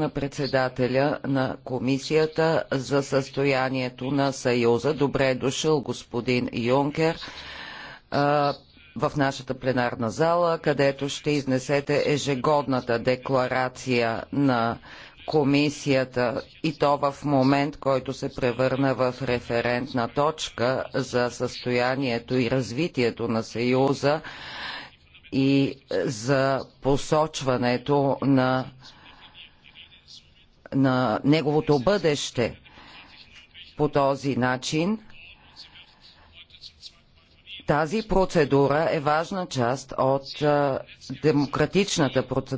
на председателя на Комисията за състоянието на Съюза. Добре е дошъл господин Юнкер в нашата пленарна зала, където ще изнесете ежегодната декларация на комисията и то в момент, който се превърна в референтна точка за състоянието и развитието на Съюза и за посочването на на неговото бъдеще. По този начин тази процедура е важна част от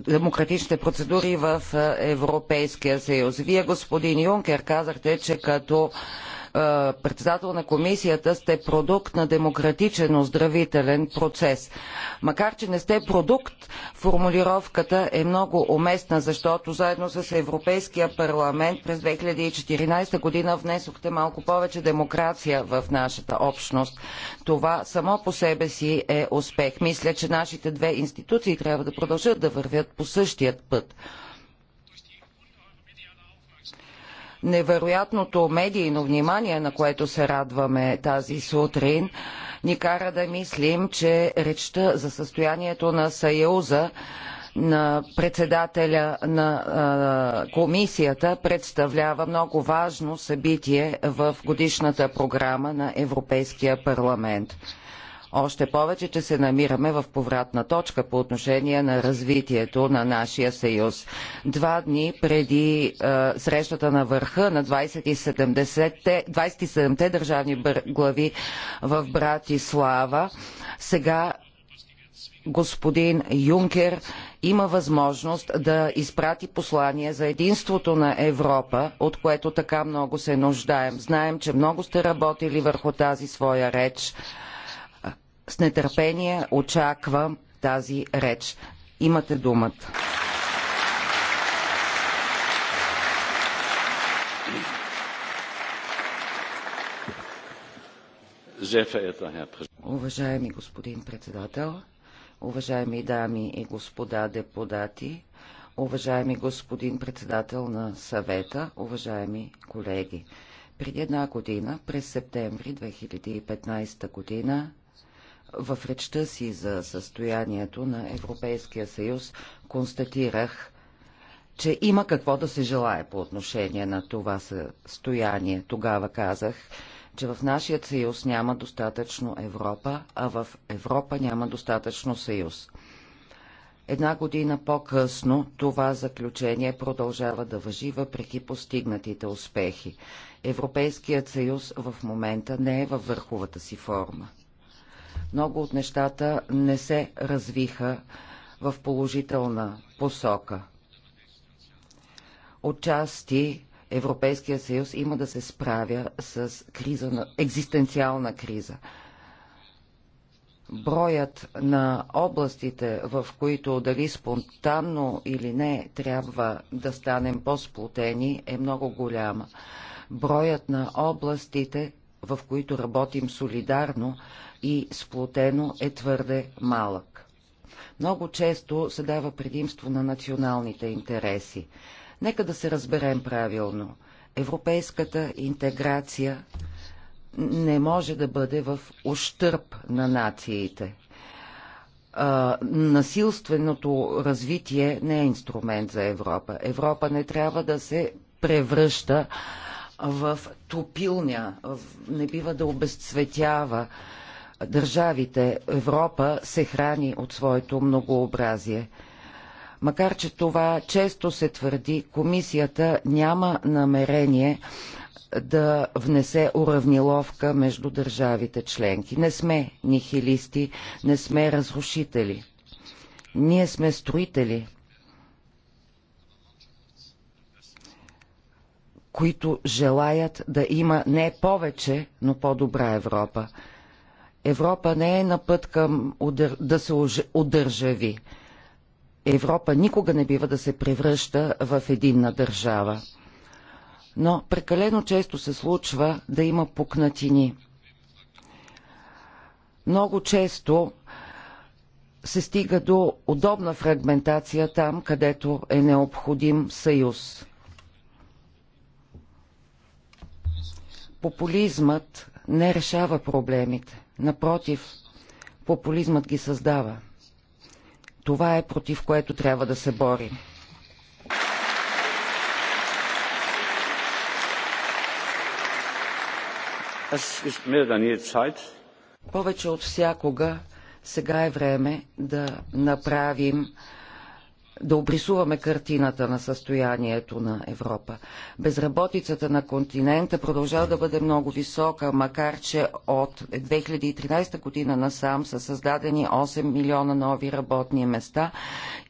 демократичните процедури в Европейския съюз. Вие, господин Юнкер, казахте, че като е, председател на комисията сте продукт на демократичен оздравителен процес. Макар, че не сте продукт, формулировката е много уместна, защото заедно с Европейския парламент през 2014 година внесохте малко повече демокрация в нашата общност. Това само по себе си е успех. Мисля, че нашите две институции трябва да продължат да вървят по същия път. невероятното медийно внимание, на което се радваме тази сутрин, ни кара да мислим, че речта за състоянието на Съюза на председателя на комисията представлява много важно събитие в годишната програма на Европейския парламент. Още повече, че се намираме в повратна точка по отношение на развитието на нашия съюз. Два дни преди е, срещата на върха на 27-те 27 държавни глави в Братислава, сега господин Юнкер има възможност да изпрати послание за единството на Европа, от което така много се нуждаем. Знаем, че много сте работили върху тази своя реч. С нетърпение очаквам тази реч. Имате думата. Уважаеми господин председател, уважаеми дами и господа депутати, уважаеми господин председател на съвета, уважаеми колеги. Преди една година, през септември 2015 година, в речта си за състоянието на Европейския съюз констатирах, че има какво да се желая по отношение на това състояние. Тогава казах, че в нашия съюз няма достатъчно Европа, а в Европа няма достатъчно съюз. Една година по-късно това заключение продължава да въжи въпреки постигнатите успехи. Европейският съюз в момента не е във върховата си форма много от нещата не се развиха в положителна посока. Отчасти Европейския съюз има да се справя с криза на, екзистенциална криза. Броят на областите, в които дали спонтанно или не трябва да станем по-сплотени, е много голяма. Броят на областите, в които работим солидарно, и сплотено е твърде малък. Много често се дава предимство на националните интереси. Нека да се разберем правилно. Европейската интеграция не може да бъде в ощърп на нациите. А, насилственото развитие не е инструмент за Европа. Европа не трябва да се превръща в топилня, не бива да обезцветява държавите Европа се храни от своето многообразие. Макар, че това често се твърди, комисията няма намерение да внесе уравниловка между държавите членки. Не сме нихилисти, не сме разрушители. Ние сме строители, които желаят да има не повече, но по-добра Европа. Европа не е на път към да се удържави. Европа никога не бива да се превръща в единна държава. Но прекалено често се случва да има пукнатини. Много често се стига до удобна фрагментация там, където е необходим съюз. Популизмът не решава проблемите. Напротив, популизмът ги създава. Това е против което трябва да се борим. Повече от всякога сега е време да направим да обрисуваме картината на състоянието на Европа. Безработицата на континента продължава да бъде много висока, макар че от 2013 година насам са създадени 8 милиона нови работни места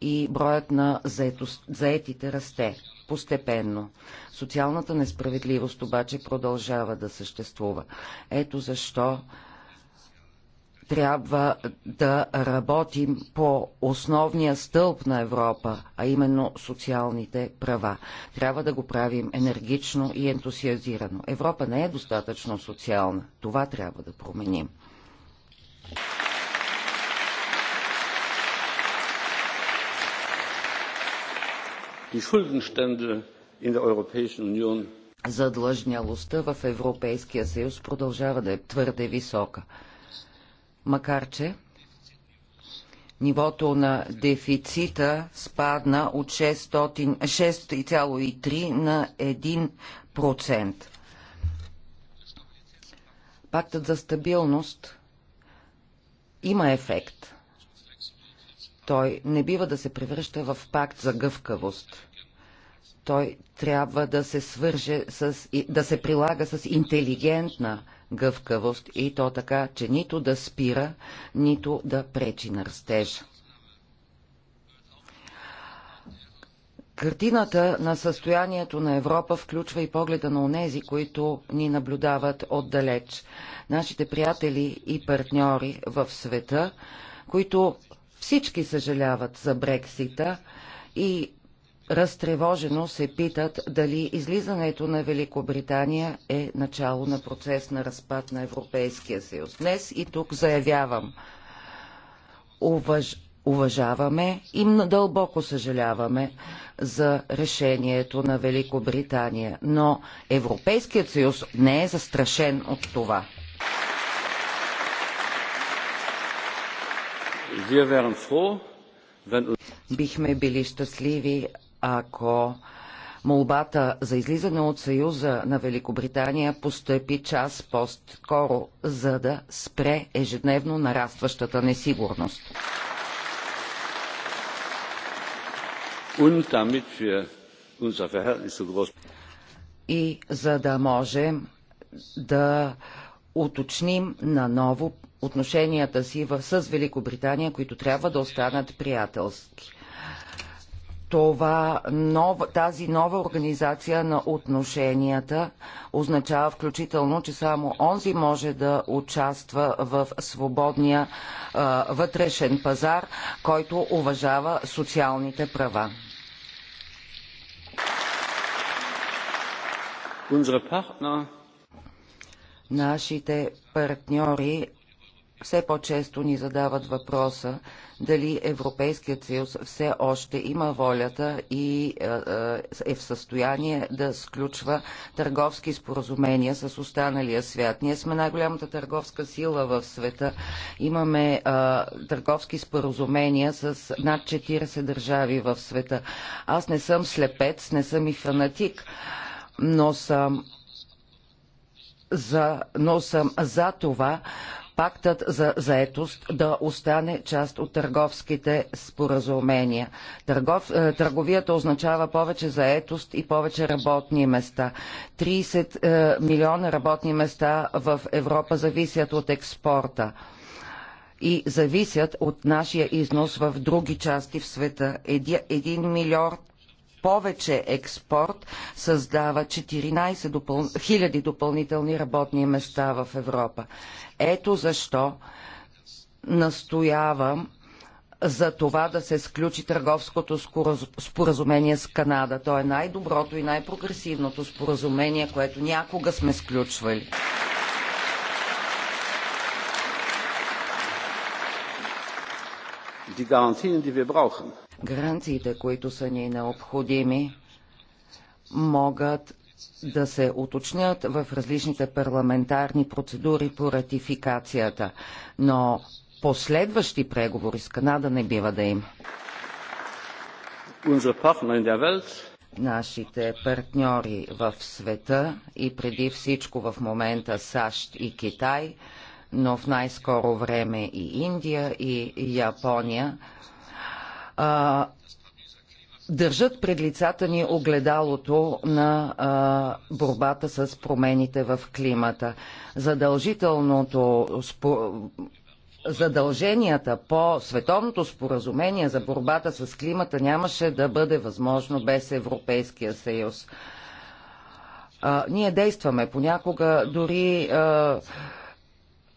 и броят на заетите расте постепенно. Социалната несправедливост обаче продължава да съществува. Ето защо трябва да работим по основния стълб на Европа, а именно социалните права. Трябва да го правим енергично и ентусиазирано. Европа не е достатъчно социална. Това трябва да променим. Задлъжнялостта в Европейския съюз продължава да е твърде висока макар че нивото на дефицита спадна от 6,3 на 1%. Пактът за стабилност има ефект. Той не бива да се превръща в пакт за гъвкавост. Той трябва да се свърже с, да се прилага с интелигентна гъвкавост и то така, че нито да спира, нито да пречи на растежа. Картината на състоянието на Европа включва и погледа на онези, които ни наблюдават отдалеч. Нашите приятели и партньори в света, които всички съжаляват за Брексита и разтревожено се питат дали излизането на Великобритания е начало на процес на разпад на Европейския съюз. Днес и тук заявявам. Уваж... Уважаваме и дълбоко съжаляваме за решението на Великобритания, но Европейският съюз не е застрашен от това. Бихме били щастливи, ако молбата за излизане от Съюза на Великобритания постъпи час по-скоро, за да спре ежедневно нарастващата несигурност. И за да можем да уточним наново отношенията си с Великобритания, които трябва да останат приятелски това нов, тази нова организация на отношенията означава включително, че само онзи може да участва в свободния а, вътрешен пазар, който уважава социалните права. Нашите партньори все по-често ни задават въпроса дали Европейският съюз все още има волята и е, е, е в състояние да сключва търговски споразумения с останалия свят. Ние сме най-голямата търговска сила в света. Имаме е, търговски споразумения с над 40 държави в света. Аз не съм слепец, не съм и фанатик, но съм за, но съм за това пактът за заетост да остане част от търговските споразумения. Търгов, е, търговията означава повече заетост и повече работни места. 30 е, милиона работни места в Европа зависят от експорта и зависят от нашия износ в други части в света. Един, един милиард повече експорт създава 14 допъл... 000 допълнителни работни места в Европа. Ето защо настоявам за това да се сключи търговското споразумение с Канада. То е най-доброто и най-прогресивното споразумение, което някога сме сключвали. Die Garantien, die wir brauchen, гаранциите, които са ни необходими, могат да се уточнят в различните парламентарни процедури по ратификацията, но последващи преговори с Канада не бива да има. Нашите партньори в света и преди всичко в момента САЩ и Китай, но в най-скоро време и Индия и Япония а, държат пред лицата ни огледалото на а, борбата с промените в климата. Задължителното спо... задълженията по Световното споразумение за борбата с климата нямаше да бъде възможно без Европейския съюз. А, ние действаме понякога дори а,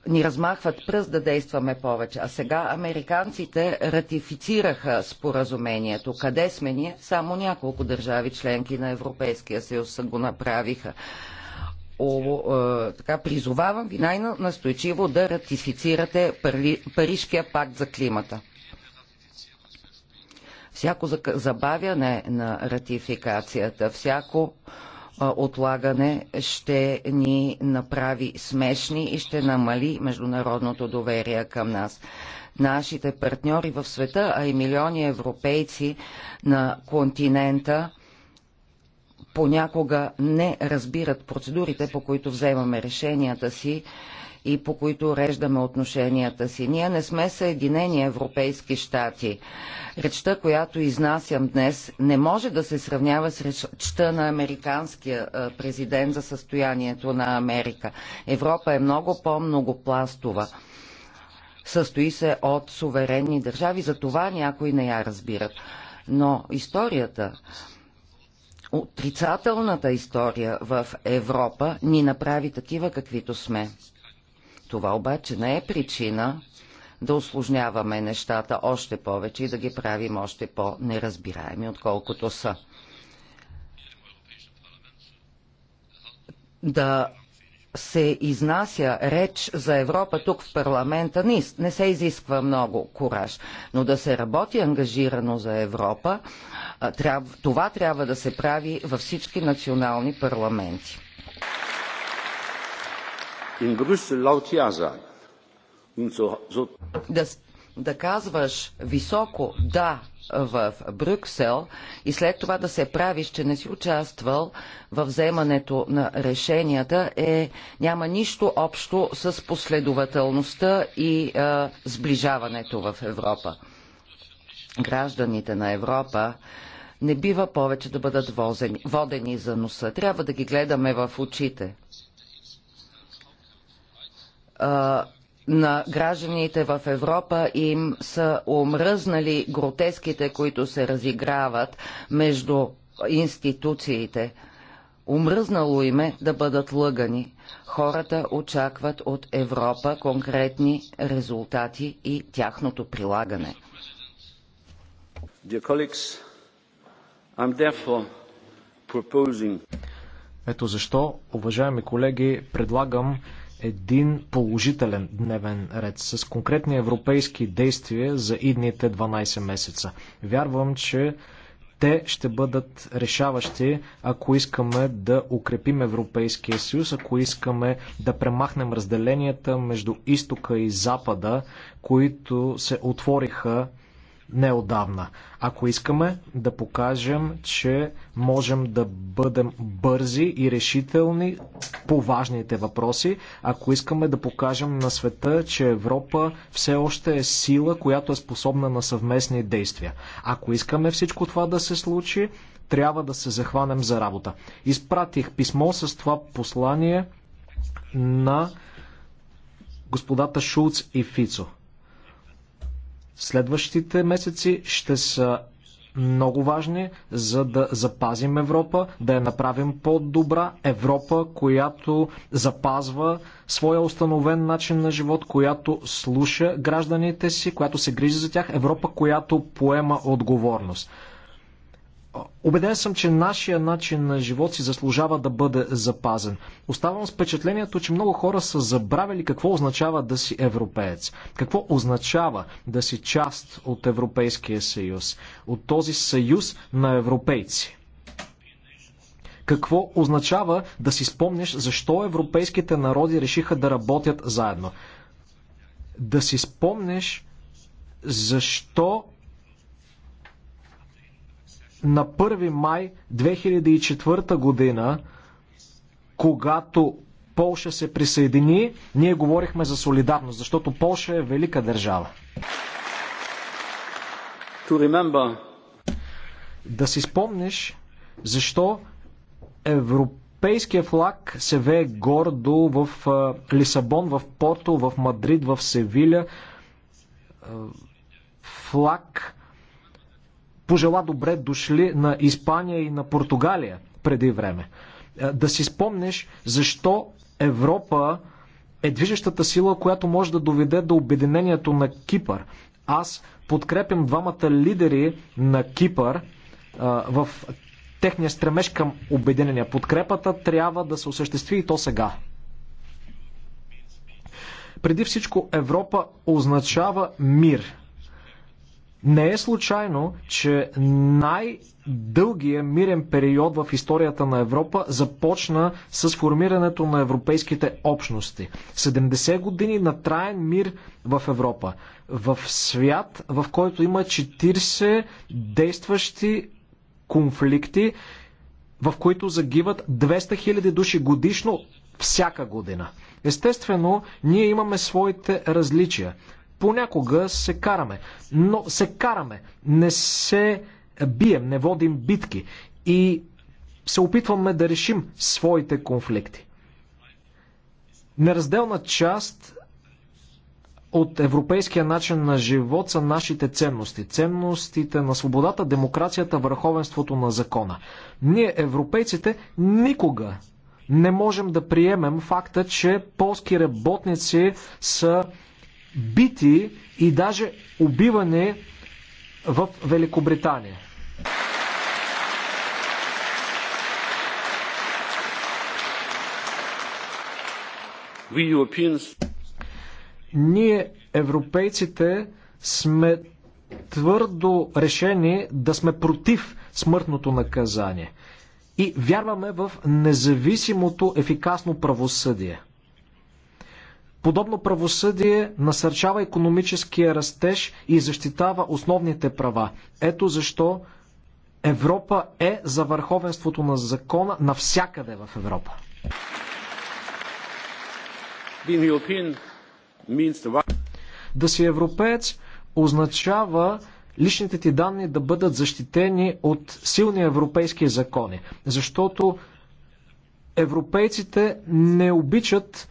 ни размахват пръст да действаме повече. А сега американците ратифицираха споразумението. Къде сме ние? Само няколко държави членки на Европейския съюз го направиха. О, е, така, призовавам ви най-настойчиво да ратифицирате Пари, Парижкия пакт за климата. Всяко забавяне на ратификацията, всяко отлагане ще ни направи смешни и ще намали международното доверие към нас. Нашите партньори в света, а и милиони европейци на континента понякога не разбират процедурите, по които вземаме решенията си и по които уреждаме отношенията си. Ние не сме Съединени Европейски щати. Речта, която изнасям днес, не може да се сравнява с речта на американския президент за състоянието на Америка. Европа е много по-многопластова състои се от суверенни държави, за това някои не я разбират. Но историята, отрицателната история в Европа ни направи такива, каквито сме. Това обаче не е причина да осложняваме нещата още повече и да ги правим още по-неразбираеми, отколкото са. Да се изнася реч за Европа тук в парламента, не, не се изисква много кураж, но да се работи ангажирано за Европа, това трябва да се прави във всички национални парламенти in Brüssel laut Ja sagen. Und so, so да, да казваш високо да в Брюксел и след това да се правиш, че не си участвал в вземането на решенията е, няма нищо общо с последователността и е, сближаването в Европа. Гражданите на Европа не бива повече да бъдат возени, водени за носа. Трябва да ги гледаме в очите на гражданите в Европа им са омръзнали гротеските, които се разиграват между институциите. Омръзнало им е да бъдат лъгани. Хората очакват от Европа конкретни резултати и тяхното прилагане. Ето защо, уважаеми колеги, предлагам един положителен дневен ред с конкретни европейски действия за идните 12 месеца. Вярвам, че те ще бъдат решаващи, ако искаме да укрепим Европейския съюз, ако искаме да премахнем разделенията между изтока и запада, които се отвориха неодавна. Ако искаме да покажем, че можем да бъдем бързи и решителни по важните въпроси, ако искаме да покажем на света, че Европа все още е сила, която е способна на съвместни действия. Ако искаме всичко това да се случи, трябва да се захванем за работа. Изпратих писмо с това послание на господата Шулц и Фицо. Следващите месеци ще са много важни, за да запазим Европа, да я направим по-добра Европа, която запазва своя установен начин на живот, която слуша гражданите си, която се грижи за тях, Европа, която поема отговорност. Обеден съм, че нашия начин на живот си заслужава да бъде запазен. Оставам с впечатлението, че много хора са забравили какво означава да си европеец. Какво означава да си част от Европейския съюз, от този съюз на европейци. Какво означава да си спомнеш, защо европейските народи решиха да работят заедно. Да си спомнеш, защо на 1 май 2004 година, когато Полша се присъедини, ние говорихме за солидарност, защото Полша е велика държава. Да си спомниш защо европейския флаг се вее гордо в Лисабон, в Порто, в Мадрид, в Севиля. Флаг пожела добре дошли на Испания и на Португалия преди време. Е, да си спомнеш защо Европа е движещата сила, която може да доведе до обединението на Кипър. Аз подкрепям двамата лидери на Кипър е, в техния стремеж към обединение. Подкрепата трябва да се осъществи и то сега. Преди всичко Европа означава мир не е случайно, че най-дългия мирен период в историята на Европа започна с формирането на европейските общности. 70 години на траен мир в Европа. В свят, в който има 40 действащи конфликти, в които загиват 200 000 души годишно всяка година. Естествено, ние имаме своите различия. Понякога се караме, но се караме, не се бием, не водим битки и се опитваме да решим своите конфликти. Неразделна част от европейския начин на живот са нашите ценности. Ценностите на свободата, демокрацията, върховенството на закона. Ние, европейците, никога не можем да приемем факта, че полски работници са бити и даже убиване в Великобритания. Ние, европейците, сме твърдо решени да сме против смъртното наказание и вярваме в независимото ефикасно правосъдие. Подобно правосъдие насърчава економическия растеж и защитава основните права. Ето защо Европа е за върховенството на закона навсякъде в Европа. Да си европеец означава личните ти данни да бъдат защитени от силни европейски закони, защото европейците не обичат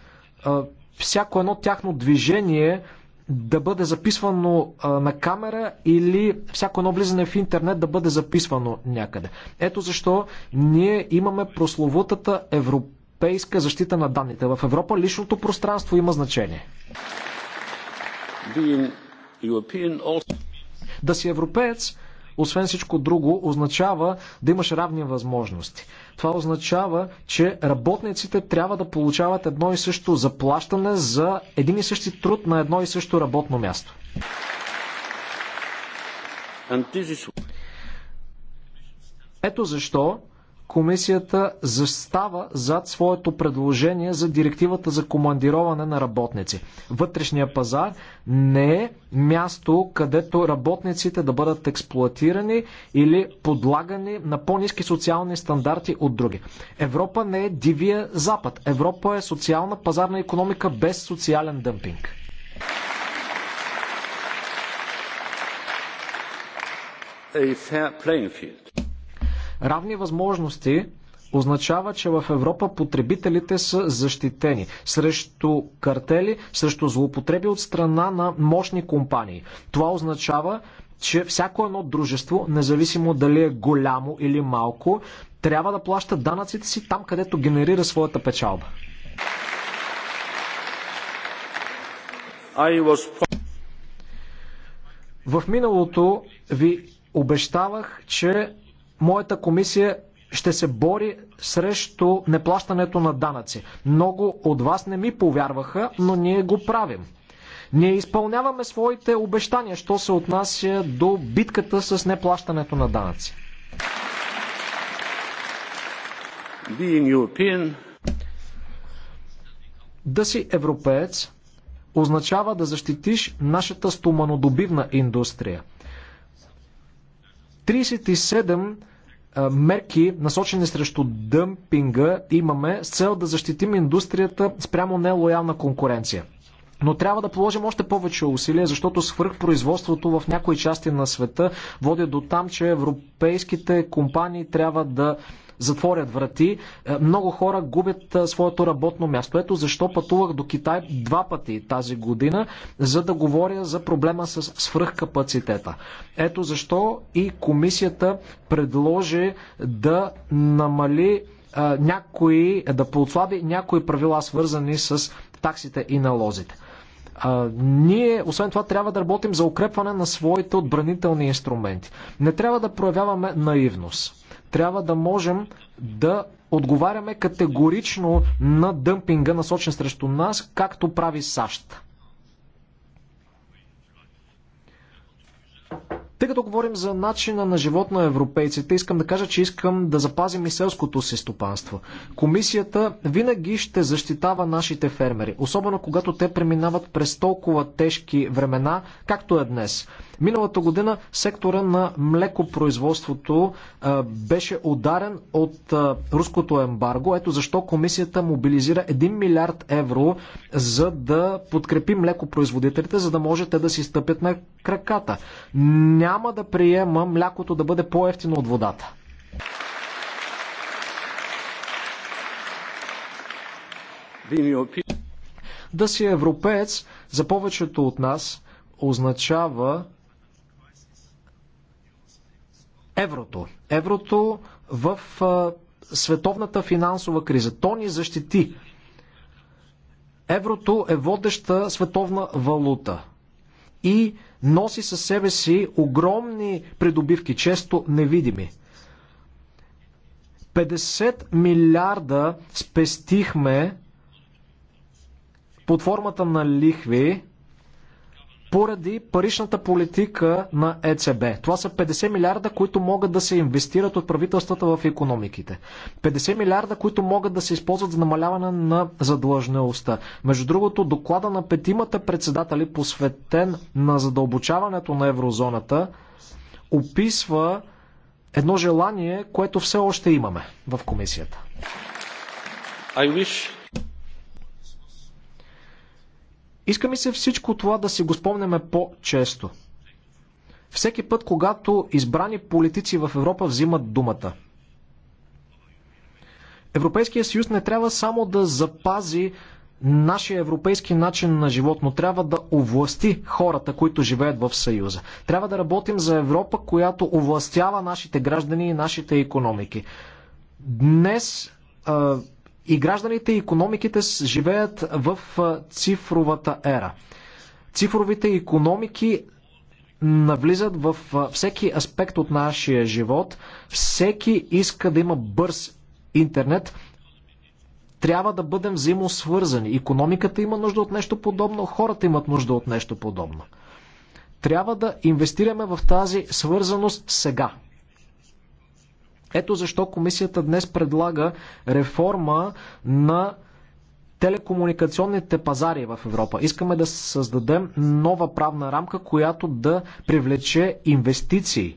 всяко едно тяхно движение да бъде записвано на камера или всяко едно влизане в интернет да бъде записвано някъде. Ето защо ние имаме прословутата европейска защита на данните. В Европа личното пространство има значение. Да си европеец освен всичко друго, означава да имаш равни възможности. Това означава, че работниците трябва да получават едно и също заплащане за един и същи труд на едно и също работно място. Ето защо комисията застава зад своето предложение за директивата за командироване на работници. Вътрешния пазар не е място, където работниците да бъдат експлуатирани или подлагани на по-низки социални стандарти от други. Европа не е дивия запад. Европа е социална пазарна економика без социален дъмпинг. A fair playing field Равни възможности означава, че в Европа потребителите са защитени срещу картели, срещу злоупотреби от страна на мощни компании. Това означава, че всяко едно дружество, независимо дали е голямо или малко, трябва да плаща данъците си там, където генерира своята печалба. Was... В миналото ви обещавах, че моята комисия ще се бори срещу неплащането на данъци. Много от вас не ми повярваха, но ние го правим. Ние изпълняваме своите обещания, що се отнася до битката с неплащането на данъци. Да си европеец означава да защитиш нашата стоманодобивна индустрия – 37 мерки, насочени срещу дъмпинга, имаме с цел да защитим индустрията спрямо нелоялна конкуренция. Но трябва да положим още повече усилия, защото свръхпроизводството в някои части на света води до там, че европейските компании трябва да затворят врати, е, много хора губят е, своето работно място. Ето защо пътувах до Китай два пъти тази година, за да говоря за проблема с свръхкапацитета. Ето защо и комисията предложи да намали е, някои, да поотслаби някои правила, свързани с таксите и налозите. А, ние, освен това, трябва да работим за укрепване на своите отбранителни инструменти. Не трябва да проявяваме наивност. Трябва да можем да отговаряме категорично на дъмпинга, насочен срещу нас, както прави САЩ. Тъй като говорим за начина на живот на европейците, искам да кажа, че искам да запазим и селското си стопанство. Комисията винаги ще защитава нашите фермери, особено когато те преминават през толкова тежки времена, както е днес. Миналата година сектора на млекопроизводството беше ударен от руското ембарго. Ето защо комисията мобилизира 1 милиард евро, за да подкрепи млекопроизводителите, за да може те да си стъпят на краката. Няма да приема млякото да бъде по-ефтино от водата. Да си европеец за повечето от нас означава еврото. Еврото в световната финансова криза. То ни защити. Еврото е водеща световна валута и носи със себе си огромни придобивки, често невидими. 50 милиарда спестихме под формата на лихви поради паричната политика на ЕЦБ. Това са 50 милиарда, които могат да се инвестират от правителствата в економиките. 50 милиарда, които могат да се използват за намаляване на задлъжнеостта. Между другото, доклада на петимата председатели, посветен на задълбочаването на еврозоната, описва едно желание, което все още имаме в комисията. I wish иска ми се всичко това да си го спомняме по-често. Всеки път, когато избрани политици в Европа взимат думата. Европейския съюз не трябва само да запази нашия европейски начин на живот, но трябва да овласти хората, които живеят в Съюза. Трябва да работим за Европа, която овластява нашите граждани и нашите економики. Днес и гражданите и економиките живеят в цифровата ера. Цифровите економики навлизат в всеки аспект от нашия живот. Всеки иска да има бърз интернет. Трябва да бъдем взаимосвързани. Економиката има нужда от нещо подобно, хората имат нужда от нещо подобно. Трябва да инвестираме в тази свързаност сега. Ето защо комисията днес предлага реформа на телекомуникационните пазари в Европа. Искаме да създадем нова правна рамка, която да привлече инвестиции.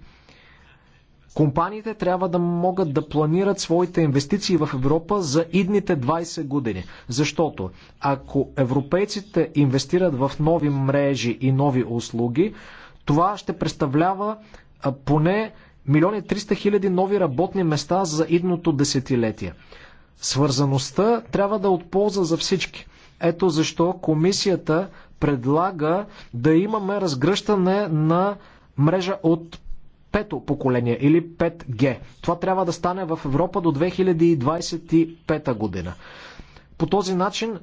Компаниите трябва да могат да планират своите инвестиции в Европа за идните 20 години. Защото ако европейците инвестират в нови мрежи и нови услуги, това ще представлява поне милиони 300 хиляди нови работни места за идното десетилетие. Свързаността трябва да е от полза за всички. Ето защо комисията предлага да имаме разгръщане на мрежа от пето поколение или 5G. Това трябва да стане в Европа до 2025 година. По този начин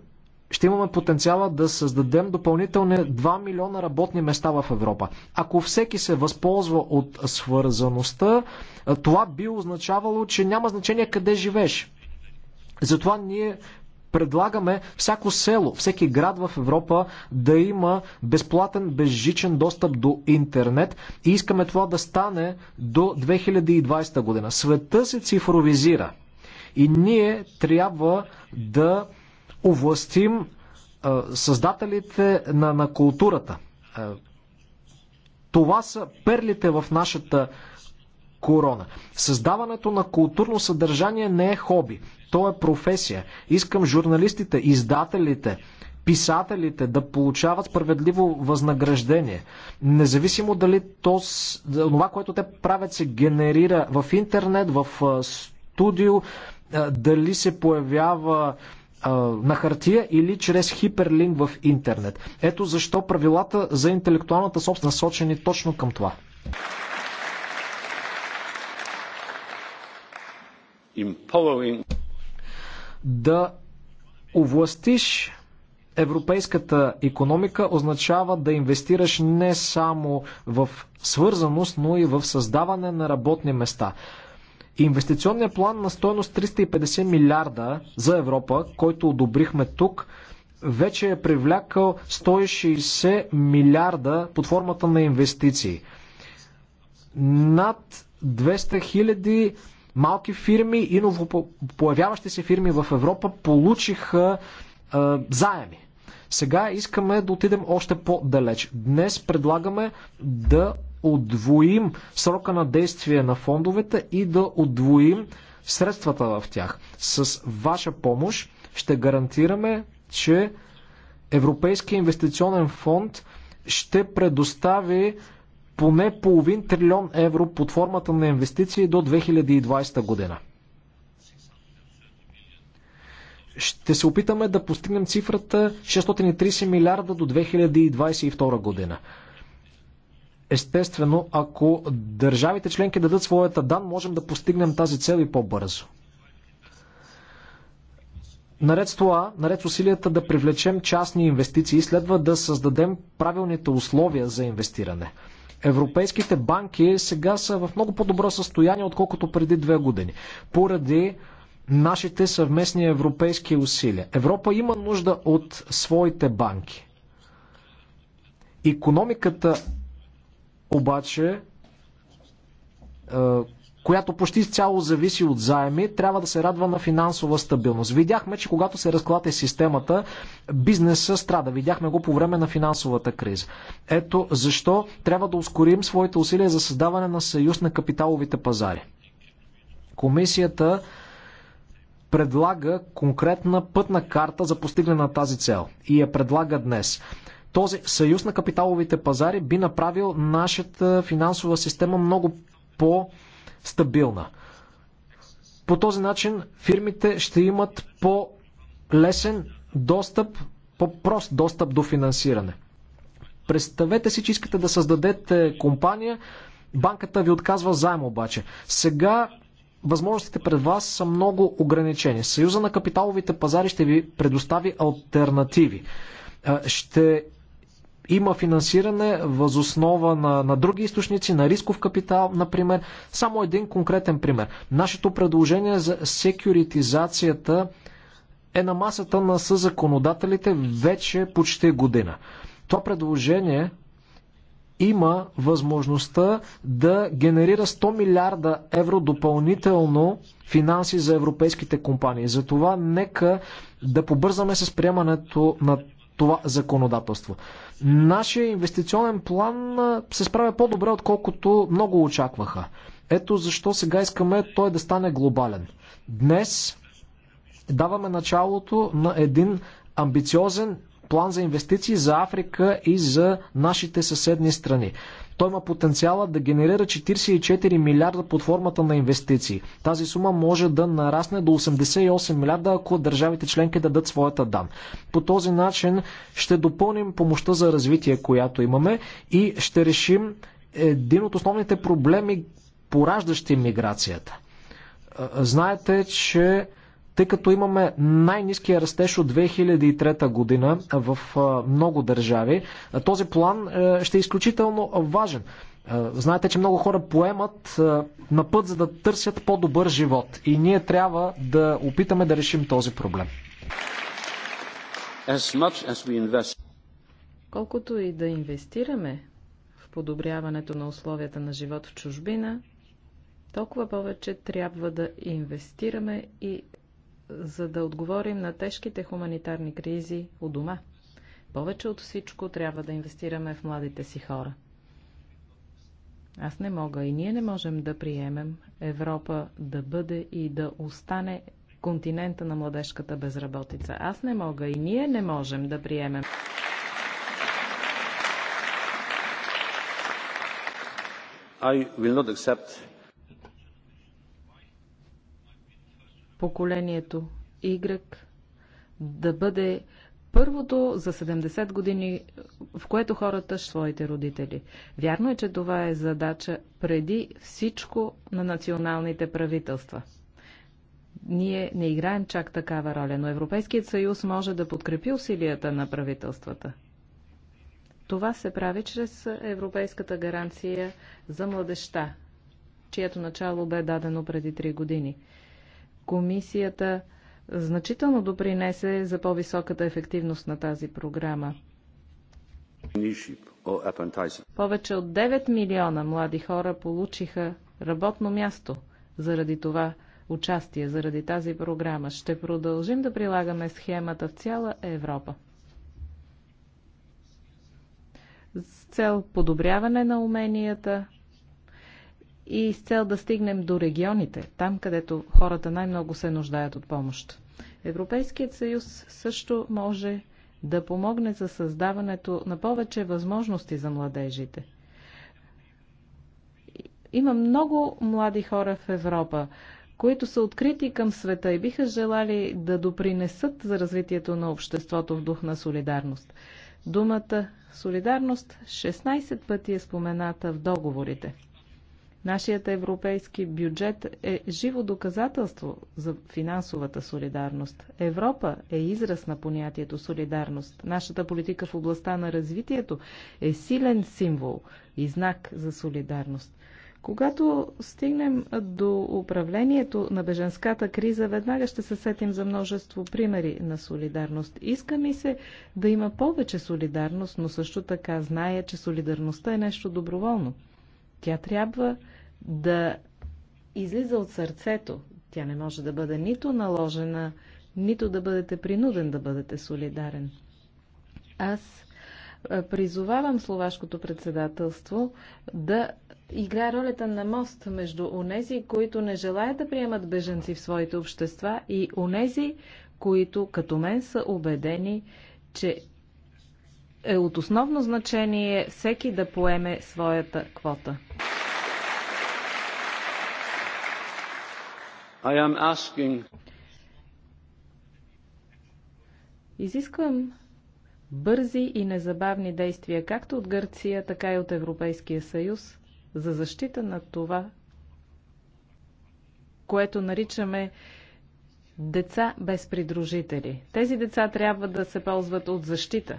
ще имаме потенциала да създадем допълнителни 2 милиона работни места в Европа. Ако всеки се възползва от свързаността, това би означавало, че няма значение къде живееш. Затова ние предлагаме всяко село, всеки град в Европа да има безплатен, безжичен достъп до интернет и искаме това да стане до 2020 година. Света се цифровизира и ние трябва да овластим създателите на, на културата. Това са перлите в нашата корона. Създаването на културно съдържание не е хоби, то е професия. Искам журналистите, издателите, писателите да получават справедливо възнаграждение. Независимо дали то, това, което те правят, се генерира в интернет, в студио, дали се появява на хартия или чрез хиперлинк в интернет. Ето защо правилата за интелектуалната собственост сочени точно към това. Empowering. Да овластиш европейската економика означава да инвестираш не само в свързаност, но и в създаване на работни места. Инвестиционният план на стоеност 350 милиарда за Европа, който одобрихме тук, вече е привлякал 160 милиарда под формата на инвестиции. Над 200 хиляди малки фирми и новопоявяващи се фирми в Европа получиха е, заеми. Сега искаме да отидем още по-далеч. Днес предлагаме да отвоим срока на действие на фондовете и да отвоим средствата в тях. С ваша помощ ще гарантираме, че Европейския инвестиционен фонд ще предостави поне половин трилион евро под формата на инвестиции до 2020 година. Ще се опитаме да постигнем цифрата 630 милиарда до 2022 година. Естествено, ако държавите членки дадат своята дан, можем да постигнем тази цел и по-бързо. Наред с това, наред с усилията да привлечем частни инвестиции, следва да създадем правилните условия за инвестиране. Европейските банки сега са в много по-добро състояние, отколкото преди две години, поради нашите съвместни европейски усилия. Европа има нужда от своите банки. Економиката обаче, която почти цяло зависи от заеми, трябва да се радва на финансова стабилност. Видяхме, че когато се разклате системата, бизнеса страда. Видяхме го по време на финансовата криза. Ето защо трябва да ускорим своите усилия за създаване на съюз на капиталовите пазари. Комисията предлага конкретна пътна карта за постигане на тази цел и я предлага днес. Този съюз на капиталовите пазари би направил нашата финансова система много по-стабилна. По този начин фирмите ще имат по-лесен достъп, по-прост достъп до финансиране. Представете си, че искате да създадете компания, банката ви отказва заем обаче. Сега възможностите пред вас са много ограничени. Съюза на капиталовите пазари ще ви предостави альтернативи. Ще има финансиране възоснова на, на други източници, на рисков капитал, например. Само един конкретен пример. Нашето предложение за секюритизацията е на масата на съзаконодателите вече почти година. Това предложение има възможността да генерира 100 милиарда евро допълнително финанси за европейските компании. Затова нека да побързаме с приемането на това законодателство. Нашия инвестиционен план се справя по-добре, отколкото много очакваха. Ето защо сега искаме той да стане глобален. Днес даваме началото на един амбициозен план за инвестиции за Африка и за нашите съседни страни. Той има потенциала да генерира 44 милиарда под формата на инвестиции. Тази сума може да нарасне до 88 милиарда, ако държавите членки дадат своята дан. По този начин ще допълним помощта за развитие, която имаме и ще решим един от основните проблеми, пораждащи миграцията. Знаете, че тъй като имаме най-низкия растеж от 2003 година в много държави, този план ще е изключително важен. Знаете, че много хора поемат на път, за да търсят по-добър живот. И ние трябва да опитаме да решим този проблем. As as invest... Колкото и да инвестираме в подобряването на условията на живот в чужбина, толкова повече трябва да инвестираме и за да отговорим на тежките хуманитарни кризи у дома. Повече от всичко трябва да инвестираме в младите си хора. Аз не мога и ние не можем да приемем Европа да бъде и да остане континента на младежката безработица. Аз не мога и ние не можем да приемем. I will not accept поколението Y да бъде първото за 70 години, в което хората своите родители. Вярно е, че това е задача преди всичко на националните правителства. Ние не играем чак такава роля, но Европейският съюз може да подкрепи усилията на правителствата. Това се прави чрез Европейската гаранция за младеща, чието начало бе дадено преди 3 години комисията значително допринесе за по-високата ефективност на тази програма. Повече от 9 милиона млади хора получиха работно място заради това участие, заради тази програма. Ще продължим да прилагаме схемата в цяла Европа. С цел подобряване на уменията, и с цел да стигнем до регионите, там където хората най-много се нуждаят от помощ. Европейският съюз също може да помогне за създаването на повече възможности за младежите. Има много млади хора в Европа, които са открити към света и биха желали да допринесат за развитието на обществото в дух на солидарност. Думата солидарност 16 пъти е спомената в договорите. Нашият европейски бюджет е живо доказателство за финансовата солидарност. Европа е израз на понятието солидарност. Нашата политика в областта на развитието е силен символ и знак за солидарност. Когато стигнем до управлението на беженската криза, веднага ще се сетим за множество примери на солидарност. Иска ми се да има повече солидарност, но също така зная, че солидарността е нещо доброволно. Тя трябва да излиза от сърцето. Тя не може да бъде нито наложена, нито да бъдете принуден да бъдете солидарен. Аз призовавам словашкото председателство да играе ролята на мост между онези, които не желаят да приемат беженци в своите общества и онези, които като мен са убедени, че е от основно значение всеки да поеме своята квота. I am asking... Изисквам бързи и незабавни действия както от Гърция, така и от Европейския съюз за защита на това, което наричаме деца без придружители. Тези деца трябва да се ползват от защита.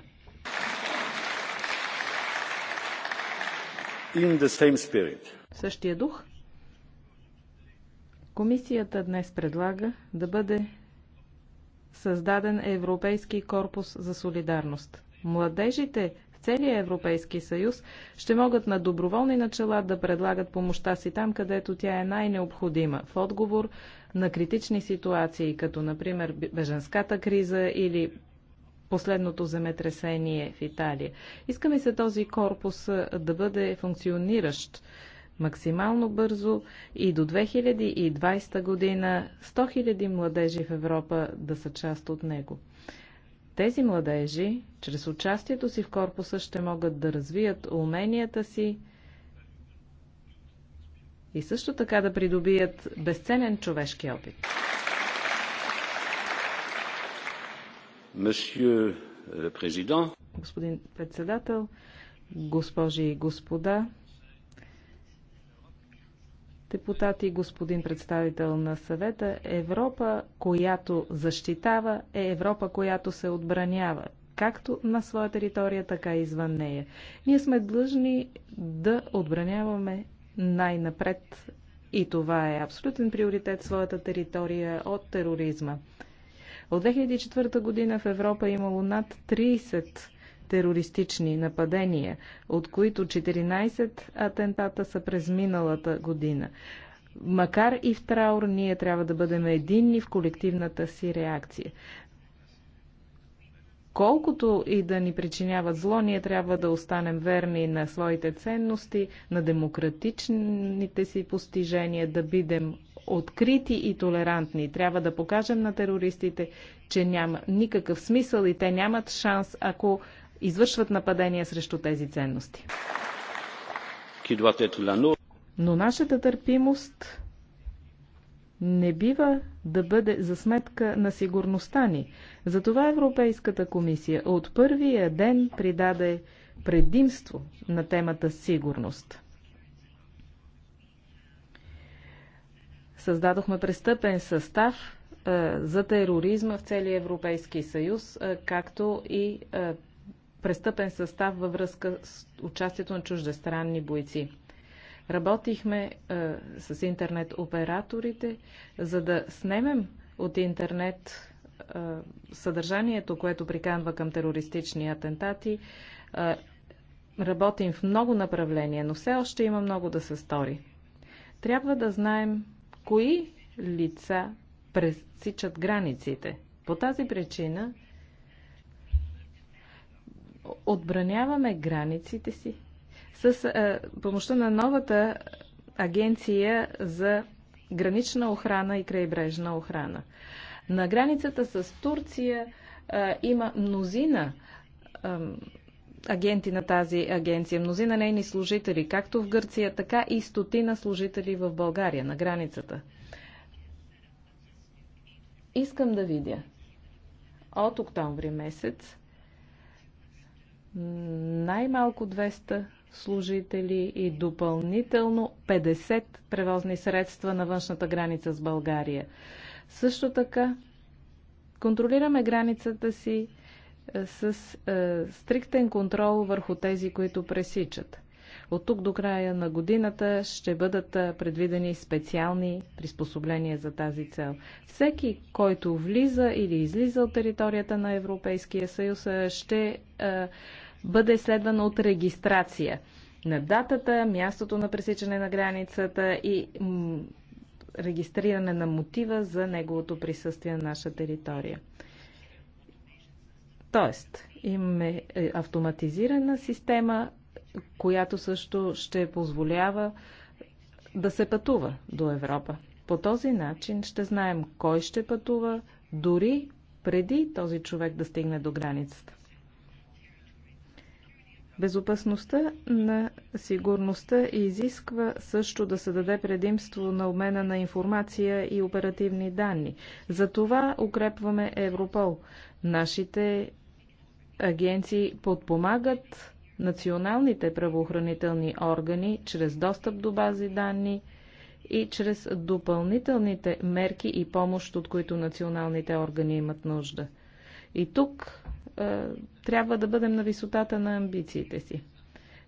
In the same spirit. В същия дух – Комисията днес предлага да бъде създаден Европейски корпус за солидарност. Младежите в целия Европейски съюз ще могат на доброволни начала да предлагат помощта си там, където тя е най-необходима, в отговор на критични ситуации, като например беженската криза или последното земетресение в Италия. Искаме се този корпус да бъде функциониращ максимално бързо и до 2020 година 100 000 младежи в Европа да са част от него. Тези младежи, чрез участието си в корпуса, ще могат да развият уменията си и също така да придобият безценен човешки опит. Господин председател, госпожи и господа, депутати, господин представител на съвета, Европа, която защитава, е Европа, която се отбранява, както на своя територия, така и извън нея. Ние сме длъжни да отбраняваме най-напред и това е абсолютен приоритет своята територия от тероризма. От 2004 година в Европа е имало над 30 терористични нападения, от които 14 атентата са през миналата година. Макар и в траур, ние трябва да бъдем единни в колективната си реакция. Колкото и да ни причиняват зло, ние трябва да останем верни на своите ценности, на демократичните си постижения, да бидем открити и толерантни. Трябва да покажем на терористите, че няма никакъв смисъл и те нямат шанс, ако извършват нападения срещу тези ценности. Но нашата търпимост не бива да бъде за сметка на сигурността ни. Затова Европейската комисия от първия ден придаде предимство на темата сигурност. Създадохме престъпен състав е, за тероризма в целия Европейски съюз, е, както и е, престъпен състав във връзка с участието на чуждестранни бойци. Работихме е, с интернет операторите, за да снемем от интернет е, съдържанието, което приканва към терористични атентати. Е, работим в много направления, но все още има много да се стори. Трябва да знаем кои лица пресичат границите. По тази причина отбраняваме границите си с а, помощта на новата агенция за гранична охрана и крайбрежна охрана. На границата с Турция а, има мнозина а, агенти на тази агенция, мнозина нейни служители, както в Гърция, така и стотина служители в България на границата. Искам да видя от октомври месец най-малко 200 служители и допълнително 50 превозни средства на външната граница с България. Също така контролираме границата си е, с е, стриктен контрол върху тези, които пресичат. От тук до края на годината ще бъдат е, предвидени специални приспособления за тази цел. Всеки, който влиза или излиза от територията на Европейския съюз, е, ще е, бъде следвана от регистрация на датата, мястото на пресичане на границата и регистриране на мотива за неговото присъствие на наша територия. Тоест, имаме е, автоматизирана система, която също ще позволява да се пътува до Европа. По този начин ще знаем кой ще пътува, дори преди този човек да стигне до границата. Безопасността на сигурността изисква също да се даде предимство на обмена на информация и оперативни данни. За това укрепваме Европол. Нашите агенции подпомагат националните правоохранителни органи чрез достъп до бази данни и чрез допълнителните мерки и помощ, от които националните органи имат нужда. И тук е, трябва да бъдем на висотата на амбициите си.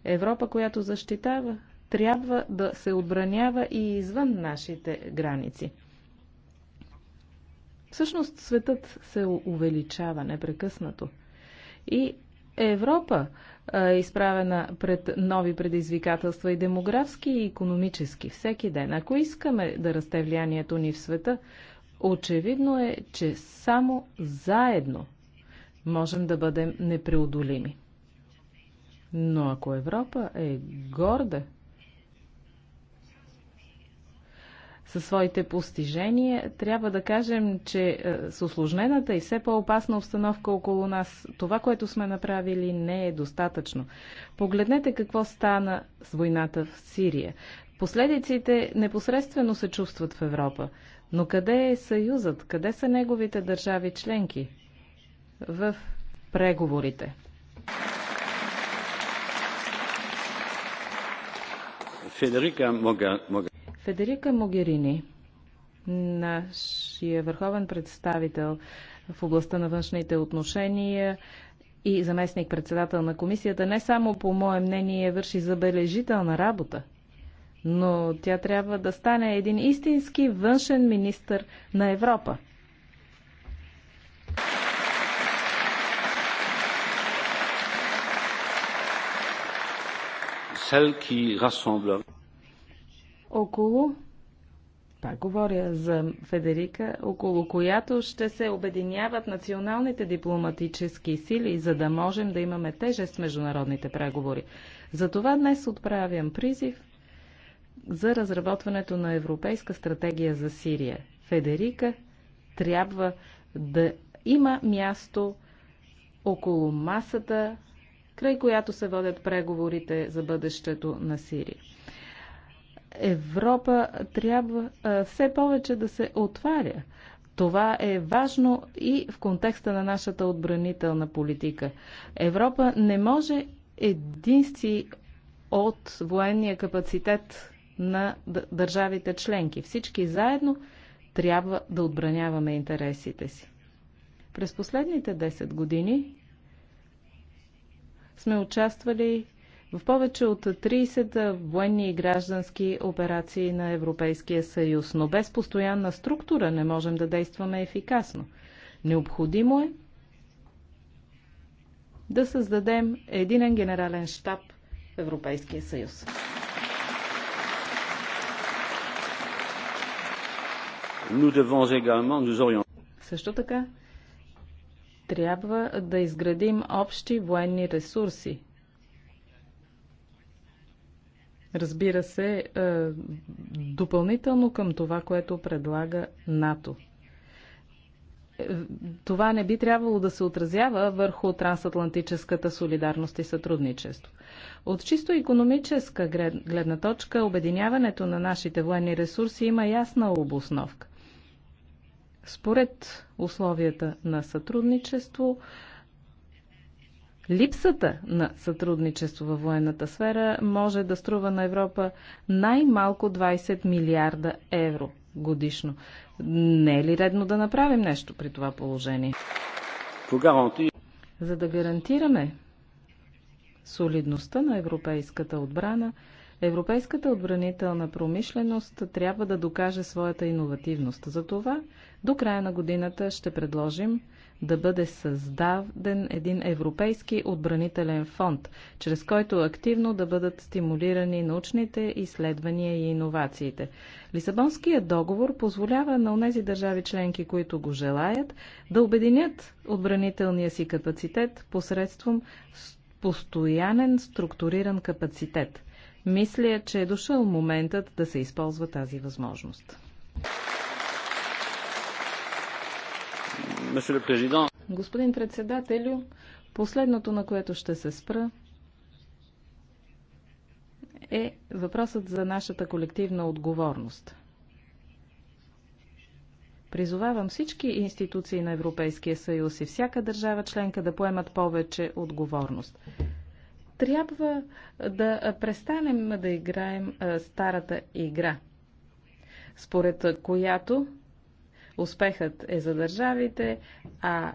Европа, която защитава, трябва да се отбранява и извън нашите граници. Всъщност светът се увеличава непрекъснато. И Европа е, изправена пред нови предизвикателства и демографски, и економически всеки ден. Ако искаме да расте влиянието ни в света, очевидно е, че само заедно можем да бъдем непреодолими. Но ако Европа е горда със своите постижения, трябва да кажем, че е, с осложнената и все по-опасна обстановка около нас, това, което сме направили, не е достатъчно. Погледнете какво стана с войната в Сирия. Последиците непосредствено се чувстват в Европа. Но къде е Съюзът? Къде са неговите държави членки? в преговорите. Федерика, Мога... Мога... Федерика Могерини, нашия върховен представител в областта на външните отношения, и заместник-председател на комисията, не само по мое мнение върши забележителна работа, но тя трябва да стане един истински външен министр на Европа. Около, пак говоря за Федерика, около която ще се обединяват националните дипломатически сили, за да можем да имаме тежест в международните преговори. Затова днес отправям призив за разработването на Европейска стратегия за Сирия. Федерика трябва да има място около масата край която се водят преговорите за бъдещето на Сирия. Европа трябва все повече да се отваря. Това е важно и в контекста на нашата отбранителна политика. Европа не може единствено от военния капацитет на държавите членки. Всички заедно трябва да отбраняваме интересите си. През последните 10 години сме участвали в повече от 30 военни и граждански операции на Европейския съюз, но без постоянна структура не можем да действаме ефикасно. Необходимо е да създадем единен генерален штаб в Европейския съюз. Също така трябва да изградим общи военни ресурси. Разбира се, е, допълнително към това, което предлага НАТО е, това не би трябвало да се отразява върху трансатлантическата солидарност и сътрудничество. От чисто економическа гледна точка, обединяването на нашите военни ресурси има ясна обосновка според условията на сътрудничество, Липсата на сътрудничество във военната сфера може да струва на Европа най-малко 20 милиарда евро годишно. Не е ли редно да направим нещо при това положение? За да гарантираме солидността на европейската отбрана, Европейската отбранителна промишленост трябва да докаже своята иновативност. За това до края на годината ще предложим да бъде създаден един европейски отбранителен фонд, чрез който активно да бъдат стимулирани научните изследвания и иновациите. Лисабонският договор позволява на тези държави членки, които го желаят, да обединят отбранителния си капацитет посредством постоянен структуриран капацитет – мисля, че е дошъл моментът да се използва тази възможност. Господин председателю, последното, на което ще се спра, е въпросът за нашата колективна отговорност. Призовавам всички институции на Европейския съюз и всяка държава членка да поемат повече отговорност трябва да престанем да играем старата игра, според която успехът е за държавите, а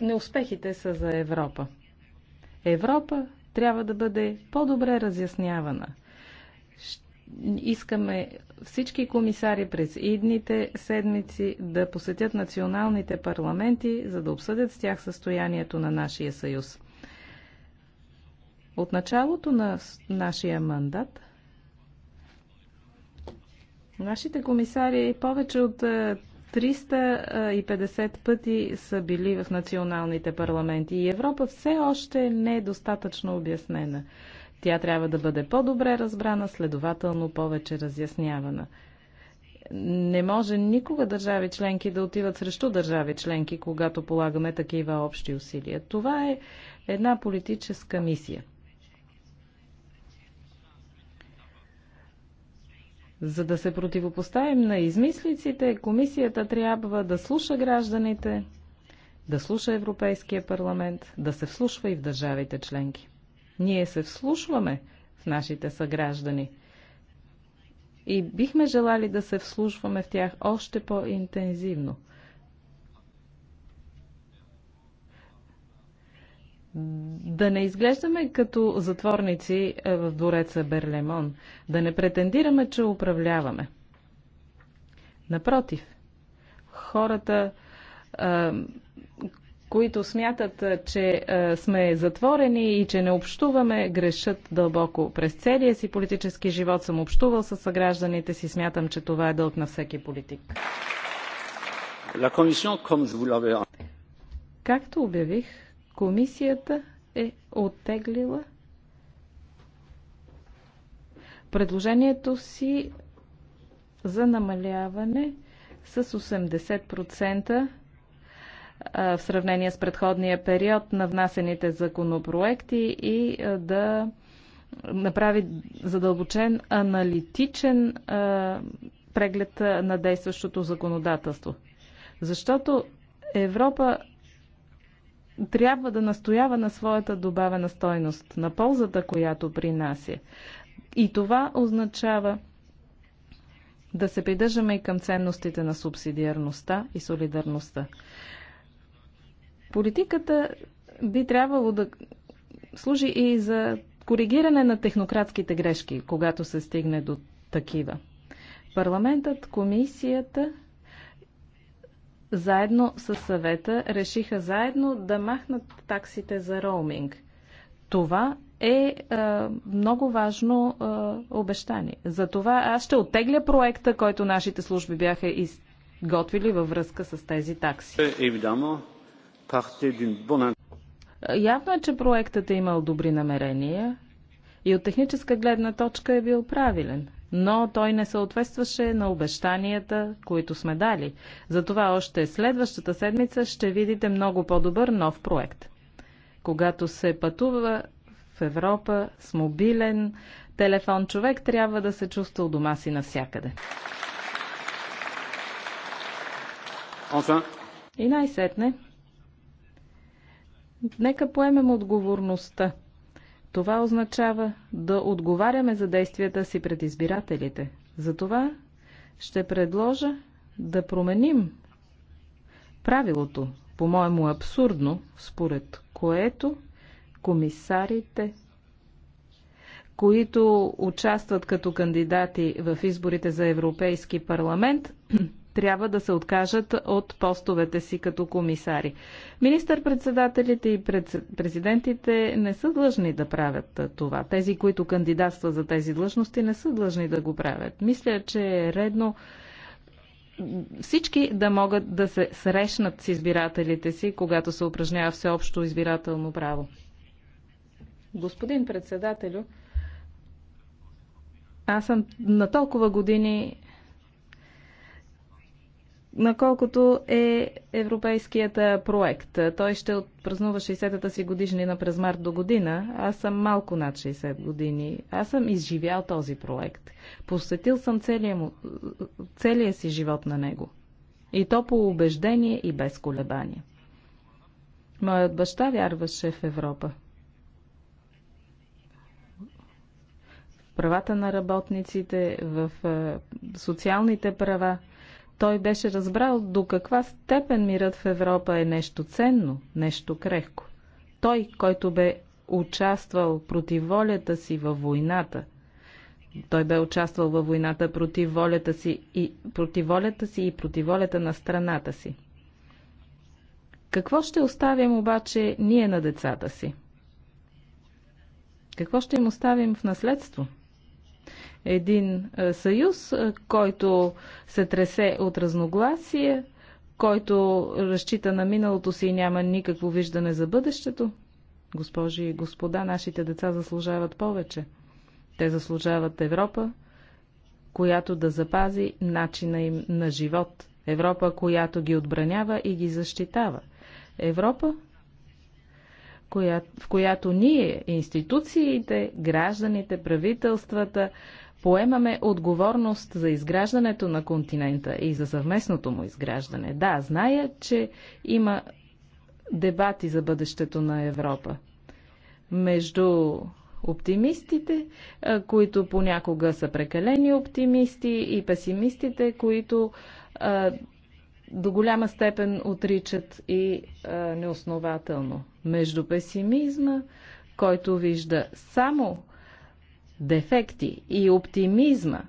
неуспехите са за Европа. Европа трябва да бъде по-добре разяснявана. Искаме всички комисари през идните седмици да посетят националните парламенти, за да обсъдят с тях състоянието на нашия съюз. От началото на нашия мандат нашите комисари повече от 350 е, е, пъти са били в националните парламенти и Европа все още не е достатъчно обяснена. Тя трябва да бъде по-добре разбрана, следователно повече разяснявана. Не може никога държави членки да отиват срещу държави членки, когато полагаме такива общи усилия. Това е една политическа мисия – За да се противопоставим на измислиците, комисията трябва да слуша гражданите, да слуша Европейския парламент, да се вслушва и в държавите членки. Ние се вслушваме в нашите съграждани и бихме желали да се вслушваме в тях още по-интензивно – да не изглеждаме като затворници е, в двореца Берлемон, да не претендираме, че управляваме. Напротив, хората, е, които смятат, е, че сме затворени и че не общуваме, грешат дълбоко. През целия си политически живот съм общувал с съгражданите си. Смятам, че това е дълг на всеки политик. Както обявих, Комисията е оттеглила предложението си за намаляване с 80% в сравнение с предходния период на внасените законопроекти и да направи задълбочен аналитичен преглед на действащото законодателство. Защото Европа трябва да настоява на своята добавена стойност, на ползата, която принася. И това означава да се придържаме и към ценностите на субсидиарността и солидарността. Политиката би трябвало да служи и за коригиране на технократските грешки, когато се стигне до такива. Парламентът, комисията заедно с съвета решиха заедно да махнат таксите за роуминг. Това е е много важно е, обещание. Затова аз ще оттегля проекта, който нашите служби бяха изготвили във връзка с тези такси. Явно е, че проектът е имал добри намерения и от техническа гледна точка е бил правилен но той не съответстваше на обещанията, които сме дали. Затова още следващата седмица ще видите много по-добър нов проект. Когато се пътува в Европа с мобилен телефон, човек трябва да се чувства у дома си навсякъде. Enfin. И най-сетне, нека поемем отговорността – това означава да отговаряме за действията си пред избирателите. Затова ще предложа да променим правилото, по-моему абсурдно, според което комисарите, които участват като кандидати в изборите за Европейски парламент, трябва да се откажат от постовете си като комисари. Министър-председателите и президентите не са длъжни да правят това. Тези, които кандидатства за тези длъжности, не са длъжни да го правят. Мисля, че е редно всички да могат да се срещнат с избирателите си, когато се упражнява всеобщо избирателно право. Господин председателю, аз съм на толкова години наколкото е европейският проект. Той ще отпразнува 60-та си годишнина през март до година. Аз съм малко над 60 години. Аз съм изживял този проект. Посетил съм целия, му, целия си живот на него. И то по убеждение и без колебание. Моят баща вярваше в Европа. В правата на работниците, в социалните права – той беше разбрал до каква степен мирът в Европа е нещо ценно, нещо крехко. Той, който бе участвал против волята си във войната, той бе участвал във войната против волята си и против волята си и против волята на страната си. Какво ще оставим обаче ние на децата си? Какво ще им оставим в наследство? един съюз, който се тресе от разногласие, който разчита на миналото си и няма никакво виждане за бъдещето? Госпожи и господа, нашите деца заслужават повече. Те заслужават Европа, която да запази начина им на живот. Европа, която ги отбранява и ги защитава. Европа, в която ние, институциите, гражданите, правителствата, поемаме отговорност за изграждането на континента и за съвместното му изграждане. Да, зная, че има дебати за бъдещето на Европа. Между оптимистите, които понякога са прекалени оптимисти и песимистите, които а, до голяма степен отричат и а, неоснователно. Между песимизма, който вижда само дефекти и оптимизма,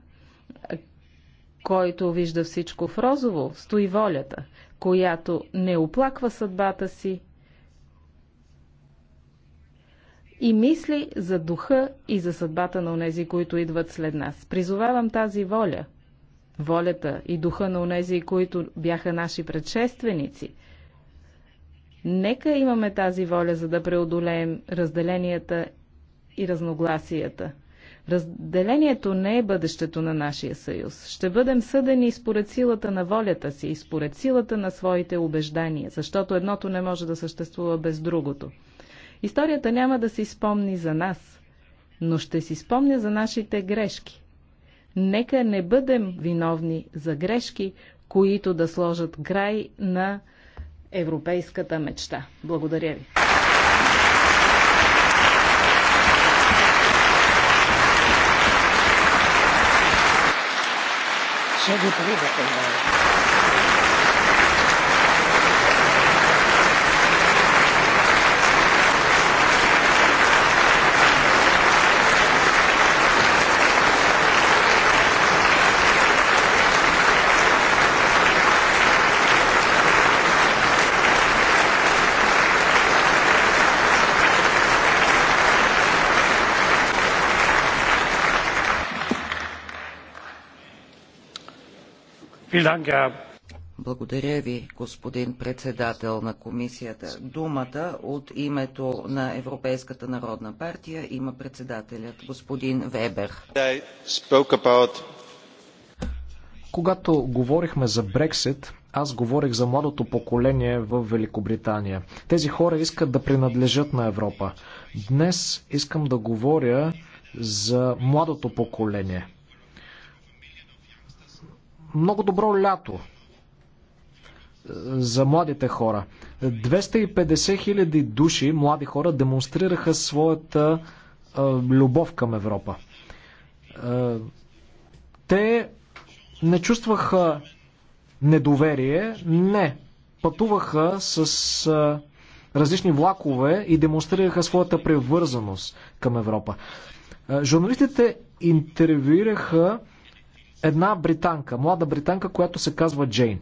който вижда всичко в розово, стои волята, която не оплаква съдбата си и мисли за духа и за съдбата на онези, които идват след нас. Призовавам тази воля, волята и духа на онези, които бяха наши предшественици. Нека имаме тази воля, за да преодолеем разделенията и разногласията. Разделението не е бъдещето на нашия съюз. Ще бъдем съдени според силата на волята си и според силата на своите убеждания, защото едното не може да съществува без другото. Историята няма да си спомни за нас, но ще си спомня за нашите грешки. Нека не бъдем виновни за грешки, които да сложат край на европейската мечта. Благодаря ви. Много хубаво. Благодаря ви, господин председател на комисията. Думата от името на Европейската народна партия има председателят господин Вебер. Когато говорихме за Брексит, аз говорих за младото поколение в Великобритания. Тези хора искат да принадлежат на Европа. Днес искам да говоря за младото поколение много добро лято е, за младите хора. 250 хиляди души, млади хора, демонстрираха своята е, любов към Европа. Е, те не чувстваха недоверие, не. Пътуваха с а, различни влакове и демонстрираха своята превързаност към Европа. А, журналистите интервюираха една британка, млада британка, която се казва Джейн.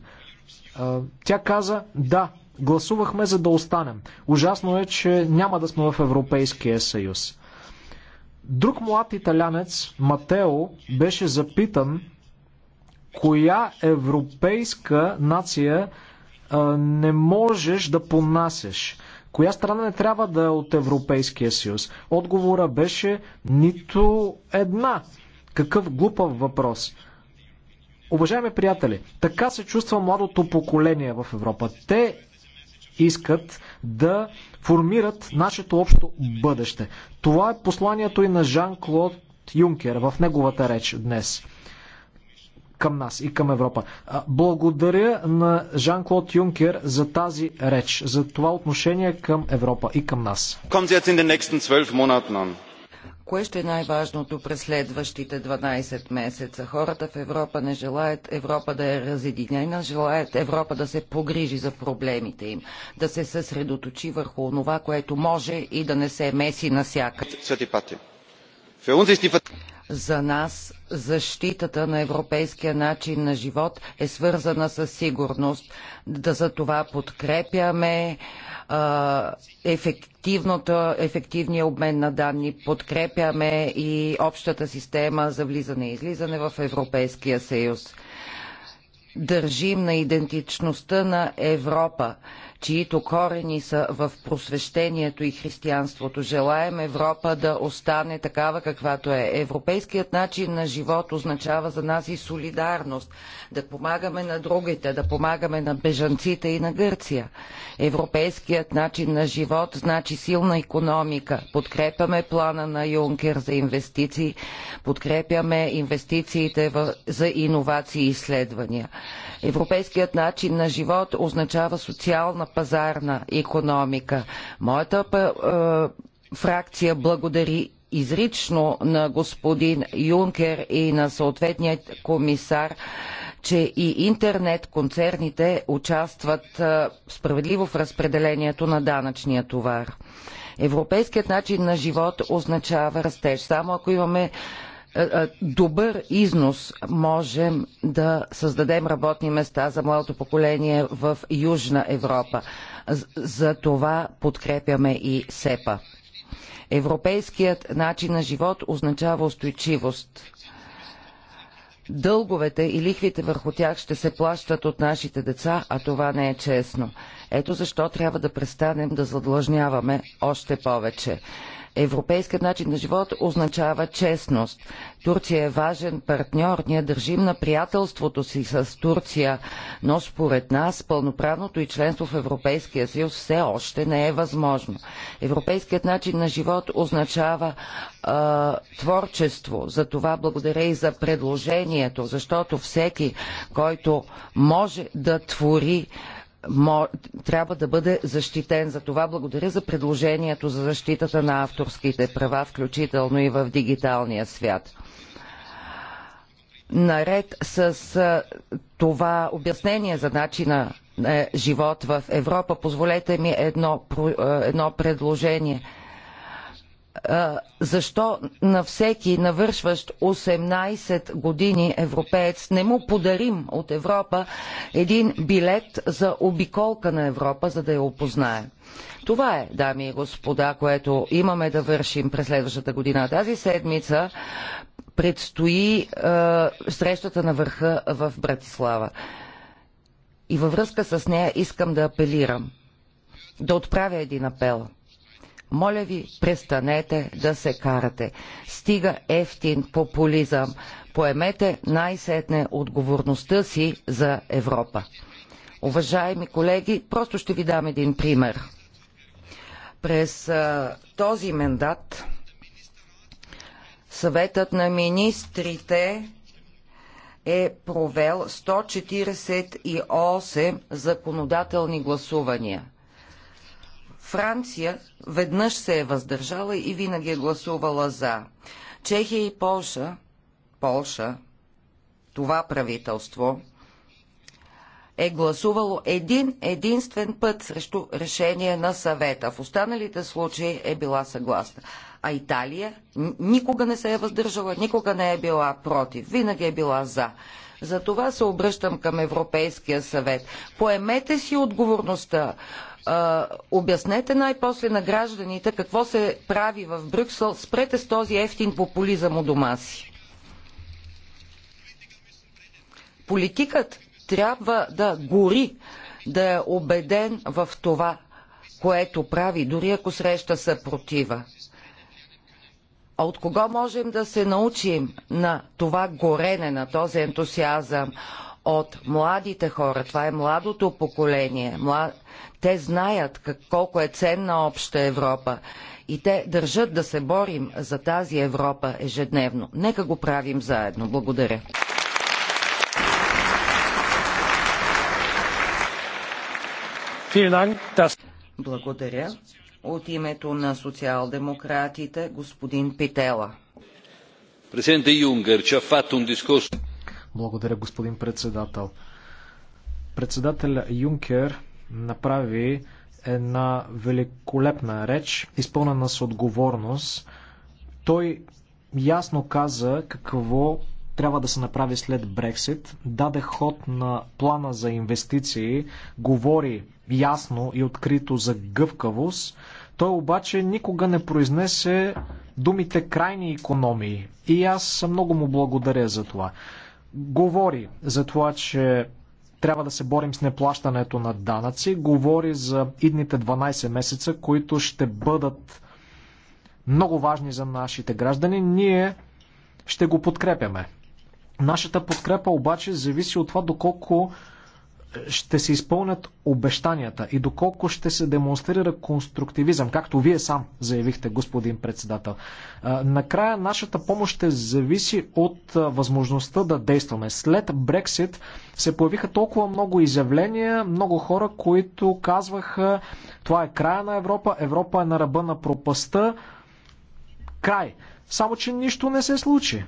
Тя каза, да, гласувахме за да останем. Ужасно е, че няма да сме в Европейския съюз. Друг млад италянец, Матео, беше запитан коя европейска нация не можеш да понасеш. Коя страна не трябва да е от Европейския съюз? Отговора беше нито една. Какъв глупав въпрос. Уважаеми приятели, така се чувства младото поколение в Европа. Те искат да формират нашето общо бъдеще. Това е посланието и на Жан-Клод Юнкер в неговата реч днес към нас и към Европа. Благодаря на Жан-Клод Юнкер за тази реч, за това отношение към Европа и към нас. Кое ще е най-важното през следващите 12 месеца? Хората в Европа не желаят Европа да е разединена, желаят Европа да се погрижи за проблемите им, да се съсредоточи върху това, което може и да не се меси всяка. За нас защитата на европейския начин на живот е свързана с сигурност. Да за това подкрепяме а, ефективния обмен на данни, подкрепяме и общата система за влизане и излизане в Европейския съюз държим на идентичността на Европа чието корени са в просвещението и християнството. Желаем Европа да остане такава каквато е. Европейският начин на живот означава за нас и солидарност. Да помагаме на другите, да помагаме на бежанците и на Гърция. Европейският начин на живот значи силна економика. Подкрепяме плана на Юнкер за инвестиции, подкрепяме инвестициите в... за иновации и изследвания. Европейският начин на живот означава социална пазарна економика. Моята е, фракция благодари изрично на господин Юнкер и на съответния комисар, че и интернет концерните участват е, справедливо в разпределението на данъчния товар. Европейският начин на живот означава растеж. Само ако имаме е, е, добър износ можем да създадем работни места за младото поколение в Южна Европа. За това подкрепяме и СЕПА. Европейският начин на живот означава устойчивост. Дълговете и лихвите върху тях ще се плащат от нашите деца, а това не е честно. Ето защо трябва да престанем да задлъжняваме още повече. Европейският начин на живот означава честност. Турция е важен партньор. Ние държим на приятелството си с Турция, но според нас пълноправното и членство в Европейския съюз все още не е възможно. Европейският начин на живот означава а, творчество. За това благодаря и за предложението, защото всеки, който може да твори, трябва да бъде защитен. За това благодаря за предложението за защитата на авторските права, включително и в дигиталния свят наред с това обяснение за начина на е, живот в Европа, позволете ми едно, едно предложение – защо на всеки навършващ 18 години европеец не му подарим от Европа един билет за обиколка на Европа, за да я опознаем. Това е, дами и господа, което имаме да вършим през следващата година. Тази седмица предстои е, срещата на върха в Братислава. И във връзка с нея искам да апелирам, да отправя един апел – моля ви, престанете да се карате. Стига ефтин популизъм. Поемете най-сетне отговорността си за Европа. Уважаеми колеги, просто ще ви дам един пример. През а, този мандат съветът на министрите е провел 148 законодателни гласувания. Франция веднъж се е въздържала и винаги е гласувала за. Чехия и Полша, Полша, това правителство, е гласувало един единствен път срещу решение на съвета. В останалите случаи е била съгласна. А Италия никога не се е въздържала, никога не е била против, винаги е била за. За това се обръщам към Европейския съвет. Поемете си отговорността а, обяснете най-после на гражданите какво се прави в Брюксел. Спрете с този ефтин популизъм у дома си. Политикът трябва да гори, да е убеден в това, което прави, дори ако среща съпротива. А от кого можем да се научим на това горене, на този ентусиазъм? От младите хора. Това е младото поколение. Млад... Те знаят как, колко е ценна обща Европа и те държат да се борим за тази Европа ежедневно. Нека го правим заедно. Благодаря. Благодаря. От името на социал-демократите, господин Питела. Е Благодаря, господин председател. Председателя Юнкер направи една великолепна реч, изпълнена с отговорност. Той ясно каза какво трябва да се направи след Брексит, даде ход на плана за инвестиции, говори ясно и открито за гъвкавост. Той обаче никога не произнесе думите крайни економии. И аз много му благодаря за това. Говори за това, че трябва да се борим с неплащането на данъци. Говори за идните 12 месеца, които ще бъдат много важни за нашите граждани. Ние ще го подкрепяме. Нашата подкрепа обаче зависи от това доколко ще се изпълнят обещанията и доколко ще се демонстрира конструктивизъм, както вие сам заявихте, господин председател. Накрая нашата помощ ще зависи от възможността да действаме. След Брексит се появиха толкова много изявления, много хора, които казваха това е края на Европа, Европа е на ръба на пропаста, край. Само, че нищо не се случи.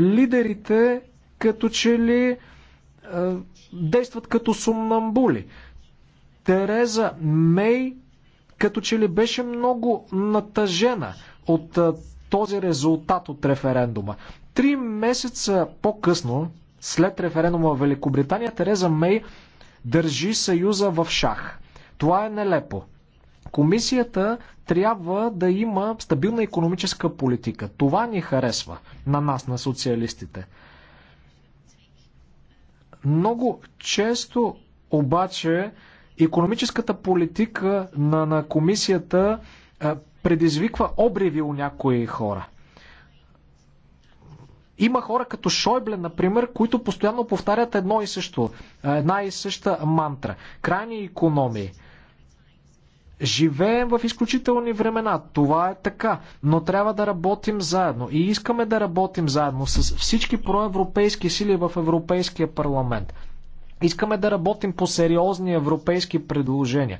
Лидерите като че ли действат като сумнамбули. Тереза Мей като че ли беше много натъжена от този резултат от референдума. Три месеца по-късно, след референдума в Великобритания, Тереза Мей държи Съюза в шах. Това е нелепо. Комисията трябва да има стабилна економическа политика. Това ни харесва на нас, на социалистите. Много често обаче економическата политика на, на комисията а, е, предизвиква обриви у някои хора. Има хора като Шойбле, например, които постоянно повтарят едно и също, е, една и съща мантра. Крайни економии – Живеем в изключителни времена, това е така, но трябва да работим заедно и искаме да работим заедно с всички проевропейски сили в Европейския парламент. Искаме да работим по сериозни европейски предложения,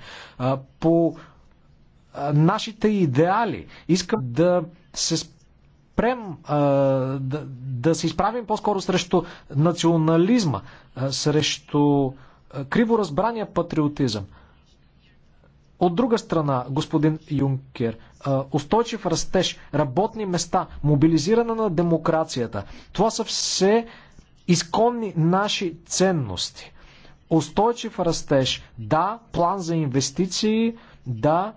по нашите идеали. Искам да се спрем, да, да се изправим по-скоро срещу национализма, срещу криворазбрания патриотизъм. От друга страна, господин Юнкер, устойчив растеж, работни места, мобилизиране на демокрацията, това са все изконни наши ценности. Устойчив растеж, да, план за инвестиции, да,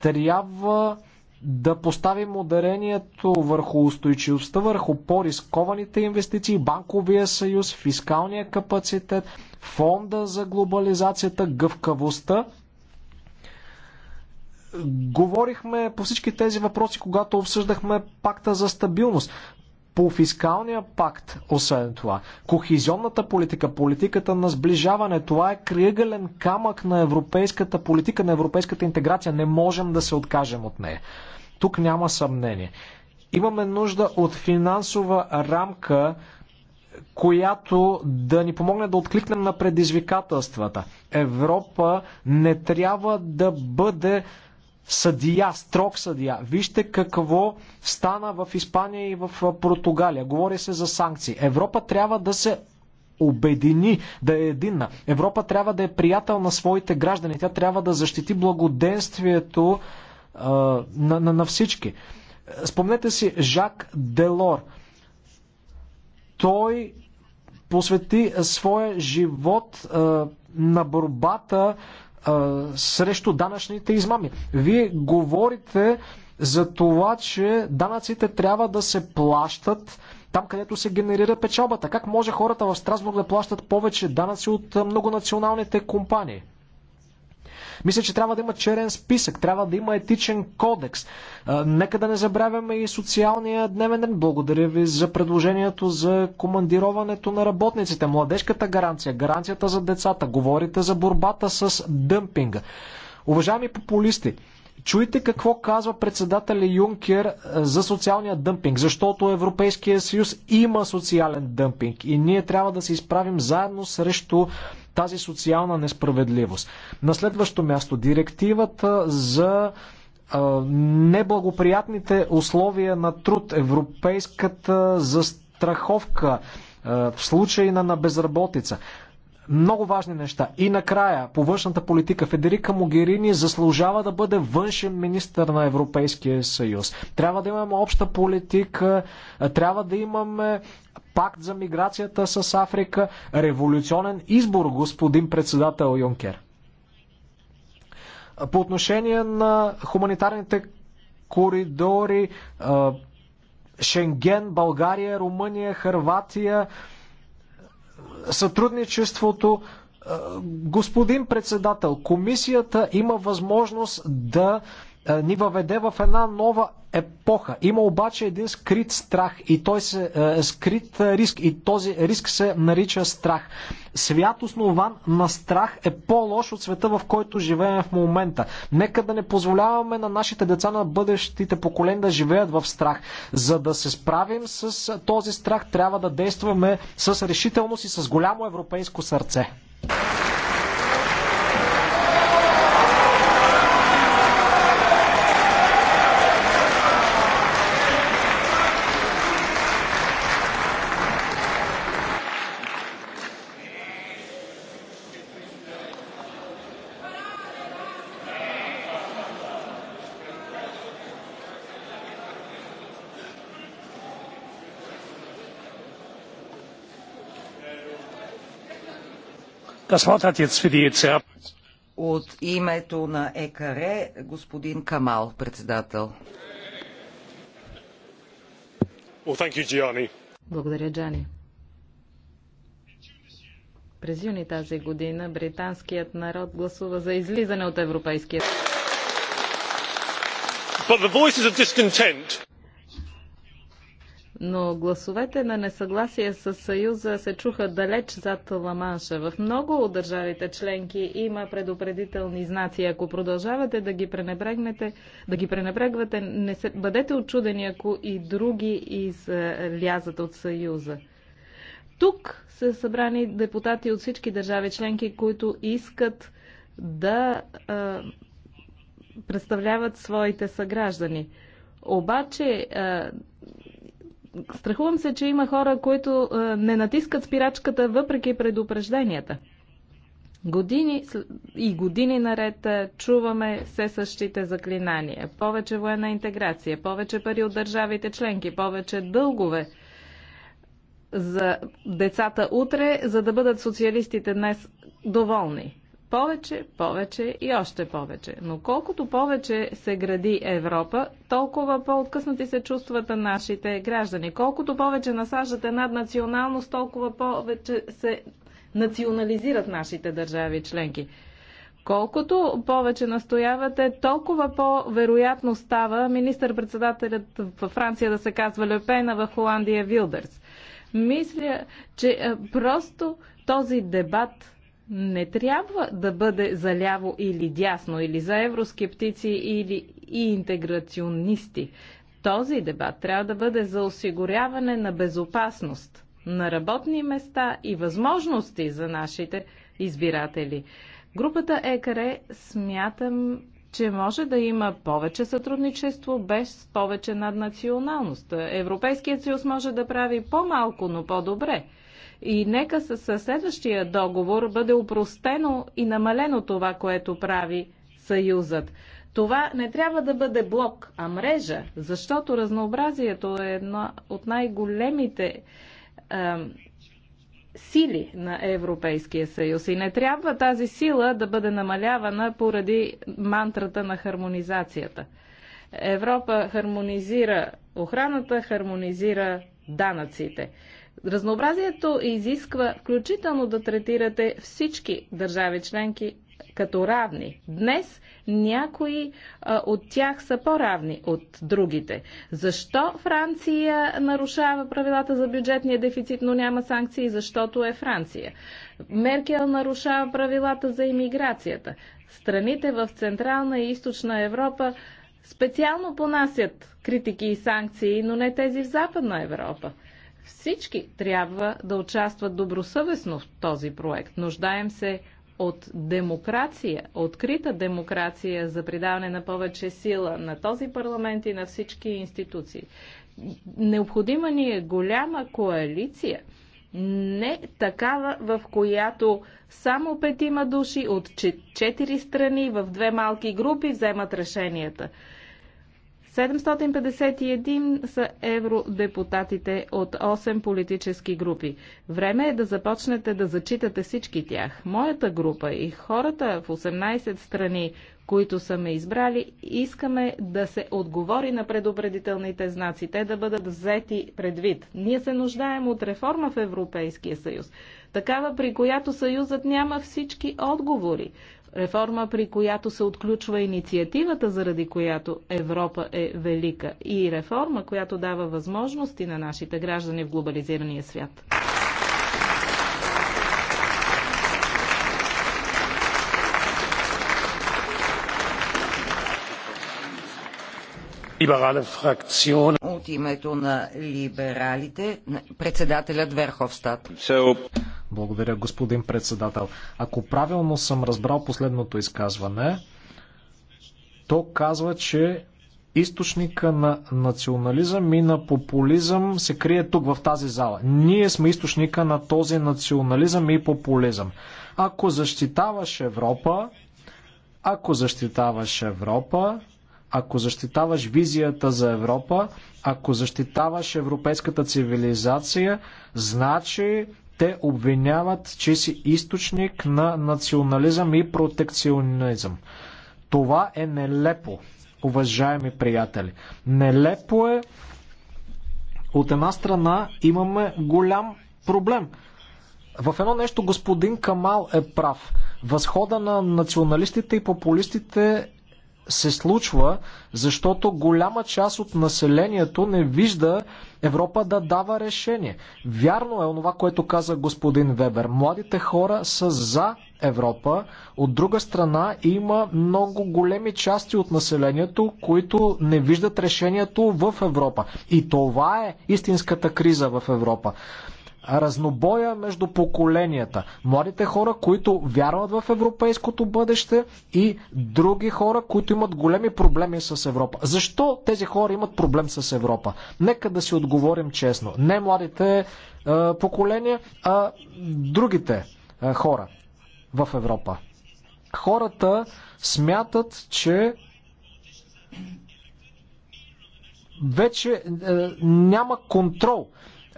трябва да поставим ударението върху устойчивостта, върху по-рискованите инвестиции, банковия съюз, фискалния капацитет, фонда за глобализацията, гъвкавостта Говорихме по всички тези въпроси, когато обсъждахме пакта за стабилност по фискалния пакт, освен това. Кохизионната политика, политиката на сближаване, това е кръгълен камък на европейската политика, на европейската интеграция. Не можем да се откажем от нея. Тук няма съмнение. Имаме нужда от финансова рамка, която да ни помогне да откликнем на предизвикателствата. Европа не трябва да бъде съдия, строг съдия. Вижте какво стана в Испания и в Португалия. Говори се за санкции. Европа трябва да се обедини, да е единна. Европа трябва да е приятел на своите граждани. Тя трябва да защити благоденствието а, на, на, на всички. Спомнете си Жак Делор. Той посвети своя живот а, на борбата а, срещу данъчните измами. Вие говорите за това, че данъците трябва да се плащат там, където се генерира печалбата. Как може хората в Страсбург да плащат повече данъци от многонационалните компании? Мисля, че трябва да има черен списък, трябва да има етичен кодекс. Нека да не забравяме и социалния дневен ден. Благодаря ви за предложението за командироването на работниците, младежката гаранция, гаранцията за децата. Говорите за борбата с дъмпинга. Уважаеми популисти, Чуйте какво казва председателя Юнкер е, за социалния дъмпинг, защото Европейския съюз има социален дъмпинг и ние трябва да се изправим заедно срещу тази социална несправедливост. На следващо място директивата за е, неблагоприятните условия на труд, европейската застраховка е, в случай на, на безработица. Много важни неща. И накрая, по външната политика, Федерика Могерини заслужава да бъде външен министр на Европейския съюз. Трябва да имаме обща политика, трябва да имаме пакт за миграцията с Африка, революционен избор, господин председател Юнкер. По отношение на хуманитарните коридори, Шенген, България, Румъния, Харватия, сътрудничеството. Е, господин председател, комисията има възможност да е, ни въведе в една нова епоха. Има обаче един скрит страх и той се е, скрит риск и този риск се нарича страх. Свят основан на страх е по-лош от света, в който живеем в момента. Нека да не позволяваме на нашите деца, на бъдещите поколения да живеят в страх. За да се справим с този страх, трябва да действаме с решителност и с голямо европейско сърце. От името на ЕКАРЕ господин Камал, председател. Благодаря, Джани. През юни тази година британският народ гласува за излизане от Европейския съюз но гласовете на несъгласие с Съюза се чуха далеч зад Ламанша. В много от държавите членки има предупредителни знаци. Ако продължавате да ги пренебрегнете, да ги пренебрегвате, не се, бъдете очудени, ако и други излязат от Съюза. Тук са събрани депутати от всички държави членки, които искат да а, представляват своите съграждани. Обаче а, страхувам се, че има хора, които е, не натискат спирачката въпреки предупрежденията. Години и години наред е, чуваме все същите заклинания. Повече военна интеграция, повече пари от държавите членки, повече дългове за децата утре, за да бъдат социалистите днес доволни. Повече, повече и още повече. Но колкото повече се гради Европа, толкова по-откъснати се чувстват нашите граждани. Колкото повече насаждате над националност, толкова повече се национализират нашите държави членки. Колкото повече настоявате, толкова по-вероятно става министър-председателят във Франция да се казва Лепена, в Холандия Вилдърс. Мисля, че е, просто този дебат не трябва да бъде за ляво или дясно, или за евроскептици, или и интеграционисти. Този дебат трябва да бъде за осигуряване на безопасност на работни места и възможности за нашите избиратели. Групата ЕКРЕ смятам, че може да има повече сътрудничество без повече наднационалност. Европейският съюз може да прави по-малко, но по-добре. И нека с следващия договор бъде упростено и намалено това, което прави Съюзът. Това не трябва да бъде блок, а мрежа, защото разнообразието е една от най-големите сили на Европейския съюз. И не трябва тази сила да бъде намалявана поради мантрата на хармонизацията. Европа хармонизира охраната, хармонизира данъците. Разнообразието изисква включително да третирате всички държави членки като равни. Днес някои а, от тях са по-равни от другите. Защо Франция нарушава правилата за бюджетния дефицит, но няма санкции? Защото е Франция. Меркел нарушава правилата за иммиграцията. Страните в Централна и Източна Европа специално понасят критики и санкции, но не тези в Западна Европа. Всички трябва да участват добросъвестно в този проект. Нуждаем се от демокрация, открита демокрация за придаване на повече сила на този парламент и на всички институции. Необходима ни е голяма коалиция, не такава, в която само петима души от четири страни в две малки групи вземат решенията. 751 са евродепутатите от 8 политически групи. Време е да започнете да зачитате всички тях. Моята група и хората в 18 страни, които са ме избрали, искаме да се отговори на предупредителните знаци, те да бъдат взети предвид. Ние се нуждаем от реформа в Европейския съюз, такава при която съюзът няма всички отговори. Реформа, при която се отключва инициативата, заради която Европа е велика. И реформа, която дава възможности на нашите граждани в глобализирания свят. Фракцион... От името на либералите, председателят Верховстат. So... Благодаря, господин председател. Ако правилно съм разбрал последното изказване, то казва, че източника на национализъм и на популизъм се крие тук в тази зала. Ние сме източника на този национализъм и популизъм. Ако защитаваш Европа, ако защитаваш Европа, ако защитаваш визията за Европа, ако защитаваш европейската цивилизация, значи те обвиняват, че си източник на национализъм и протекционизъм. Това е нелепо, уважаеми приятели. Нелепо е, от една страна имаме голям проблем. В едно нещо господин Камал е прав. Възхода на националистите и популистите се случва, защото голяма част от населението не вижда Европа да дава решение. Вярно е онова, което каза господин Вебер. Младите хора са за Европа. От друга страна има много големи части от населението, които не виждат решението в Европа. И това е истинската криза в Европа разнобоя между поколенията. Младите хора, които вярват в европейското бъдеще и други хора, които имат големи проблеми с Европа. Защо тези хора имат проблем с Европа? Нека да си отговорим честно. Не младите е, поколения, а другите е, хора в Европа. Хората смятат, че вече е, няма контрол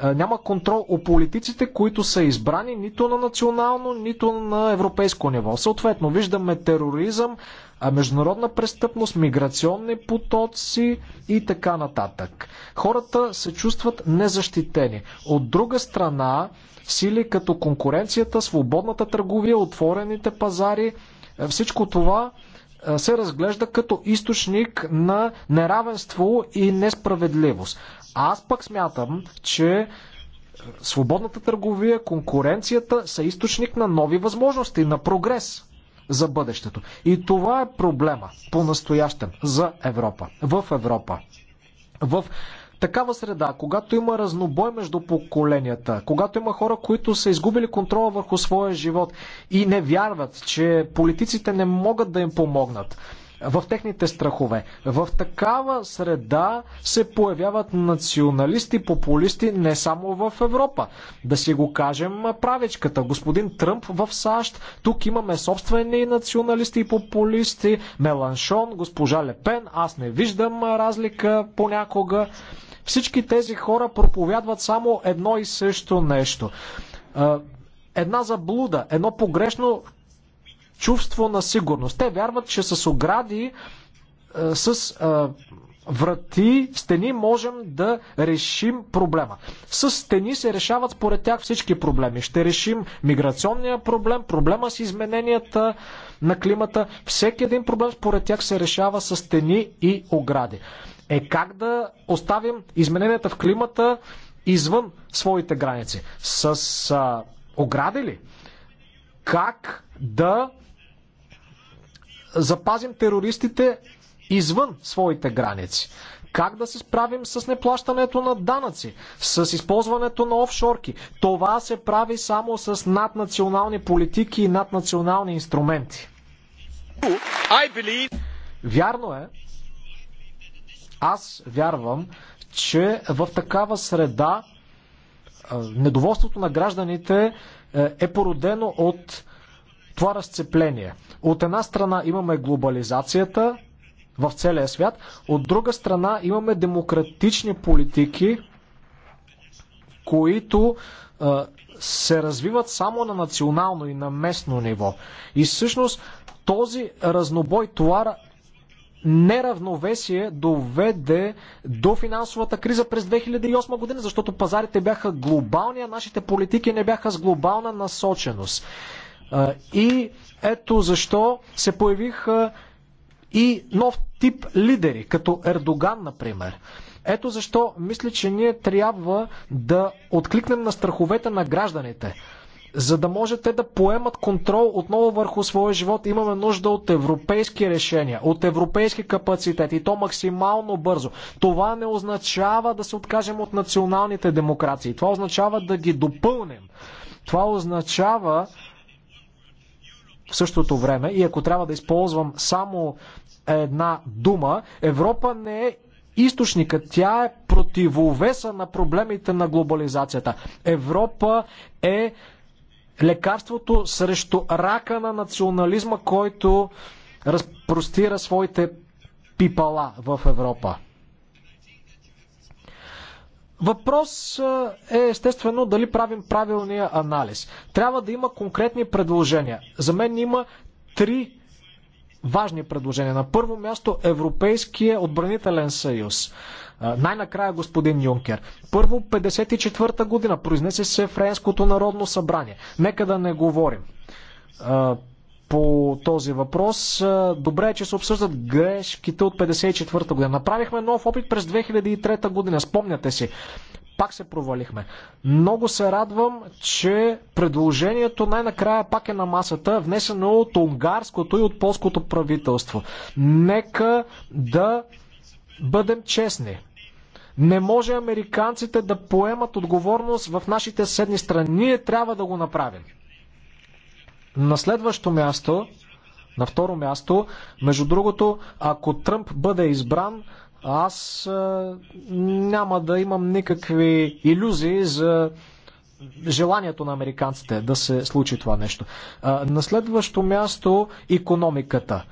е, няма контрол у политиците, които са избрани нито на национално, нито на европейско ниво. Съответно, виждаме тероризъм, международна престъпност, миграционни потоци и така нататък. Хората се чувстват незащитени. От друга страна, сили като конкуренцията, свободната търговия, отворените пазари, е, всичко това е, се разглежда като източник на неравенство и несправедливост. Аз пък смятам, че свободната търговия, конкуренцията са източник на нови възможности, на прогрес за бъдещето. И това е проблема по-настоящен за Европа, в Европа. В такава среда, когато има разнобой между поколенията, когато има хора, които са изгубили контрола върху своя живот и не вярват, че политиците не могат да им помогнат, в техните страхове. В такава среда се появяват националисти, популисти не само в Европа. Да си го кажем правечката. Господин Тръмп в САЩ, тук имаме собствени националисти и популисти, Меланшон, госпожа Лепен, аз не виждам разлика понякога. Всички тези хора проповядват само едно и също нещо. Една заблуда, едно погрешно чувство на сигурност. Те вярват, че с огради, е, с е, врати, стени можем да решим проблема. С стени се решават според тях всички проблеми. Ще решим миграционния проблем, проблема с измененията на климата. Всеки един проблем според тях се решава с стени и огради. Е как да оставим измененията в климата извън своите граници? С а, е, огради ли? Как да запазим терористите извън своите граници? Как да се справим с неплащането на данъци, с използването на офшорки? Това се прави само с наднационални политики и наднационални инструменти. Вярно е, аз вярвам, че в такава среда недоволството на гражданите е породено от това разцепление. От една страна имаме глобализацията в целия свят, от друга страна имаме демократични политики, които се развиват само на национално и на местно ниво. И всъщност този разнобой, това неравновесие доведе до финансовата криза през 2008 година, защото пазарите бяха глобални, а нашите политики не бяха с глобална насоченост. И ето защо се появиха и нов тип лидери, като Ердоган, например. Ето защо мисля, че ние трябва да откликнем на страховете на гражданите за да може те да поемат контрол отново върху своя живот, имаме нужда от европейски решения, от европейски капацитет и то максимално бързо. Това не означава да се откажем от националните демокрации. Това означава да ги допълним. Това означава в същото време и ако трябва да използвам само една дума, Европа не е източника, тя е противовеса на проблемите на глобализацията. Европа е лекарството срещу рака на национализма, който разпростира своите пипала в Европа. Въпрос е естествено дали правим правилния анализ. Трябва да има конкретни предложения. За мен има три важни предложения. На първо място Европейския отбранителен съюз. Най-накрая господин Юнкер. Първо 54-та година произнесе се Френското народно събрание. Нека да не говорим по този въпрос. Добре е, че се обсъждат грешките от 54 година. Направихме нов опит през 2003 година, спомняте си. Пак се провалихме. Много се радвам, че предложението най-накрая пак е на масата, внесено от унгарското и от полското правителство. Нека да бъдем честни. Не може американците да поемат отговорност в нашите съседни страни. Ние трябва да го направим. На следващо място, на второ място, между другото, ако Тръмп бъде избран, аз а, е, няма да имам никакви иллюзии за желанието на американците да се случи това нещо. А, е, на следващо място, економиката.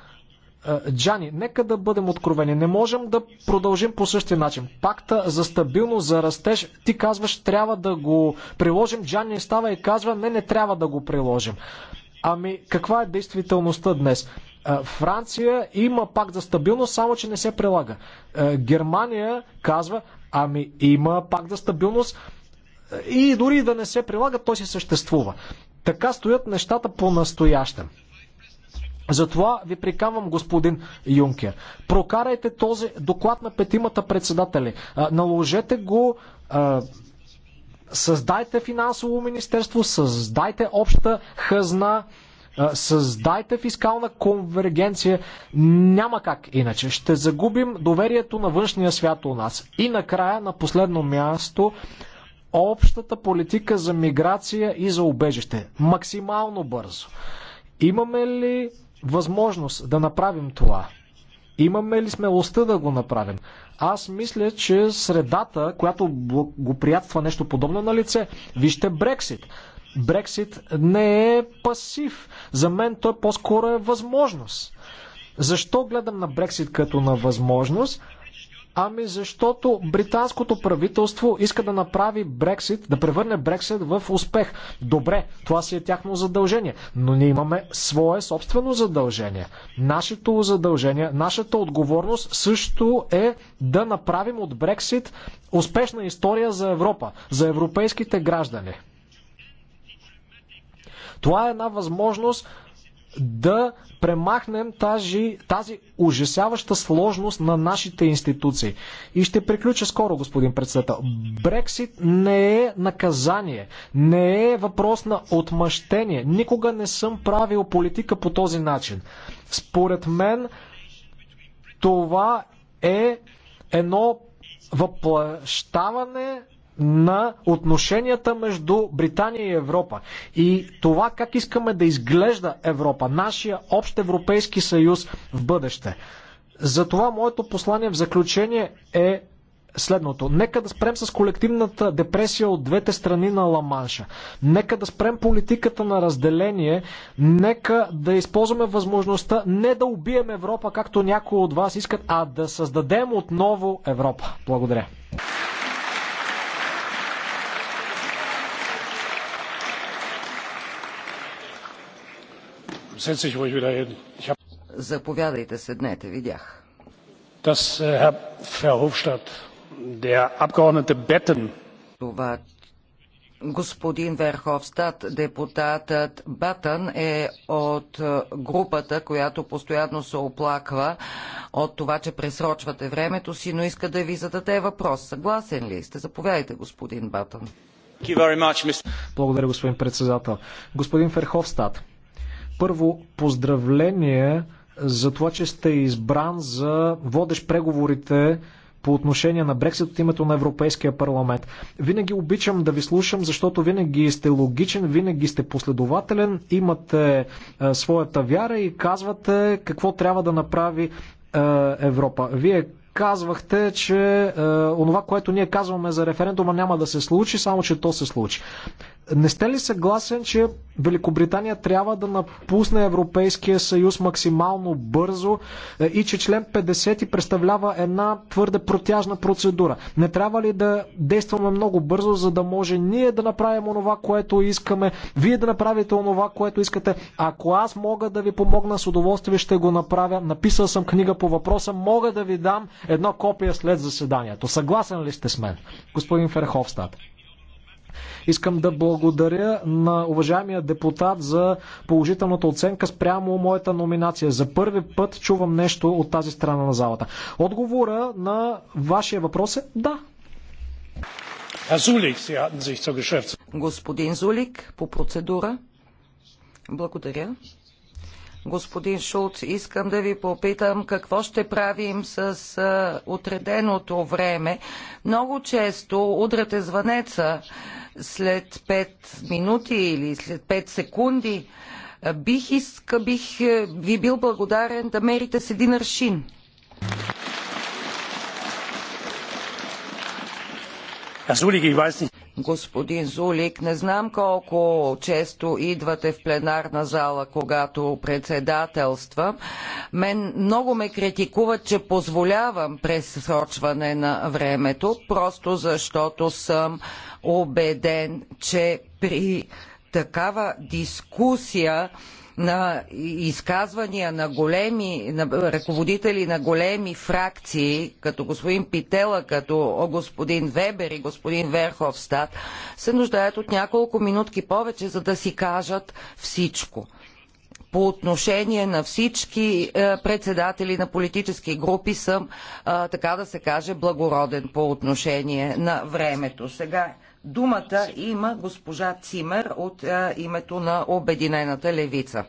Е, Джани, нека да бъдем откровени. Не можем да продължим по същия начин. Пакта за стабилност, за растеж, ти казваш, трябва да го приложим. Джани става и казва, не, не трябва да го приложим. Ами, каква е действителността днес? Франция има пак за стабилност, само че не се прилага. Германия казва, ами има пак за стабилност и дори да не се прилага, той си съществува. Така стоят нещата по-настоящем. Затова ви приканвам, господин Юнкер. Прокарайте този доклад на петимата председатели. Наложете го Създайте финансово министерство, създайте обща хазна, създайте фискална конвергенция. Няма как иначе. Ще загубим доверието на външния свят у нас. И накрая, на последно място, общата политика за миграция и за убежище. Максимално бързо. Имаме ли възможност да направим това? Имаме ли смелостта да го направим? Аз мисля, че средата, която благоприятства нещо подобно на лице, вижте Брексит. Брексит не е пасив. За мен той по-скоро е възможност. Защо гледам на Брексит като на възможност? Ами защото британското правителство иска да направи Брексит, да превърне Брексит в успех. Добре, това си е тяхно задължение, но ние имаме свое собствено задължение. Нашето задължение, нашата отговорност също е да направим от Брексит успешна история за Европа, за европейските граждани. Това е една възможност да премахнем тази, тази ужасяваща сложност на нашите институции. И ще приключа скоро, господин председател. Брексит не е наказание, не е въпрос на отмъщение. Никога не съм правил политика по този начин. Според мен това е едно въплащаване на отношенията между Британия и Европа и това как искаме да изглежда Европа, нашия общ Европейски съюз в бъдеще. Затова моето послание в заключение е следното. Нека да спрем с колективната депресия от двете страни на Ламанша. Нека да спрем политиката на разделение. Нека да използваме възможността не да убием Европа, както някои от вас искат, а да създадем отново Европа. Благодаря. Заповядайте, седнете, видях. Äh, това, господин Верховстад, депутатът Батън е от е, групата, която постоянно се оплаква от това, че пресрочвате времето си, но иска да ви зададе въпрос. Съгласен ли сте? Заповядайте, господин Батън. Благодаря, господин председател. Господин Ферховстат, първо, поздравление за това, че сте избран за водещ преговорите по отношение на Брексит от името на Европейския парламент. Винаги обичам да ви слушам, защото винаги сте логичен, винаги сте последователен, имате е, своята вяра и казвате какво трябва да направи е, Европа. Вие казвахте, че е, онова, което ние казваме за референдума няма да се случи, само че то се случи. Не сте ли съгласен, че Великобритания трябва да напусне Европейския съюз максимално бързо е, и че член 50 представлява една твърде протяжна процедура? Не трябва ли да действаме много бързо, за да може ние да направим онова, което искаме, вие да направите онова, което искате? Ако аз мога да ви помогна с удоволствие, ще го направя. Написал съм книга по въпроса, мога да ви дам едно копие след заседанието. Съгласен ли сте с мен, господин Ферховстат? Искам да благодаря на уважаемия депутат за положителната оценка спрямо моята номинация. За първи път чувам нещо от тази страна на залата. Отговора на вашия въпрос е да. Господин Зулик, по процедура. Благодаря. Господин Шулц, искам да ви попитам какво ще правим с отреденото време. Много често удрате звънеца след 5 минути или след 5 секунди. Бих, иска, бих е, ви бил благодарен да мерите с един аршин. Herr Sulik, господин Зулик. Не знам колко често идвате в пленарна зала, когато председателствам. Мен много ме критикуват, че позволявам пресрочване на времето, просто защото съм убеден, че при такава дискусия на изказвания на големи на ръководители на големи фракции, като господин Питела, като господин Вебер и господин Верховстат, се нуждаят от няколко минутки повече, за да си кажат всичко по отношение на всички е, председатели на политически групи съм, е, така да се каже, благороден по отношение на времето. Сега Думата има госпожа Цимер от а, е, името на Обединената левица.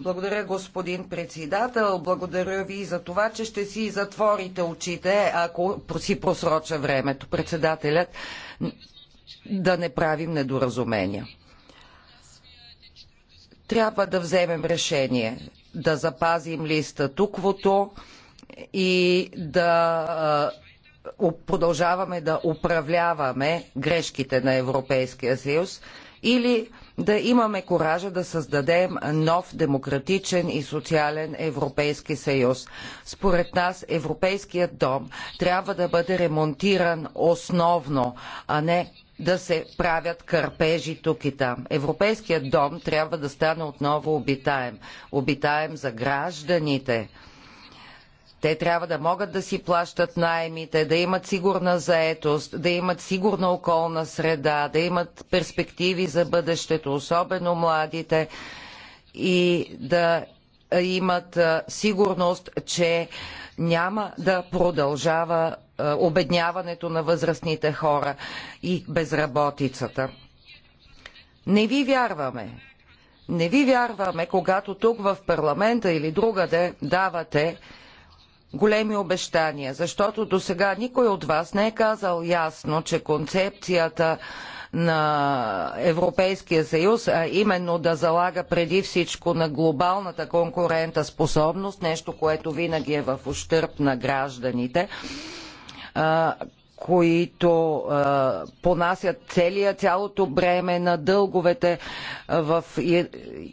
Благодаря, господин председател. Благодаря ви за това, че ще си затворите очите, ако си просроча времето. Председателят да не правим недоразумения. Трябва да вземем решение да запазим листа туквото и да е, продължаваме да управляваме грешките на Европейския съюз или да имаме коража да създадем нов демократичен и социален Европейски съюз. Според нас Европейският дом трябва да бъде ремонтиран основно, а не да се правят кърпежи тук и там. Европейският дом трябва да стане отново обитаем. Обитаем за гражданите – те трябва да могат да си плащат найемите, да имат сигурна заетост, да имат сигурна околна среда, да имат перспективи за бъдещето, особено младите, и да имат сигурност, че няма да продължава обедняването на възрастните хора и безработицата. Не ви вярваме. Не ви вярваме, когато тук в парламента или другаде давате големи обещания, защото до сега никой от вас не е казал ясно, че концепцията на Европейския съюз, а именно да залага преди всичко на глобалната конкурентоспособност, нещо, което винаги е в ущърп на гражданите, които понасят целия, цялото бреме на дълговете в, и,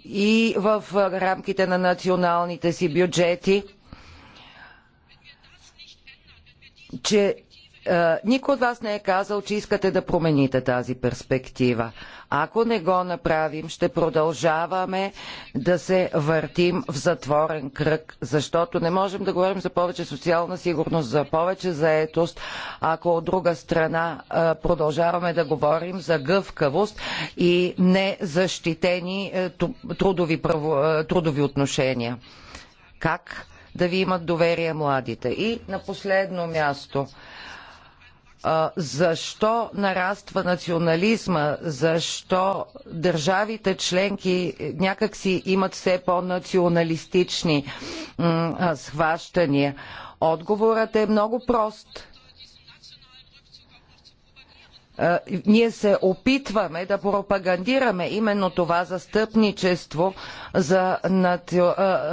и в рамките на националните си бюджети че е, никой от вас не е казал, че искате да промените тази перспектива. Ако не го направим, ще продължаваме да се въртим в затворен кръг, защото не можем да говорим за повече социална сигурност, за повече заетост, ако от друга страна е, продължаваме да говорим за гъвкавост и незащитени е, трудови, трудови отношения. Как да ви имат доверие младите. И на последно място защо нараства национализма, защо държавите членки някакси имат все по-националистични схващания. Отговорът е много прост ние се опитваме да пропагандираме именно това застъпничество за, наци...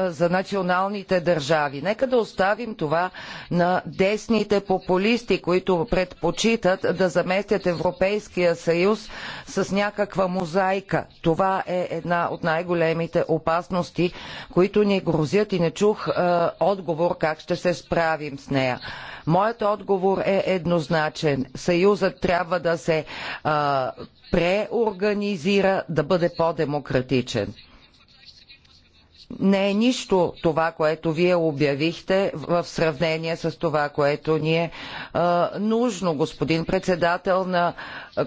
за националните държави. Нека да оставим това на десните популисти, които предпочитат да заместят Европейския съюз с някаква мозайка. Това е една от най-големите опасности, които ни грозят и не чух отговор как ще се справим с нея. Моят отговор е еднозначен. Съюзът трябва да се а, преорганизира, да бъде по-демократичен не е нищо това, което вие обявихте в сравнение с това, което ни е а, нужно. Господин председател на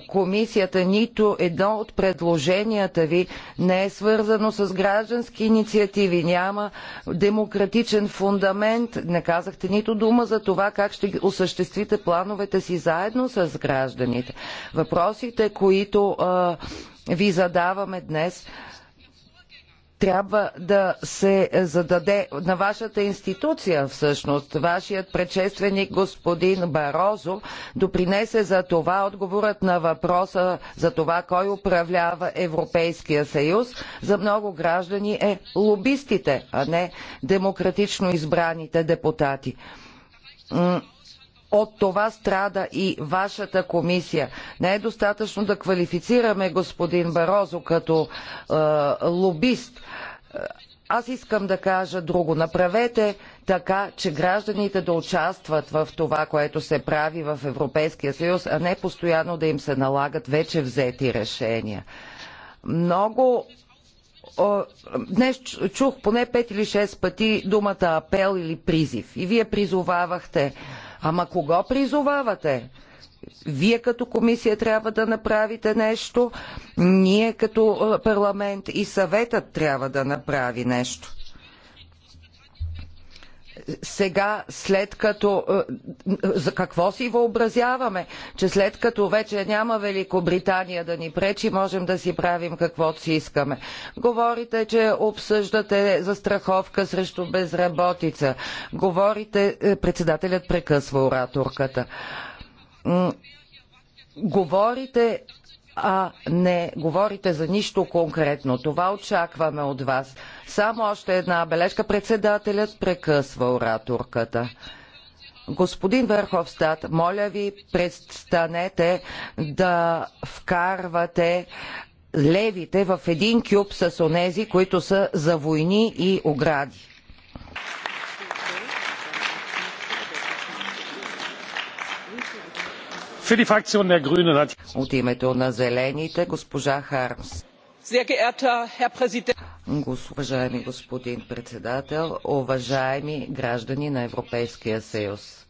комисията, нито едно от предложенията ви не е свързано с граждански инициативи, няма демократичен фундамент. Не казахте нито дума за това как ще осъществите плановете си заедно с гражданите. Въпросите, които а, ви задаваме днес, трябва да се е, зададе на вашата институция всъщност. Вашият предшественик господин Барозо допринесе за това отговорът на въпроса за това кой управлява Европейския съюз за много граждани е лобистите, а не демократично избраните депутати. От това страда и вашата комисия. Не е достатъчно да квалифицираме господин Барозо като е, лобист. Аз искам да кажа друго. Направете така, че гражданите да участват в това, което се прави в Европейския съюз, а не постоянно да им се налагат вече взети решения. Много днес чух поне пет или шест пъти думата апел или призив. И вие призовавахте Ама кого призовавате? Вие като комисия трябва да направите нещо, ние като е, парламент и съветът трябва да направи нещо сега след като... Е, за какво си въобразяваме, че след като вече няма Великобритания да ни пречи, можем да си правим каквото си искаме? Говорите, че обсъждате застраховка срещу безработица. Говорите... Е, председателят прекъсва ораторката. Говорите а не говорите за нищо конкретно. Това очакваме от вас. Само още една бележка. Председателят прекъсва ораторката. Господин Върховстат, моля ви, престанете да вкарвате левите в един кюб с онези, които са за войни и огради. От името на Зелените, госпожа Хармс. Уважаеми господин председател, уважаеми граждани на Европейския съюз.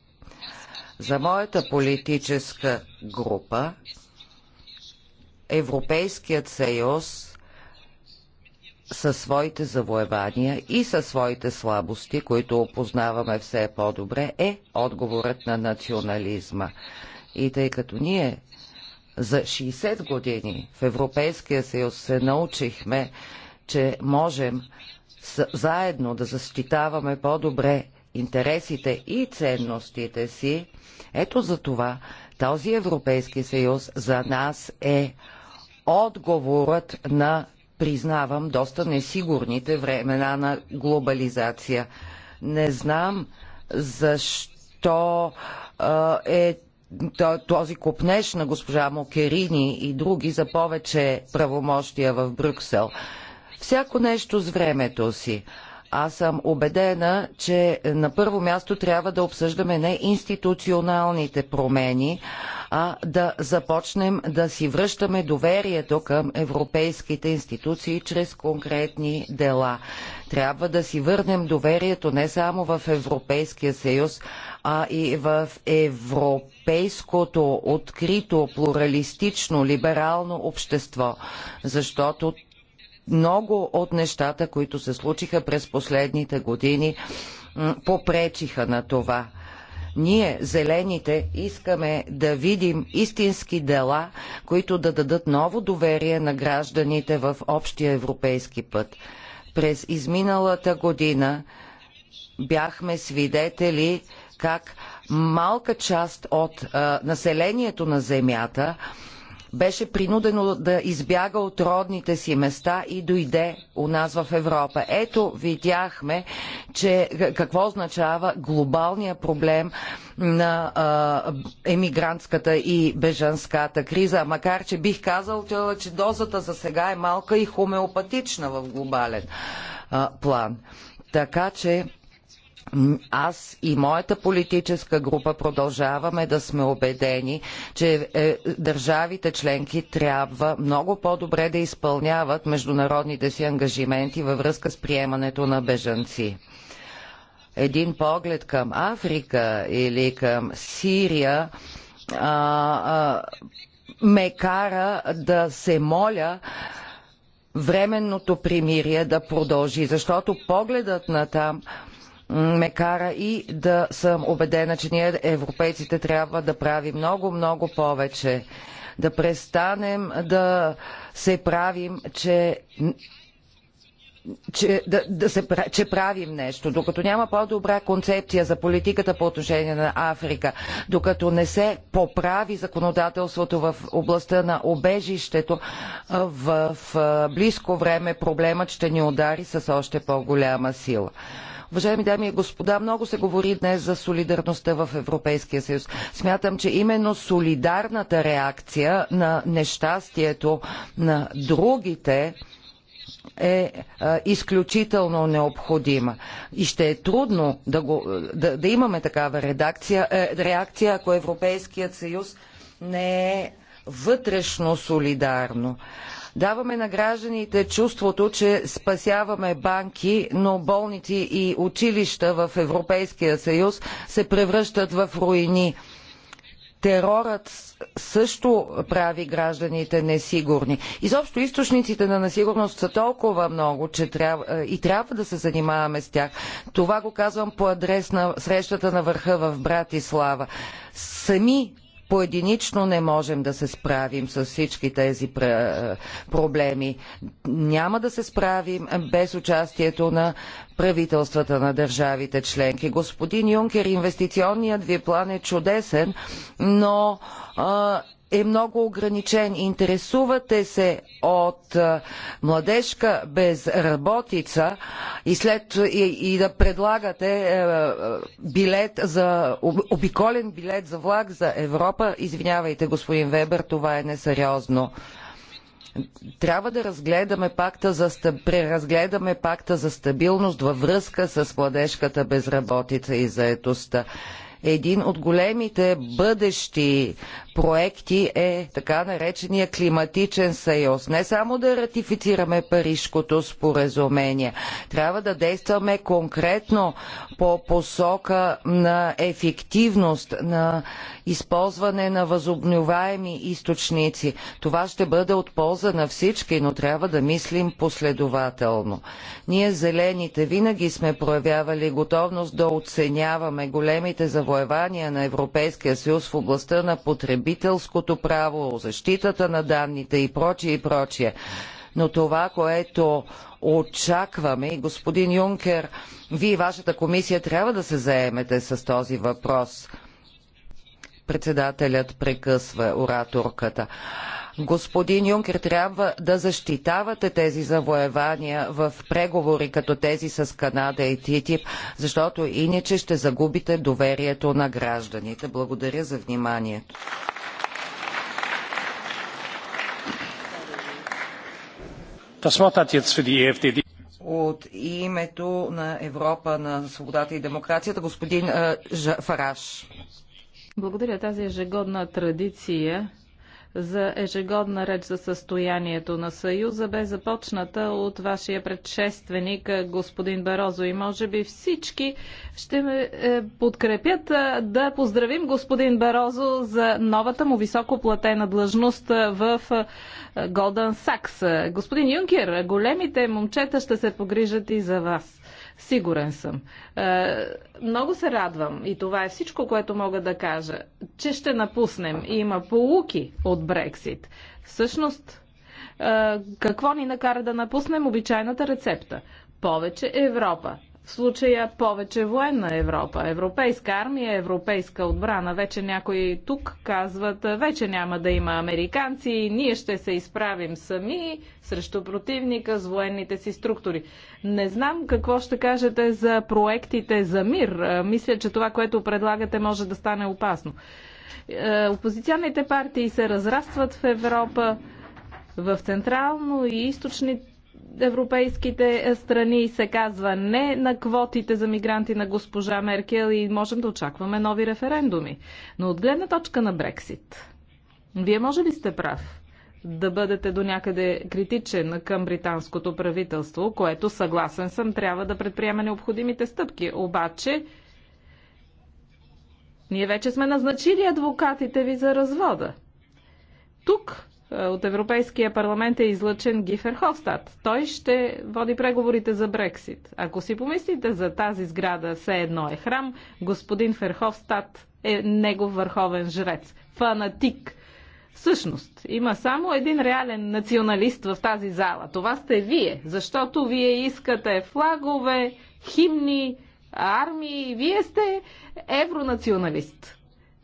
За моята политическа група Европейският съюз със своите завоевания и със своите слабости, които опознаваме все по-добре, е отговорът на национализма. И тъй като ние за 60 години в Европейския съюз се научихме, че можем заедно да защитаваме по-добре интересите и ценностите си, ето за това този Европейски съюз за нас е отговорът на, признавам, доста несигурните времена на глобализация. Не знам защо е този купнеж на госпожа Мокерини и други за повече правомощия в Брюксел. Всяко нещо с времето си. Аз съм убедена, че на първо място трябва да обсъждаме не институционалните промени, а да започнем да си връщаме доверието към европейските институции чрез конкретни дела. Трябва да си върнем доверието не само в Европейския съюз, а и в европейското открито, плуралистично, либерално общество, защото много от нещата, които се случиха през последните години, попречиха на това. Ние, зелените, искаме да видим истински дела, които да дадат ново доверие на гражданите в общия европейски път. През изминалата година бяхме свидетели как малка част от а, населението на Земята беше принудено да избяга от родните си места и дойде у нас в Европа. Ето видяхме, че какво означава глобалния проблем на а, емигрантската и бежанската криза, макар че бих казал, че дозата за сега е малка и хомеопатична в глобален а, план. Така че аз и моята политическа група продължаваме да сме убедени, че е, държавите членки трябва много по-добре да изпълняват международните си ангажименти във връзка с приемането на бежанци. Един поглед към Африка или към Сирия а, а, ме кара да се моля временното примирие да продължи, защото погледът на там ме кара и да съм убедена, че ние европейците трябва да правим много, много повече. Да престанем да се правим, че че, да, да се, че правим нещо, докато няма по-добра концепция за политиката по отношение на Африка, докато не се поправи законодателството в областта на обежището, в, в близко време проблемът ще ни удари с още по-голяма сила. Уважаеми дами и господа, много се говори днес за солидарността в Европейския съюз. Смятам, че именно солидарната реакция на нещастието на другите е а, изключително необходима. И ще е трудно да, го, да, да имаме такава редакция, е, реакция, ако Европейският съюз не е вътрешно солидарно. Даваме на гражданите чувството, че спасяваме банки, но болници и училища в Европейския съюз се превръщат в руини. Терорът също прави гражданите несигурни. Изобщо източниците на несигурност са толкова много, че трябва, е, и трябва да се занимаваме с тях. Това го казвам по адрес на срещата на върха в Братислава. Сами поединично не можем да се справим с всички тези проблеми. Няма да се справим без участието на правителствата на държавите членки. Господин Юнкер, инвестиционният ви план е чудесен, но а, е много ограничен. Интересувате се от младежка безработица и, след, и, и да предлагате е, е, билет за, обиколен билет за влак за Европа. Извинявайте, господин Вебер, това е несериозно трябва да разгледаме пакта за, преразгледаме пакта за стабилност във връзка с младежката безработица и заетостта. Един от големите бъдещи проекти е така наречения климатичен съюз. Не само да ратифицираме Парижкото споразумение, трябва да действаме конкретно по посока на ефективност, на използване на възобновяеми източници. Това ще бъде от полза на всички, но трябва да мислим последователно. Ние зелените винаги сме проявявали готовност да оценяваме големите завоевания на Европейския съюз в областта на потребителите потребителското право, защитата на данните и прочие и прочие. Но това, което очакваме и господин Юнкер, вие и вашата комисия трябва да се заемете с този въпрос. Председателят прекъсва ораторката. Господин Юнкер, трябва да защитавате тези завоевания в преговори като тези с Канада и ТИТИП, защото иначе ще загубите доверието на гражданите. Благодаря за вниманието. От името на Европа на свободата и демокрацията, господин Фараш. Благодаря. Тази ежегодна традиция за ежегодна реч за състоянието на Съюза бе започната от вашия предшественик господин Барозо и може би всички ще ме е, подкрепят да поздравим господин Барозо за новата му високоплатена длъжност в Голден Сакс. Господин Юнкер, големите момчета ще се погрижат и за вас. Сигурен съм. Е, много се радвам и това е всичко, което мога да кажа, че ще напуснем. И има полуки от Брексит. Всъщност, е, какво ни накара да напуснем обичайната рецепта? Повече Европа в случая повече военна Европа. Европейска армия, европейска отбрана. Вече някои тук казват, вече няма да има американци, ние ще се изправим сами срещу противника с военните си структури. Не знам какво ще кажете за проектите за мир. Е, мисля, че това, което предлагате, може да стане опасно. Е, опозиционните партии се разрастват в Европа. В Централно и източните европейските е, страни се казва не на квотите за мигранти на госпожа Меркел и можем да очакваме нови референдуми. Но от гледна точка на Брексит, вие може ли сте прав? да бъдете до някъде критичен към британското правителство, което съгласен съм трябва да предприеме необходимите стъпки. Обаче, ние вече сме назначили адвокатите ви за развода. Тук от Европейския парламент е излъчен Гифер Хофстад. Той ще води преговорите за Брексит. Ако си помислите за тази сграда, все едно е храм, господин Ферховстад е негов върховен жрец. Фанатик. Всъщност, има само един реален националист в тази зала. Това сте вие, защото вие искате флагове, химни, армии. Вие сте евронационалист.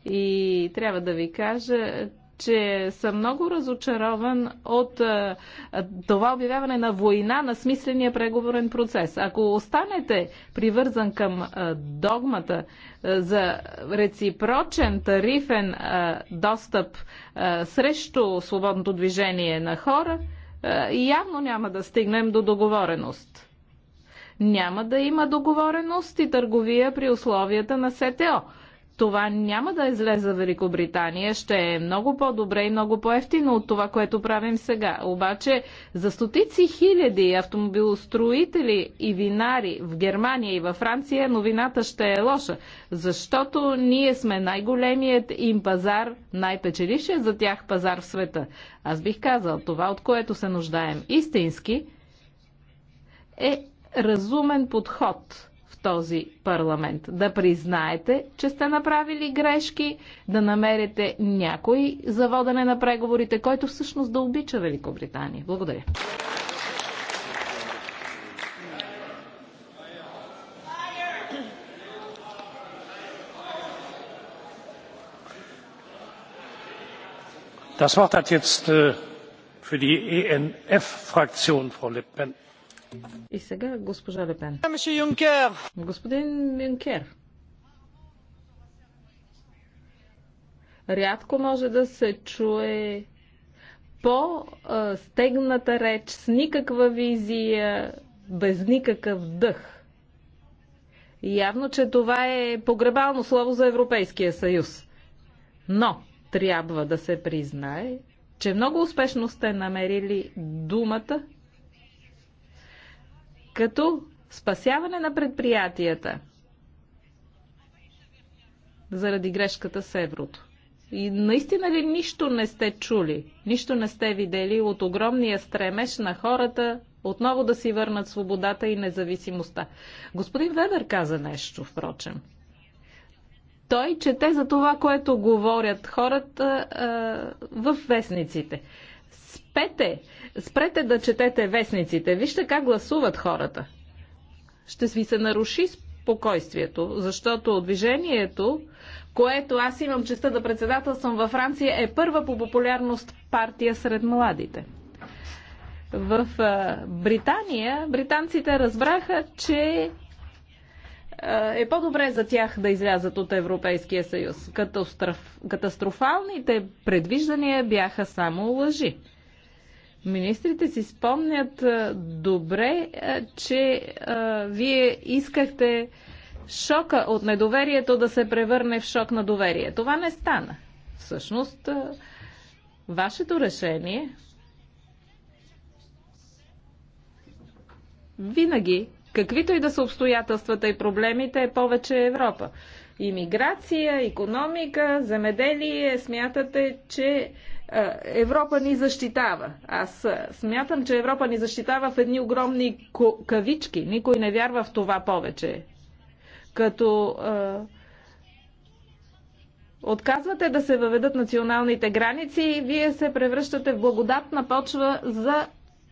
И трябва да ви кажа, че съм много разочарован от а, е, това обявяване на война на смисления преговорен процес. Ако останете привързан към а, е, догмата а, е, за реципрочен тарифен а, достъп а, срещу свободното движение на хора, а, явно няма да стигнем до договореност. Няма да има договореност и търговия при условията на СТО това няма да излезе за Великобритания. Ще е много по-добре и много по-ефтино от това, което правим сега. Обаче за стотици хиляди автомобилостроители и винари в Германия и във Франция новината ще е лоша, защото ние сме най-големият им пазар, най-печелившият за тях пазар в света. Аз бих казал, това от което се нуждаем истински е разумен подход – този парламент. Да признаете, че сте направили грешки, да намерите някой за водене на преговорите, който всъщност да обича Великобритания. Благодаря. Das Wort hat jetzt äh, für die ENF-Fraktion Frau Lippmann. И сега госпожа Лепен. Господин Юнкер. Рядко може да се чуе по-стегната реч, с никаква визия, без никакъв дъх. Явно, че това е погребално слово за Европейския съюз. Но трябва да се признае, че много успешно сте намерили думата като спасяване на предприятията заради грешката с еврото. И наистина ли нищо не сте чули, нищо не сте видели от огромния стремеж на хората отново да си върнат свободата и независимостта? Господин Вебер каза нещо, впрочем. Той чете за това, което говорят хората а, в вестниците. Спете! Спрете да четете вестниците. Вижте как гласуват хората. Ще ви се наруши спокойствието, защото движението, което аз имам честа да председателствам във Франция, е първа по популярност партия сред младите. В Британия британците разбраха, че е по-добре за тях да излязат от Европейския съюз. Катастроф... Катастрофалните предвиждания бяха само лъжи. Министрите си спомнят добре, че а, вие искахте шока от недоверието да се превърне в шок на доверие. Това не стана. Всъщност, а, вашето решение винаги, каквито и да са обстоятелствата и проблемите, е повече Европа. Имиграция, економика, земеделие, смятате, че е, Европа ни защитава. Аз е, смятам, че Европа ни защитава в едни огромни кавички. Никой не вярва в това повече. Като е, Отказвате да се въведат националните граници вие се превръщате в благодатна почва за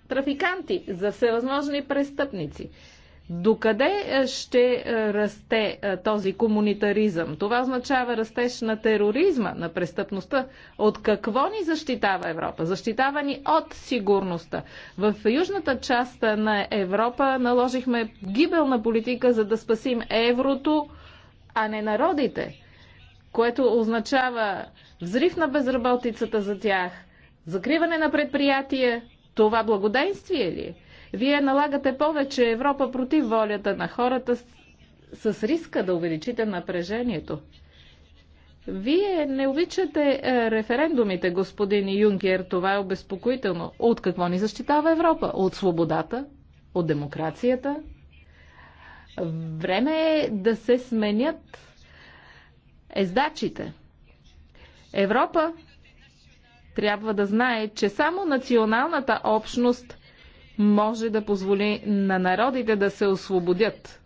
трафиканти, за всевъзможни престъпници. Докъде е, ще е, расте е, този комунитаризъм? Това означава растеж на тероризма, на престъпността. От какво ни защитава Европа? Защитава ни от сигурността. В южната част на Европа наложихме гибелна политика, за да спасим еврото, а не народите, което означава взрив на безработицата за тях, закриване на предприятия. Това благоденствие ли е? Вие налагате повече Европа против волята на хората с, с риска да увеличите напрежението. Вие не обичате е, референдумите, господин Юнкер. Това е обезпокоително. От какво ни защитава Европа? От свободата? От демокрацията? Време е да се сменят ездачите. Европа трябва да знае, че само националната общност може да позволи на народите да се освободят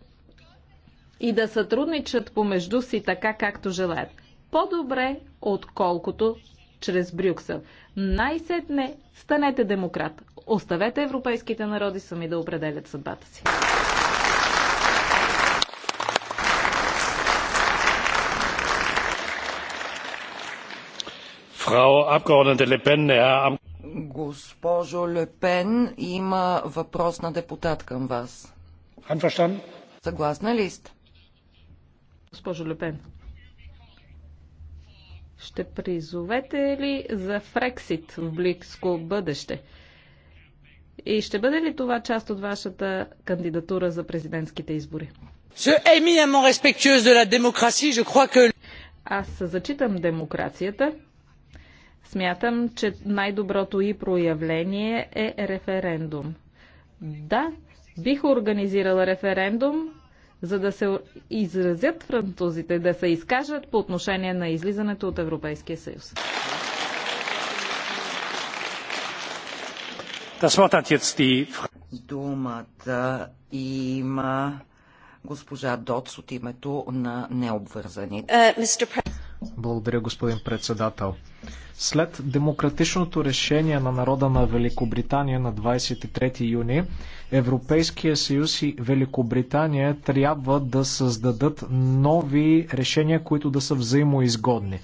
и да сътрудничат помежду си така, както желаят. По-добре, отколкото чрез Брюксел. Най-сетне станете демократ. Оставете европейските народи сами да определят съдбата си. Фрау Abgeordnete Le Госпожо Лепен, има въпрос на депутат към вас. Einverstanden? Съгласна ли сте? Госпожо Лепен, ще призовете ли за Фрексит в близко бъдеще? И ще бъде ли това част от вашата кандидатура за президентските избори? Аз зачитам демокрацията Смятам, че най-доброто и проявление е референдум. Да, бих организирала референдум, за да се изразят французите, да се изкажат по отношение на излизането от Европейския съюз. Думата има госпожа Доц от името на необвързаните. Е, благодаря, господин председател. След демократичното решение на народа на Великобритания на 23 юни, Европейския съюз и Великобритания трябва да създадат нови решения, които да са взаимоизгодни.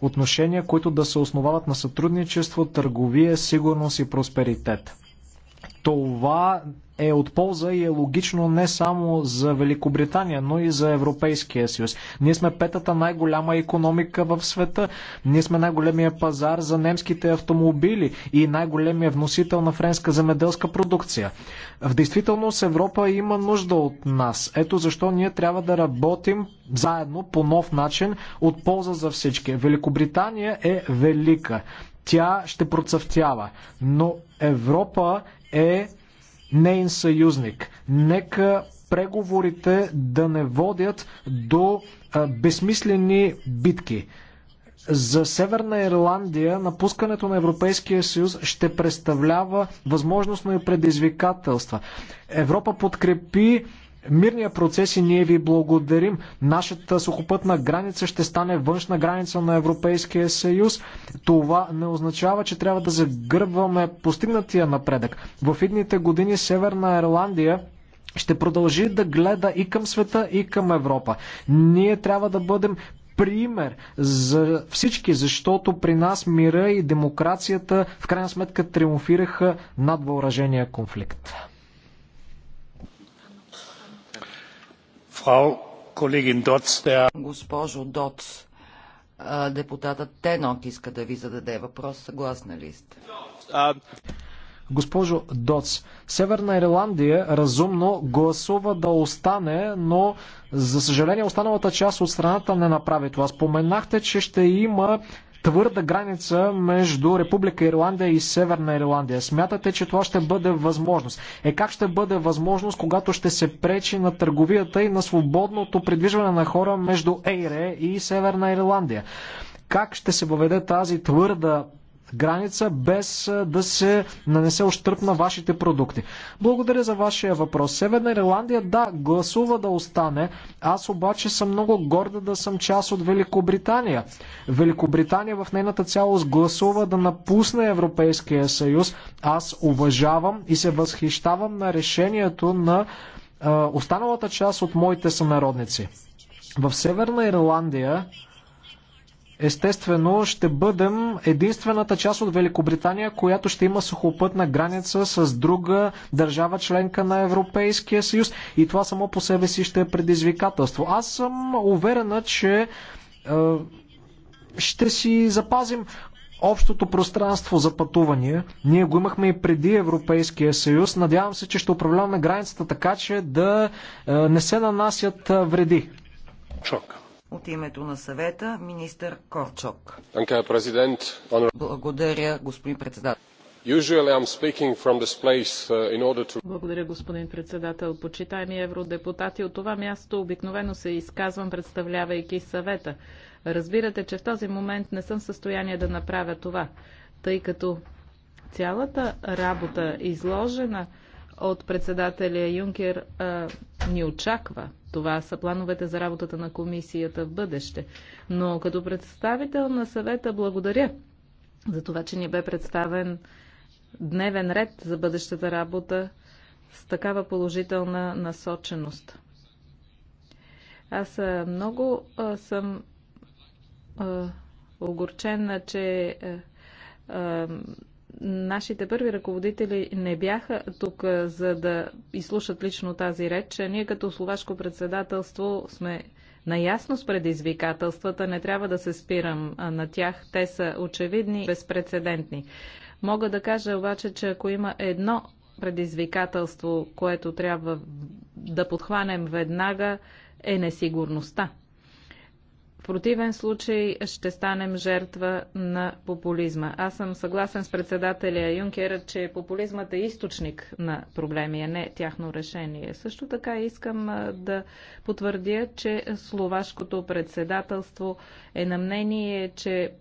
Отношения, които да се основават на сътрудничество, търговия, сигурност и просперитет. Това е от полза и е логично не само за Великобритания, но и за Европейския съюз. Ние сме петата най-голяма економика в света. Ние сме най-големия пазар за немските автомобили и най-големия вносител на френска земеделска продукция. В действителност Европа има нужда от нас. Ето защо ние трябва да работим заедно по нов начин от полза за всички. Великобритания е велика. Тя ще процъфтява. Но Европа е нейн съюзник. Нека преговорите да не водят до безсмислени битки. За Северна Ирландия напускането на Европейския съюз ще представлява възможностно и предизвикателства. Европа подкрепи мирния процес и ние ви благодарим. Нашата сухопътна граница ще стане външна граница на Европейския съюз. Това не означава, че трябва да загърбваме постигнатия напредък. В идните години Северна Ирландия ще продължи да гледа и към света, и към Европа. Ние трябва да бъдем пример за всички, защото при нас мира и демокрацията в крайна сметка триумфираха над въоръжения конфликт. Госпожо Доц, депутатът Тенок иска да ви зададе въпрос. Съгласна ли сте? Госпожо Доц, Северна Ирландия разумно гласува да остане, но за съжаление останалата част от страната не направи това. Споменахте, че ще има твърда граница между Република Ирландия и Северна Ирландия. Смятате, че това ще бъде възможност. Е как ще бъде възможност, когато ще се пречи на търговията и на свободното придвижване на хора между Ейре и Северна Ирландия? Как ще се въведе тази твърда граница, без да се нанесе ощърп на вашите продукти. Благодаря за вашия въпрос. Северна Ирландия, да, гласува да остане. Аз обаче съм много горда да съм част от Великобритания. Великобритания в нейната цялост гласува да напусне Европейския съюз. Аз уважавам и се възхищавам на решението на останалата част от моите сънародници. В Северна Ирландия Естествено, ще бъдем единствената част от Великобритания, която ще има сухопътна граница с друга държава членка на Европейския съюз и това само по себе си ще е предизвикателство. Аз съм уверена, че е, ще си запазим общото пространство за пътувания. Ние го имахме и преди Европейския съюз. Надявам се, че ще управляваме границата така, че да е, не се нанасят вреди. Чока. От името на съвета, министър Корчок. Благодаря, господин председател. Uh, Благодаря, господин председател. Почитаеми евродепутати, от това място обикновено се изказвам, представлявайки съвета. Разбирате, че в този момент не съм в състояние да направя това, тъй като цялата работа, изложена от председателя Юнкер, ни очаква. Това са плановете за работата на комисията в бъдеще. Но като представител на съвета благодаря за това, че ни бе представен дневен ред за бъдещата работа с такава положителна насоченост. Аз много а, съм а, огорчена, че а, нашите първи ръководители не бяха тук, за да изслушат лично тази реч. Ние като словашко председателство сме наясно с предизвикателствата, не трябва да се спирам на тях. Те са очевидни и безпредседентни. Мога да кажа обаче, че ако има едно предизвикателство, което трябва да подхванем веднага, е несигурността противен случай ще станем жертва на популизма. Аз съм съгласен с председателя Юнкер, че популизмът е източник на проблеми, а не тяхно решение. Също така искам да потвърдя, че словашкото председателство е на мнение, че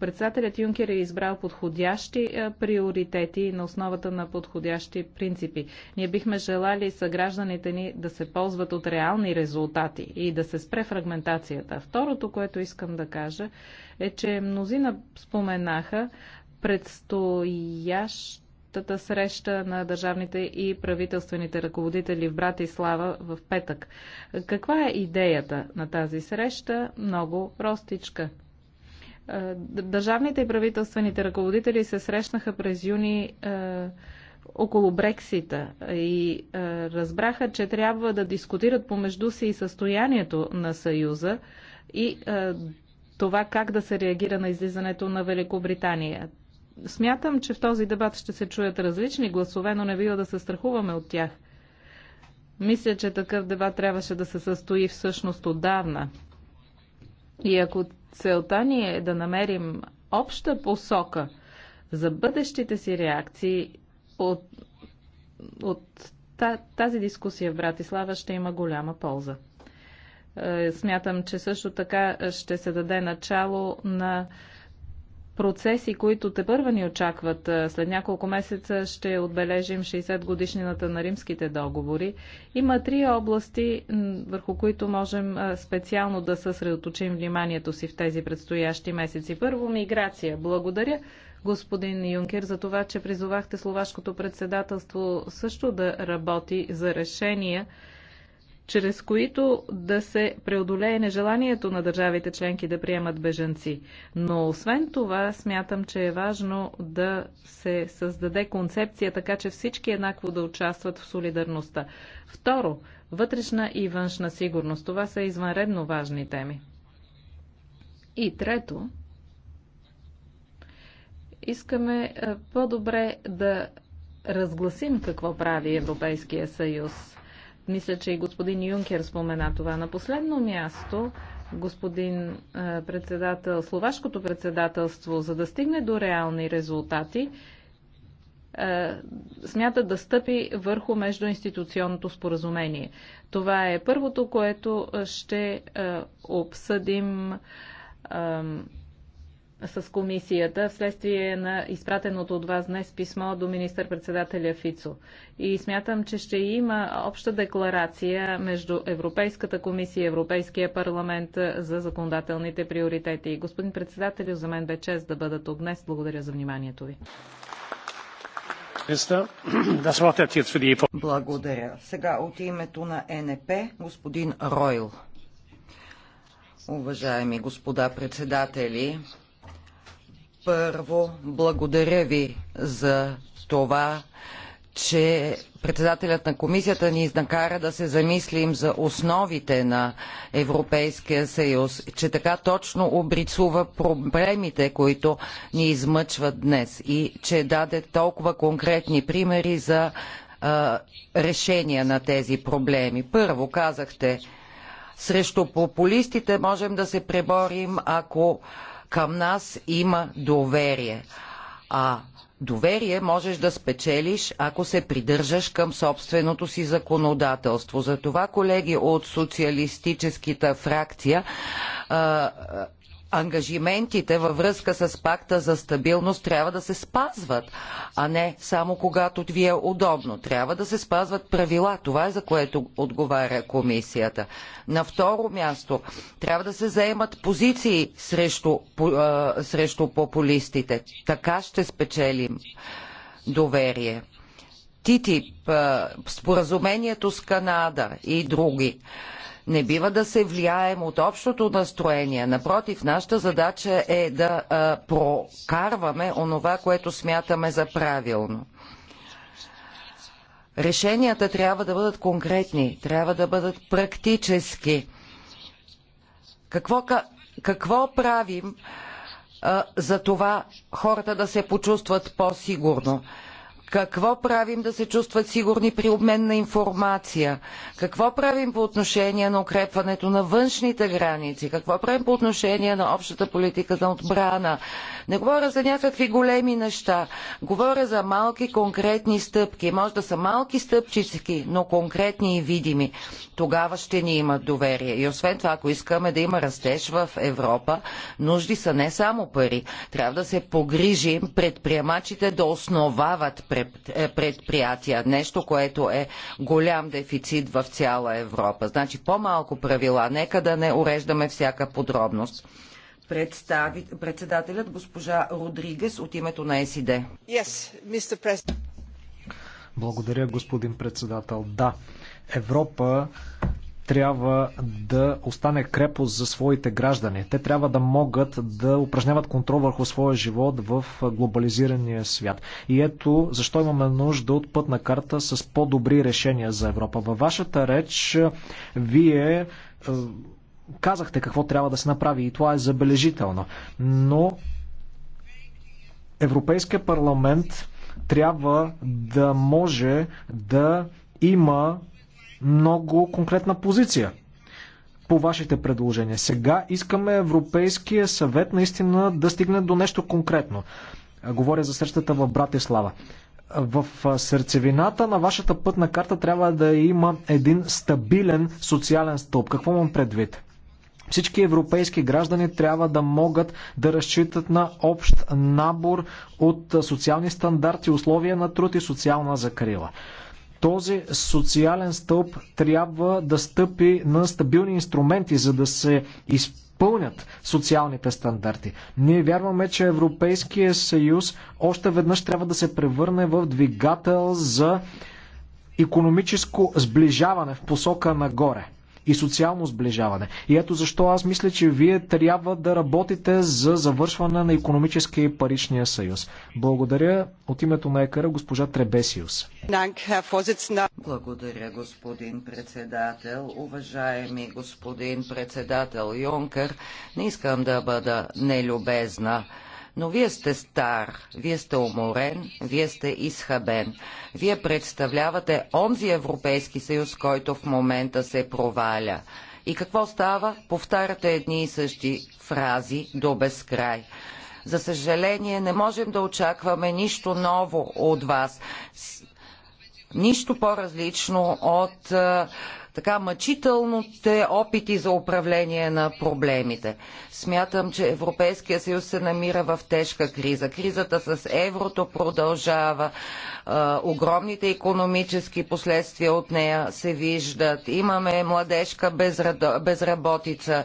председателят Юнкер е избрал подходящи е, приоритети на основата на подходящи принципи. Ние бихме желали съгражданите ни да се ползват от реални резултати и да се спре фрагментацията. Второто, което искам да кажа, е, че мнозина споменаха предстоящ четвъртата среща на държавните и правителствените ръководители в Братислава в петък. Каква е идеята на тази среща? Много простичка. Е, държавните и правителствените ръководители се срещнаха през юни е, около Брексита и е, разбраха, че трябва да дискутират помежду си и състоянието на Съюза и това как да се реагира на излизането на Великобритания. Смятам, че в този дебат ще се чуят различни гласове, но не бива да се страхуваме от тях. Мисля, че такъв дебат трябваше да се състои всъщност отдавна. И ако целта ни е да намерим обща посока за бъдещите си реакции, от, от тази дискусия в Братислава ще има голяма полза. Е, смятам, че също така ще се даде начало на процеси, които те първа ни очакват. След няколко месеца ще отбележим 60 годишнината на римските договори. Има три области, върху които можем специално да съсредоточим вниманието си в тези предстоящи месеци. Първо, миграция. Благодаря господин Юнкер, за това, че призовахте словашкото председателство също да работи за решения чрез които да се преодолее нежеланието на държавите членки да приемат бежанци. Но освен това, смятам, че е важно да се създаде концепция, така че всички еднакво да участват в солидарността. Второ, вътрешна и външна сигурност. Това са извънредно важни теми. И трето, искаме е, по-добре да разгласим какво прави Европейския съюз мисля, че и господин Юнкер спомена това. На последно място, господин е, председател, словашкото председателство, за да стигне до реални резултати, е, смята да стъпи върху междуинституционното споразумение. Това е първото, което ще е, обсъдим с комисията вследствие на изпратеното от вас днес писмо до министър-председателя Фицо. И смятам, че ще има обща декларация между Европейската комисия и Европейския парламент за законодателните приоритети. Господин председателю, за мен бе чест да бъда тук днес. Благодаря за вниманието ви. Благодаря. Сега от името на НП господин Ройл. Уважаеми господа председатели, първо, благодаря ви за това, че председателят на комисията ни изнакара да се замислим за основите на Европейския съюз, че така точно обрисува проблемите, които ни измъчват днес и че даде толкова конкретни примери за а, решения на тези проблеми. Първо казахте, срещу популистите можем да се преборим, ако към нас има доверие. А доверие можеш да спечелиш, ако се придържаш към собственото си законодателство. Затова, колеги от социалистическата фракция, ангажиментите във връзка с пакта за стабилност трябва да се спазват, а не само когато ви е удобно. Трябва да се спазват правила. Това е за което отговаря комисията. На второ място, трябва да се заемат позиции срещу, а, срещу популистите. Така ще спечелим доверие. ТИТИП, споразумението с Канада и други. Не бива да се влияем от общото настроение. Напротив, нашата задача е да а, прокарваме онова, което смятаме за правилно. Решенията трябва да бъдат конкретни, трябва да бъдат практически. Какво, какво правим а, за това хората да се почувстват по-сигурно? Какво правим да се чувстват сигурни при обмен на информация? Какво правим по отношение на укрепването на външните граници? Какво правим по отношение на общата политика за отбрана? Не говоря за някакви големи неща. Говоря за малки конкретни стъпки. Може да са малки стъпчички, но конкретни и видими. Тогава ще ни имат доверие. И освен това, ако искаме да има растеж в Европа, нужди са не само пари. Трябва да се погрижим предприемачите да основават предприятия. Нещо, което е голям дефицит в цяла Европа. Значи по-малко правила. Нека да не уреждаме всяка подробност. Представи... Председателят госпожа Родригес от името на СИД. Yes, Благодаря, господин председател. Да, Европа трябва да остане крепост за своите граждани. Те трябва да могат да упражняват контрол върху своя живот в глобализирания свят. И ето защо имаме нужда от пътна карта с по-добри решения за Европа. Във вашата реч е, вие е, казахте какво трябва да се направи и това е забележително. Но Европейския парламент трябва да може да има много конкретна позиция по вашите предложения. Сега искаме Европейския съвет наистина да стигне до нещо конкретно. Говоря за срещата в Братислава. В сърцевината на вашата пътна карта трябва да има един стабилен социален стълб. Какво имам предвид? Всички европейски граждани трябва да могат да разчитат на общ набор от социални стандарти, условия на труд и социална закрила. Този социален стълб трябва да стъпи на стабилни инструменти, за да се изпълнят социалните стандарти. Ние вярваме, че Европейския съюз още веднъж трябва да се превърне в двигател за економическо сближаване в посока нагоре и социално сближаване. И ето защо аз мисля, че вие трябва да работите за завършване на економическия и паричния съюз. Благодаря от името на екара госпожа Требесиус. Благодаря, господин председател. Уважаеми господин председател Йонкър, не искам да бъда нелюбезна. Но вие сте стар, вие сте уморен, вие сте изхабен. Вие представлявате онзи Европейски съюз, който в момента се проваля. И какво става? Повтаряте едни и същи фрази до безкрай. За съжаление, не можем да очакваме нищо ново от вас. Нищо по-различно от така мъчителните опити за управление на проблемите. Смятам, че Европейския съюз се намира в тежка криза. Кризата с еврото продължава, е, огромните економически последствия от нея се виждат. Имаме младежка безработица, е,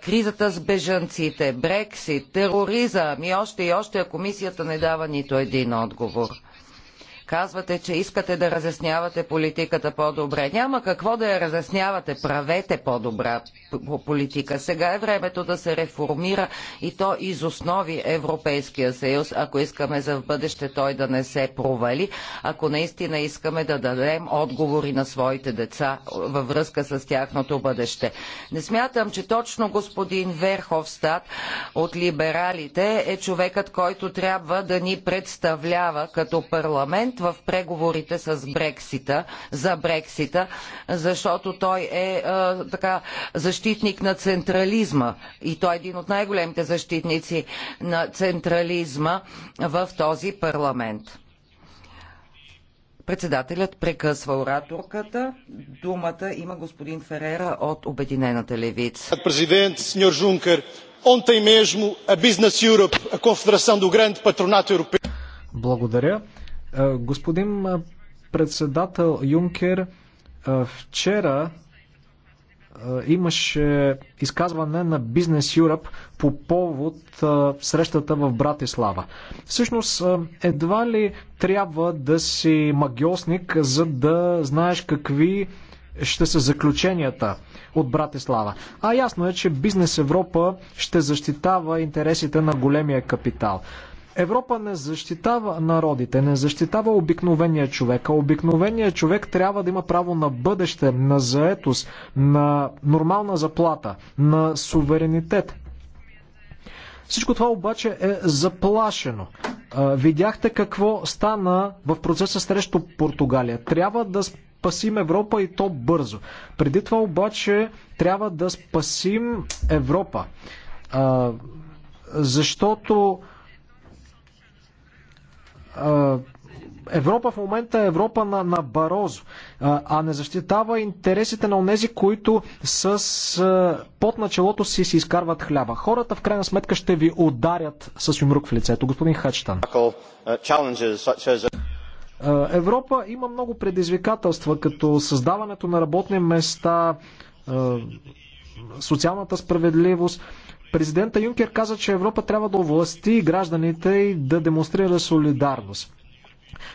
кризата с бежанците, Брексит, тероризъм и още и още, а комисията не дава нито един отговор. Казвате, че искате да разяснявате политиката по-добре. Няма какво да я разяснявате. Правете по-добра политика. Сега е времето да се реформира и то из основи Европейския съюз, ако искаме за в бъдеще той да не се провали, ако наистина искаме да дадем отговори на своите деца във връзка с тяхното бъдеще. Не смятам, че точно господин Верховстат от либералите е човекът, който трябва да ни представлява като парламент момент в преговорите с Брексита, за Брексита, защото той е, е така защитник на централизма и той е един от най-големите защитници на централизма в този парламент. Председателят прекъсва ораторката. Думата има господин Ферера от Обединената левица. Президент, сеньор Жункер, Благодаря. Е, господин е, председател Юнкер, е, вчера имаше изказване на Бизнес Юрап по повод срещата в Братислава. Всъщност, едва ли трябва да си магиосник, за да знаеш какви ще са заключенията от Братислава. А ясно е, че Бизнес Европа ще защитава интересите на големия капитал. Европа не защитава народите, не защитава обикновения човек, а обикновения човек трябва да има право на бъдеще, на заетост, на нормална заплата, на суверенитет. Всичко това обаче е заплашено. Видяхте какво стана в процеса срещу Португалия. Трябва да спасим Европа и то бързо. Преди това обаче трябва да спасим Европа. Защото Европа в момента е Европа на, на Барозо, а не защитава интересите на онези, които с под началото си си изкарват хляба. Хората в крайна сметка ще ви ударят с юмрук в лицето. Господин Хачтан. Европа има много предизвикателства, като създаването на работни места, социалната справедливост. Президента Юнкер каза, че Европа трябва да овласти гражданите и да демонстрира солидарност.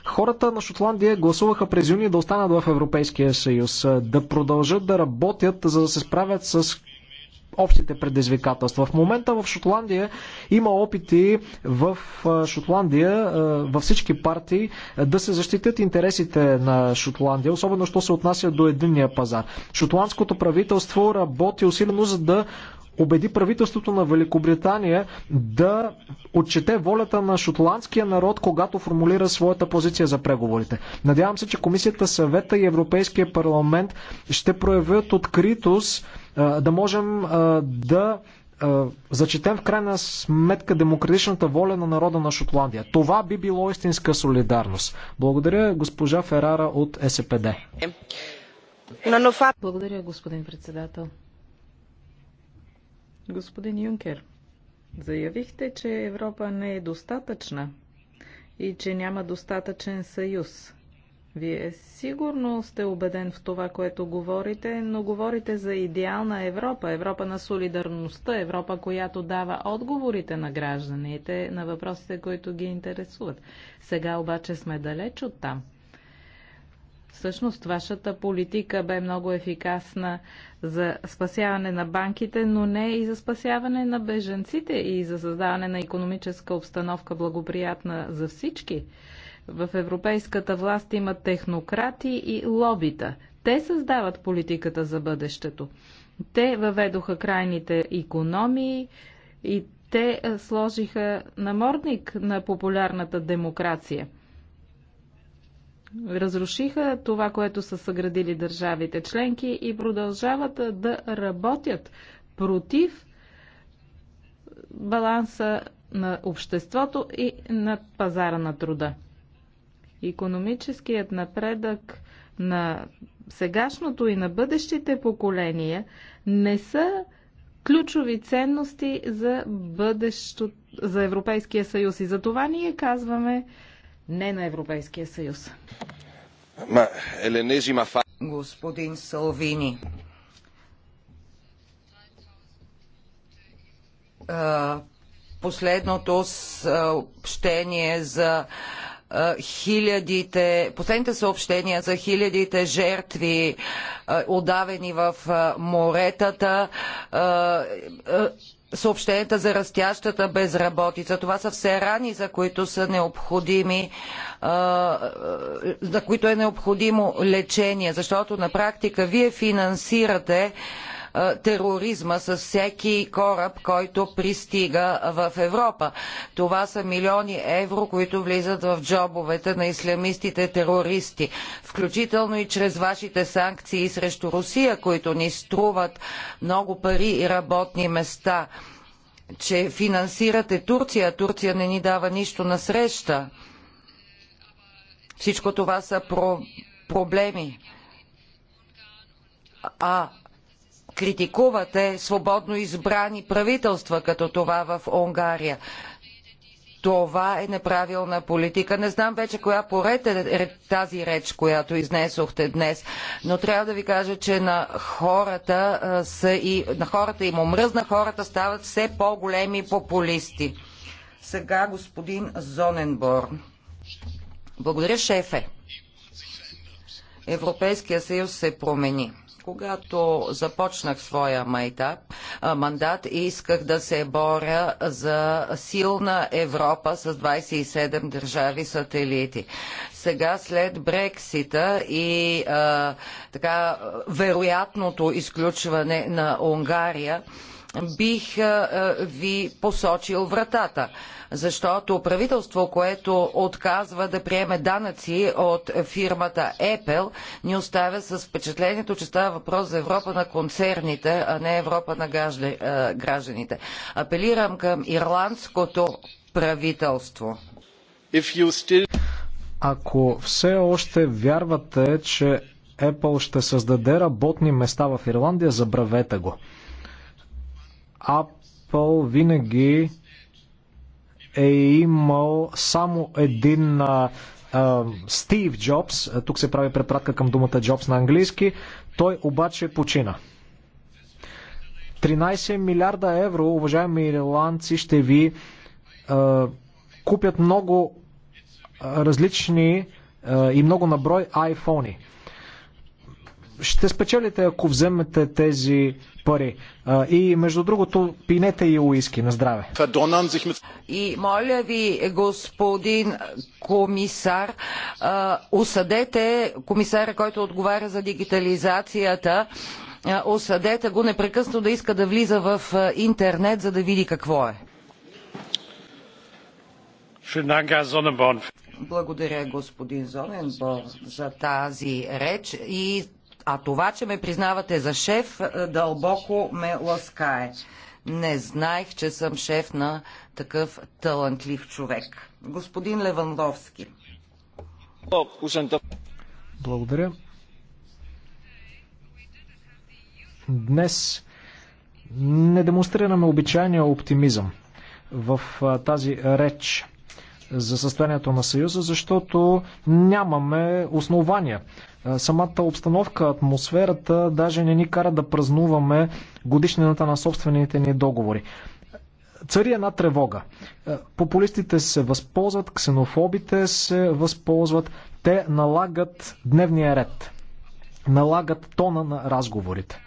Хората на Шотландия гласуваха през юни да останат в Европейския съюз, да продължат да работят, за да се справят с общите предизвикателства. В момента в Шотландия има опити в Шотландия, във всички партии, да се защитят интересите на Шотландия, особено що се отнася до единния пазар. Шотландското правителство работи усилено за да убеди правителството на Великобритания да отчете волята на шотландския народ, когато формулира своята позиция за преговорите. Надявам се, че Комисията, съвета и Европейския парламент ще проявят откритост да можем да зачетем в крайна сметка демократичната воля на народа на Шотландия. Това би било истинска солидарност. Благодаря госпожа Ферара от СПД. Благодаря, господин председател. Господин Юнкер, заявихте, че Европа не е достатъчна и че няма достатъчен съюз. Вие сигурно сте убеден в това, което говорите, но говорите за идеална Европа, Европа на солидарността, Европа, която дава отговорите на гражданите на въпросите, които ги интересуват. Сега обаче сме далеч от там. Всъщност, вашата политика бе много ефикасна за спасяване на банките, но не и за спасяване на беженците и за създаване на економическа обстановка благоприятна за всички. В европейската власт има технократи и лобита. Те създават политиката за бъдещето. Те въведоха крайните економии и те сложиха намордник на популярната демокрация – разрушиха това, което са съградили държавите членки и продължават да работят против баланса на обществото и на пазара на труда. Економическият напредък на сегашното и на бъдещите поколения не са ключови ценности за бъдещето, за Европейския съюз. И за това ние казваме, не на Европейския съюз. Господин Салвини, последното съобщение за хилядите, последните съобщения за хилядите жертви, удавени в моретата, съобщенията за растящата безработица. Това са все рани, за които са необходими, за които е необходимо лечение, защото на практика вие финансирате тероризма с всеки кораб, който пристига в Европа. Това са милиони евро, които влизат в джобовете на ислямистите терористи, включително и чрез вашите санкции срещу Русия, които ни струват много пари и работни места че финансирате Турция. Турция не ни дава нищо насреща. Всичко това са про... проблеми. А критикувате свободно избрани правителства, като това в Унгария. Това е неправилна политика. Не знам вече коя поред е тази реч, която изнесохте днес, но трябва да ви кажа, че на хората, са и, на хората им омръзна, хората стават все по-големи популисти. Сега господин Зоненборн. Благодаря, шефе. Европейския съюз се промени. Когато започнах своя майтап, мандат, исках да се боря за силна Европа с 27 държави сателити. Сега след Брексита и а, така вероятното изключване на Унгария, бих ви посочил вратата. Защото правителство, което отказва да приеме данъци от фирмата Apple, ни оставя с впечатлението, че става въпрос за Европа на концерните, а не Европа на гражданите. Апелирам към ирландското правителство. Still... Ако все още вярвате, че Apple ще създаде работни места в Ирландия, забравете го. Apple винаги е имал само един Стив Джобс, тук се прави препратка към думата Джобс на английски, той обаче почина. 13 милиарда евро, уважаеми ирландци, ще ви а, купят много различни а, и много наброй айфони ще спечелите, ако вземете тези пари. И между другото, пинете и уиски на здраве. И моля ви, господин комисар, осъдете комисара, който отговаря за дигитализацията, осъдете го непрекъсно да иска да влиза в интернет, за да види какво е. Благодаря, господин Зоненбор, за тази реч и а това, че ме признавате за шеф, е, дълбоко ме ласкае. Не знаех, че съм шеф на такъв талантлив човек. Господин Левандовски. Благодаря. Днес не демонстрираме обичайния оптимизъм в тази реч за състоянието на Съюза, защото нямаме основания. Самата обстановка, атмосферата даже не ни кара да празнуваме годишнината на собствените ни договори. Цари една тревога. Популистите се възползват, ксенофобите се възползват, те налагат дневния ред, налагат тона на разговорите.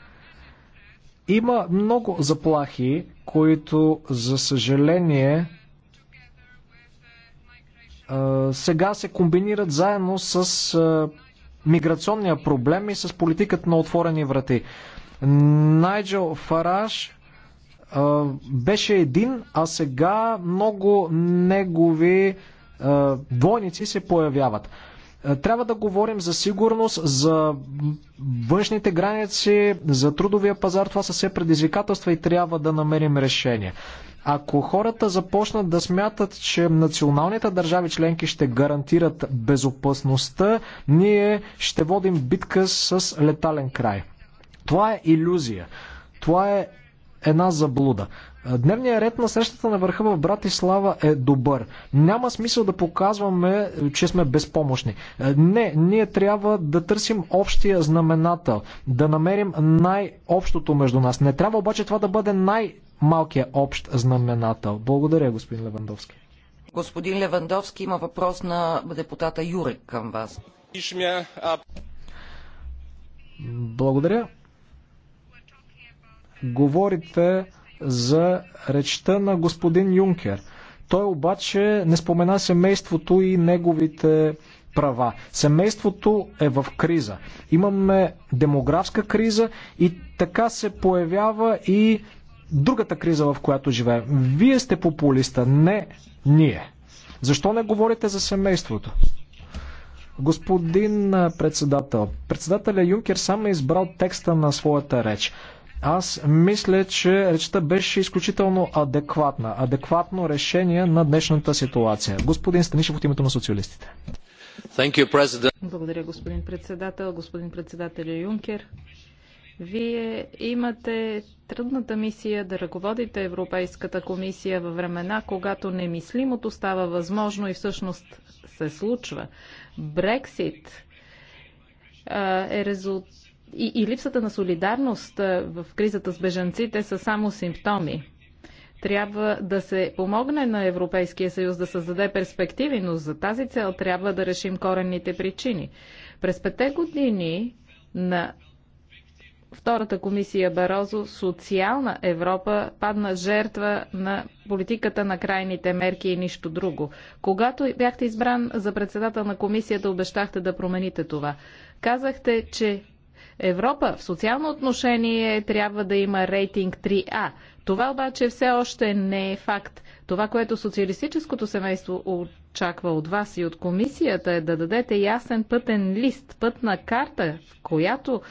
Има много заплахи, които, за съжаление, сега се комбинират заедно с миграционния проблем и с политиката на отворени врати. Найджел Фараш беше един, а сега много негови двойници се появяват. Трябва да говорим за сигурност, за външните граници, за трудовия пазар. Това са все предизвикателства и трябва да намерим решение. Ако хората започнат да смятат, че националните държави членки ще гарантират безопасността, ние ще водим битка с летален край. Това е иллюзия. Това е една заблуда. Дневният ред на срещата на върха в Братислава е добър. Няма смисъл да показваме, че сме безпомощни. Не, ние трябва да търсим общия знаменател, да намерим най-общото между нас. Не трябва обаче това да бъде най- малкия общ знаменател. Благодаря, господин Левандовски. Господин Левандовски има въпрос на депутата Юрек към вас. Благодаря. Говорите за речта на господин Юнкер. Той обаче не спомена семейството и неговите права. Семейството е в криза. Имаме демографска криза и така се появява и другата криза, в която живеем. Вие сте популиста, не ние. Защо не говорите за семейството? Господин председател, председателя Юнкер сам е избрал текста на своята реч. Аз мисля, че речта беше изключително адекватна. Адекватно решение на днешната ситуация. Господин Станишев от името на социалистите. You, Благодаря, господин председател, господин председател Юнкер. Вие имате трудната мисия да ръководите Европейската комисия във времена, когато немислимото става възможно и всъщност се случва. Брексит е резултат и, и липсата на солидарност в кризата с бежанците са само симптоми. Трябва да се помогне на Европейския съюз да създаде перспективи, но за тази цел трябва да решим коренните причини. През пете години на втората комисия Барозо, социална Европа падна жертва на политиката на крайните мерки и нищо друго. Когато бяхте избран за председател на комисията, обещахте да промените това. Казахте, че Европа в социално отношение трябва да има рейтинг 3А. Това обаче все още не е факт. Това, което социалистическото семейство очаква от вас и от комисията е да дадете ясен пътен лист, пътна карта, в която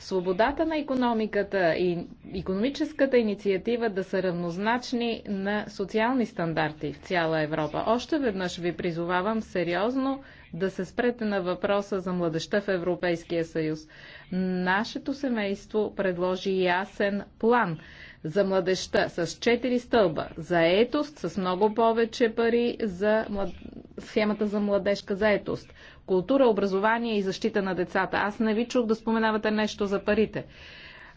свободата на економиката и економическата инициатива да са равнозначни на социални стандарти в цяла Европа. Още веднъж ви призовавам сериозно да се спрете на въпроса за младеща в Европейския съюз. Нашето семейство предложи ясен план за младеща с 4 стълба, за етост с много повече пари за млад... схемата за младежка заетост, култура, образование и защита на децата. Аз не ви чух да споменавате нещо за парите.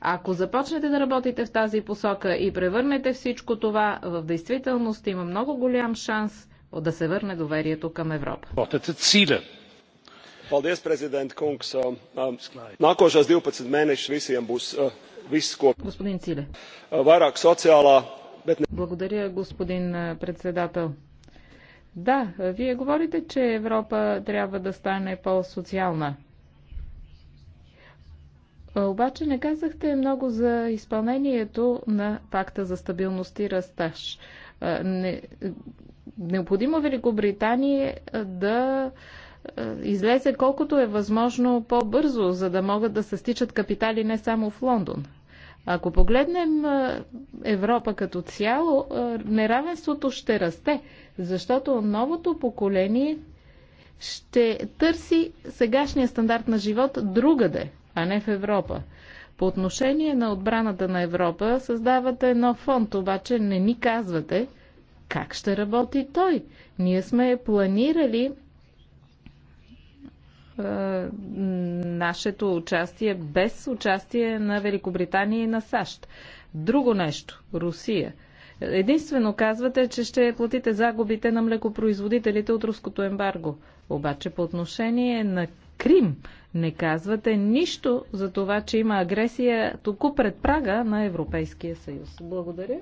Ако започнете да работите в тази посока и превърнете всичко това в действителност, има много голям шанс да се върне доверието към Европа. Paldies, 12 Благодаря, господин председател. Да, вие говорите, че Европа трябва да стане по-социална. Обаче не казахте много за изпълнението на пакта за стабилност и растаж. Не, необходимо Великобритания да излезе колкото е възможно по-бързо, за да могат да се стичат капитали не само в Лондон. Ако погледнем Европа като цяло, неравенството ще расте, защото новото поколение ще търси сегашния стандарт на живот другаде, а не в Европа. По отношение на отбраната на Европа създавате нов фонд, обаче не ни казвате как ще работи той. Ние сме планирали е, нашето участие без участие на Великобритания и на САЩ. Друго нещо Русия. Единствено казвате, че ще платите загубите на млекопроизводителите от руското ембарго. Обаче по отношение на Крим не казвате нищо за това, че има агресия току пред прага на Европейския съюз. Благодаря.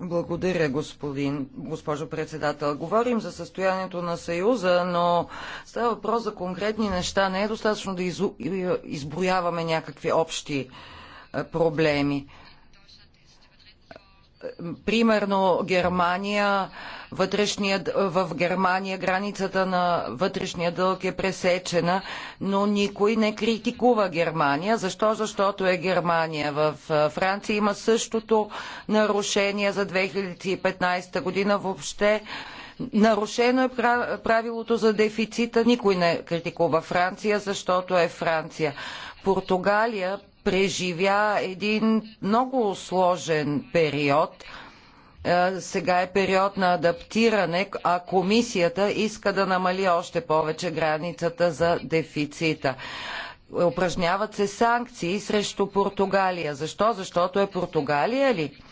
Благодаря, господин, госпожо председател. Говорим за състоянието на Съюза, но става въпрос за конкретни неща. Не е достатъчно да изброяваме някакви общи проблеми примерно Германия, в Германия границата на вътрешния дълг е пресечена, но никой не критикува Германия. Защо? Защото е Германия. В Франция има същото нарушение за 2015 година въобще. Нарушено е правилото за дефицита. Никой не критикува Франция, защото е Франция. Португалия преживя един много сложен период. Е, сега е период на адаптиране, а комисията иска да намали още повече границата за дефицита упражняват се санкции срещу Португалия. Защо? Защото е Португалия ли?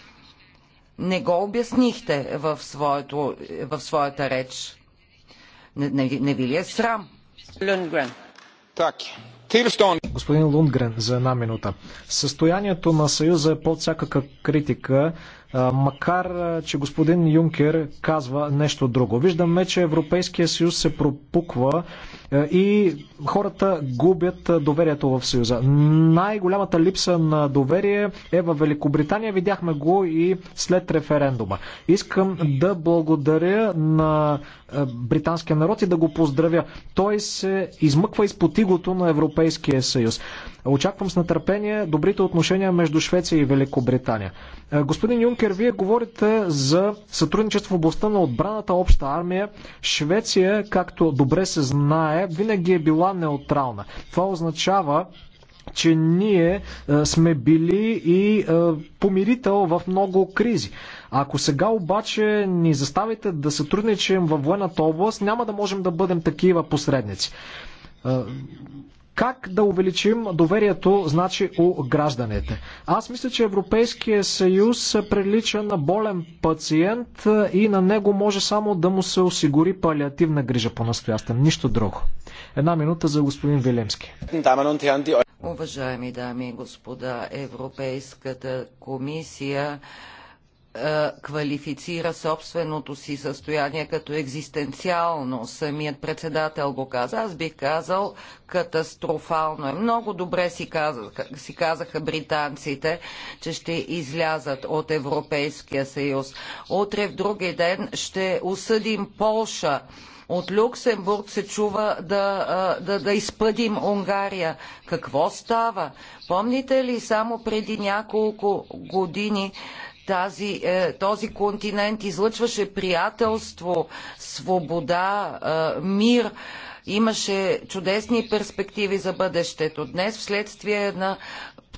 Не го обяснихте в, своето, в своята реч. Не, не, не ви ли е срам? Лунгрен. Так. Господин Лундгрен, за една минута. Състоянието на Съюза е под всякаква критика, макар че господин Юнкер казва нещо друго. Виждаме, че Европейския съюз се пропуква е, и хората губят е, доверието в Съюза. Най-голямата липса на доверие е в Великобритания. Видяхме го и след референдума. Искам да благодаря на е, британския народ и да го поздравя. Той се измъква из потигото на Европейския съюз. Очаквам с нетърпение добрите отношения между Швеция и Великобритания. Е, господин Юнкер, вие говорите за сътрудничество в областта на отбраната, обща армия. Швеция, както добре се знае, винаги е била неутрална. Това означава, че ние е, сме били и е, помирител в много кризи. Ако сега обаче ни заставите да сътрудничим във военната област, няма да можем да бъдем такива посредници. Как да увеличим доверието, значи, у гражданите? Аз мисля, че Европейския съюз прилича на болен пациент и на него може само да му се осигури палиативна грижа по-настоящем, нищо друго. Една минута за господин Вилемски. Уважаеми дами и господа, Европейската комисия е, квалифицира собственото си състояние като екзистенциално. Самият председател го каза. Аз бих казал катастрофално. Е. Много добре си казаха, си казаха британците, че ще излязат от Европейския съюз. Утре в други ден ще осъдим Полша. От Люксембург се чува да, е, да, да изпъдим Унгария. Какво става? Помните ли само преди няколко години тази, е, този континент излъчваше приятелство, свобода, е, мир имаше чудесни перспективи за бъдещето. Днес, вследствие на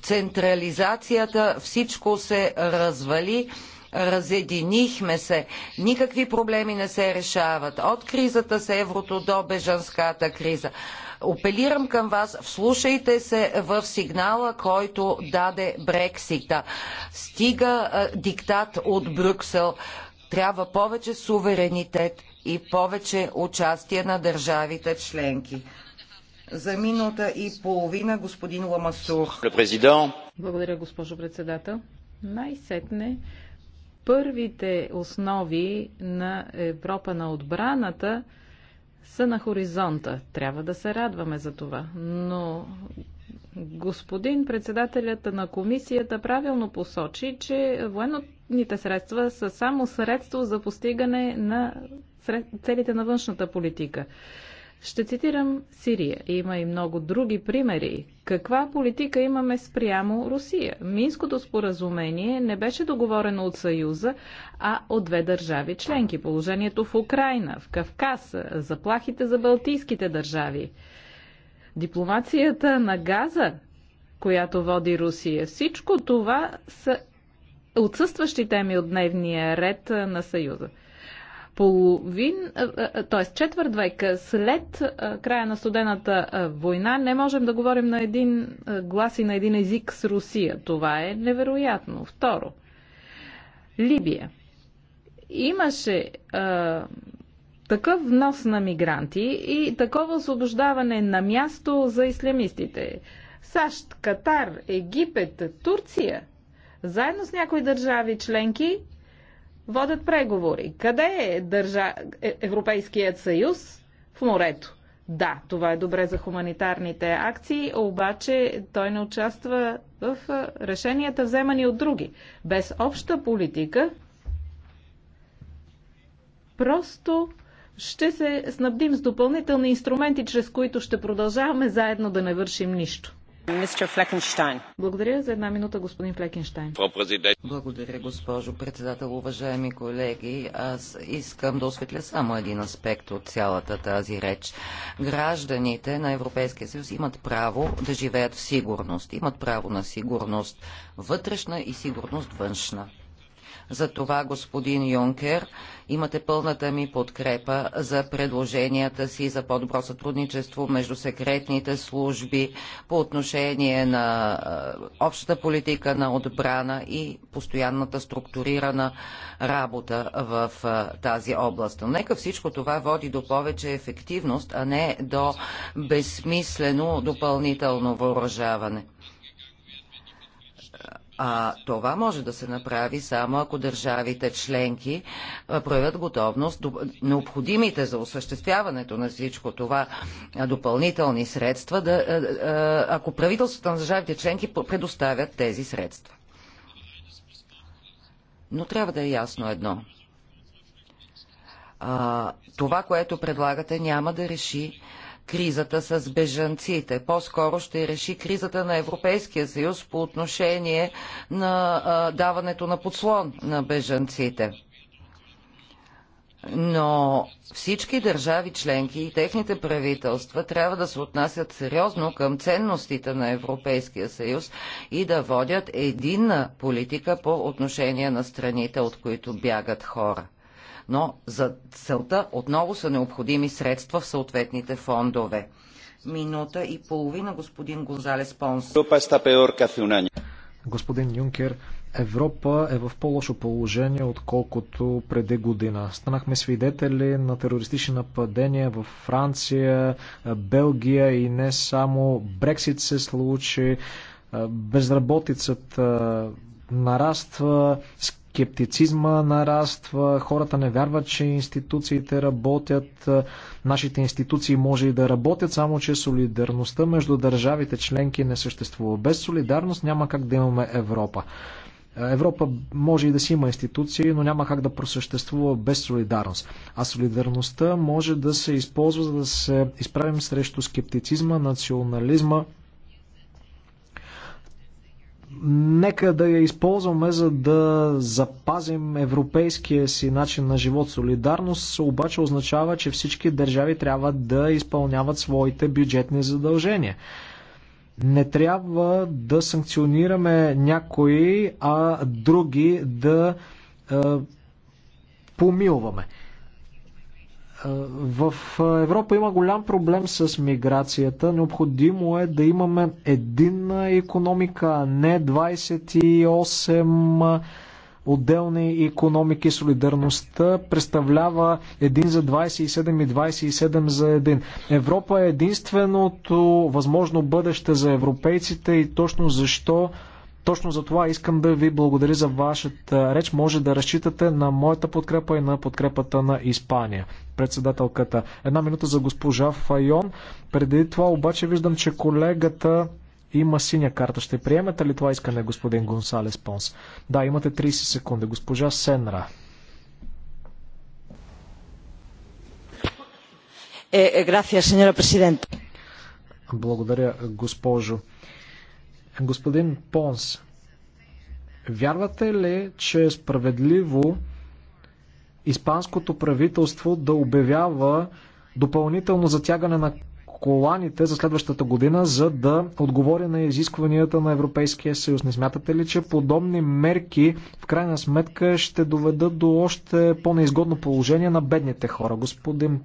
централизацията, всичко се развали. Разединихме се. Никакви проблеми не се решават. От кризата с еврото до бежанската криза апелирам към вас, вслушайте се в сигнала, който даде Брексита. Стига диктат от Брюксел. Трябва повече суверенитет и повече участие на държавите членки. За минута и половина господин Ламасур. Благодаря, госпожо председател. Най-сетне първите основи на Европа на отбраната са на хоризонта. Трябва да се радваме за това. Но господин председателят на комисията правилно посочи, че военните средства са само средство за постигане на целите на външната политика. Ще цитирам Сирия. Има и много други примери. Каква политика имаме спрямо Русия? Минското споразумение не беше договорено от Съюза, а от две държави членки. Положението в Украина, в Кавказ, заплахите за балтийските държави. Дипломацията на Газа, която води Русия. Всичко това са отсъстващи теми от дневния ред на Съюза половин, т.е. четвърт век след края на студената война, не можем да говорим на един глас и на един език с Русия. Това е невероятно. Второ, Либия. Имаше а, такъв внос на мигранти и такова освобождаване на място за ислямистите. САЩ, Катар, Египет, Турция, заедно с някои държави членки, водят преговори. Къде е държа... Е, Европейският съюз? В морето. Да, това е добре за хуманитарните акции, обаче той не участва в решенията вземани от други. Без обща политика просто ще се снабдим с допълнителни инструменти, чрез които ще продължаваме заедно да не вършим нищо. Благодаря за една минута, господин Флекенштайн. Благодаря, госпожо председател. Уважаеми колеги, аз искам да осветля само един аспект от цялата тази реч. Гражданите на Европейския съюз имат право да живеят в сигурност. Имат право на сигурност вътрешна и сигурност външна. За това, господин Юнкер, имате пълната ми подкрепа за предложенията си за по-добро сътрудничество между секретните служби по отношение на общата политика на отбрана и постоянната структурирана работа в тази област. Но нека всичко това води до повече ефективност, а не до безсмислено допълнително въоръжаване. А това може да се направи само ако държавите членки проявят готовност необходимите за осъществяването на всичко това допълнителни средства, да, ако правителствата на държавите членки предоставят тези средства. Но трябва да е ясно едно. А, това, което предлагате, няма да реши кризата с бежанците. По-скоро ще реши кризата на Европейския съюз по отношение на а, даването на подслон на бежанците. Но всички държави членки и техните правителства трябва да се отнасят сериозно към ценностите на Европейския съюз и да водят единна политика по отношение на страните, от които бягат хора но за целта отново са необходими средства в съответните фондове. Минута и половина, господин Гонзалес Понс. Господин Юнкер, Европа е в по-лошо положение, отколкото преди година. Станахме свидетели на терористични нападения в Франция, Белгия и не само. Брексит се случи, безработицата нараства, скептицизма нараства, хората не вярват, че институциите работят, нашите институции може и да работят, само че солидарността между държавите членки не съществува. Без солидарност няма как да имаме Европа. Европа може и да си има институции, но няма как да просъществува без солидарност. А солидарността може да се използва, за да се изправим срещу скептицизма, национализма, нека да я използваме, за да запазим европейския си начин на живот. Солидарност обаче означава, че всички държави трябва да изпълняват своите бюджетни задължения. Не трябва да санкционираме някои, а други да е, помилваме. В Европа има голям проблем с миграцията. Необходимо е да имаме единна економика, а не 28 отделни економики. Солидарността представлява един за 27 и 27 за един. Европа е единственото възможно бъдеще за европейците и точно защо точно за това искам да ви благодаря за вашата реч. Може да разчитате на моята подкрепа и на подкрепата на Испания. Председателката. Една минута за госпожа Файон. Преди това обаче виждам, че колегата има синя карта. Ще приемете ли това искане, господин Гонсалес Понс? Да, имате 30 секунди. Госпожа Сенра. Е, е, благодаря, госпожо. Господин Понс, вярвате ли, че е справедливо испанското правителство да обявява допълнително затягане на коланите за следващата година, за да отговори на изискванията на Европейския съюз. Не смятате ли, че подобни мерки в крайна сметка ще доведат до още по-неизгодно положение на бедните хора? Господин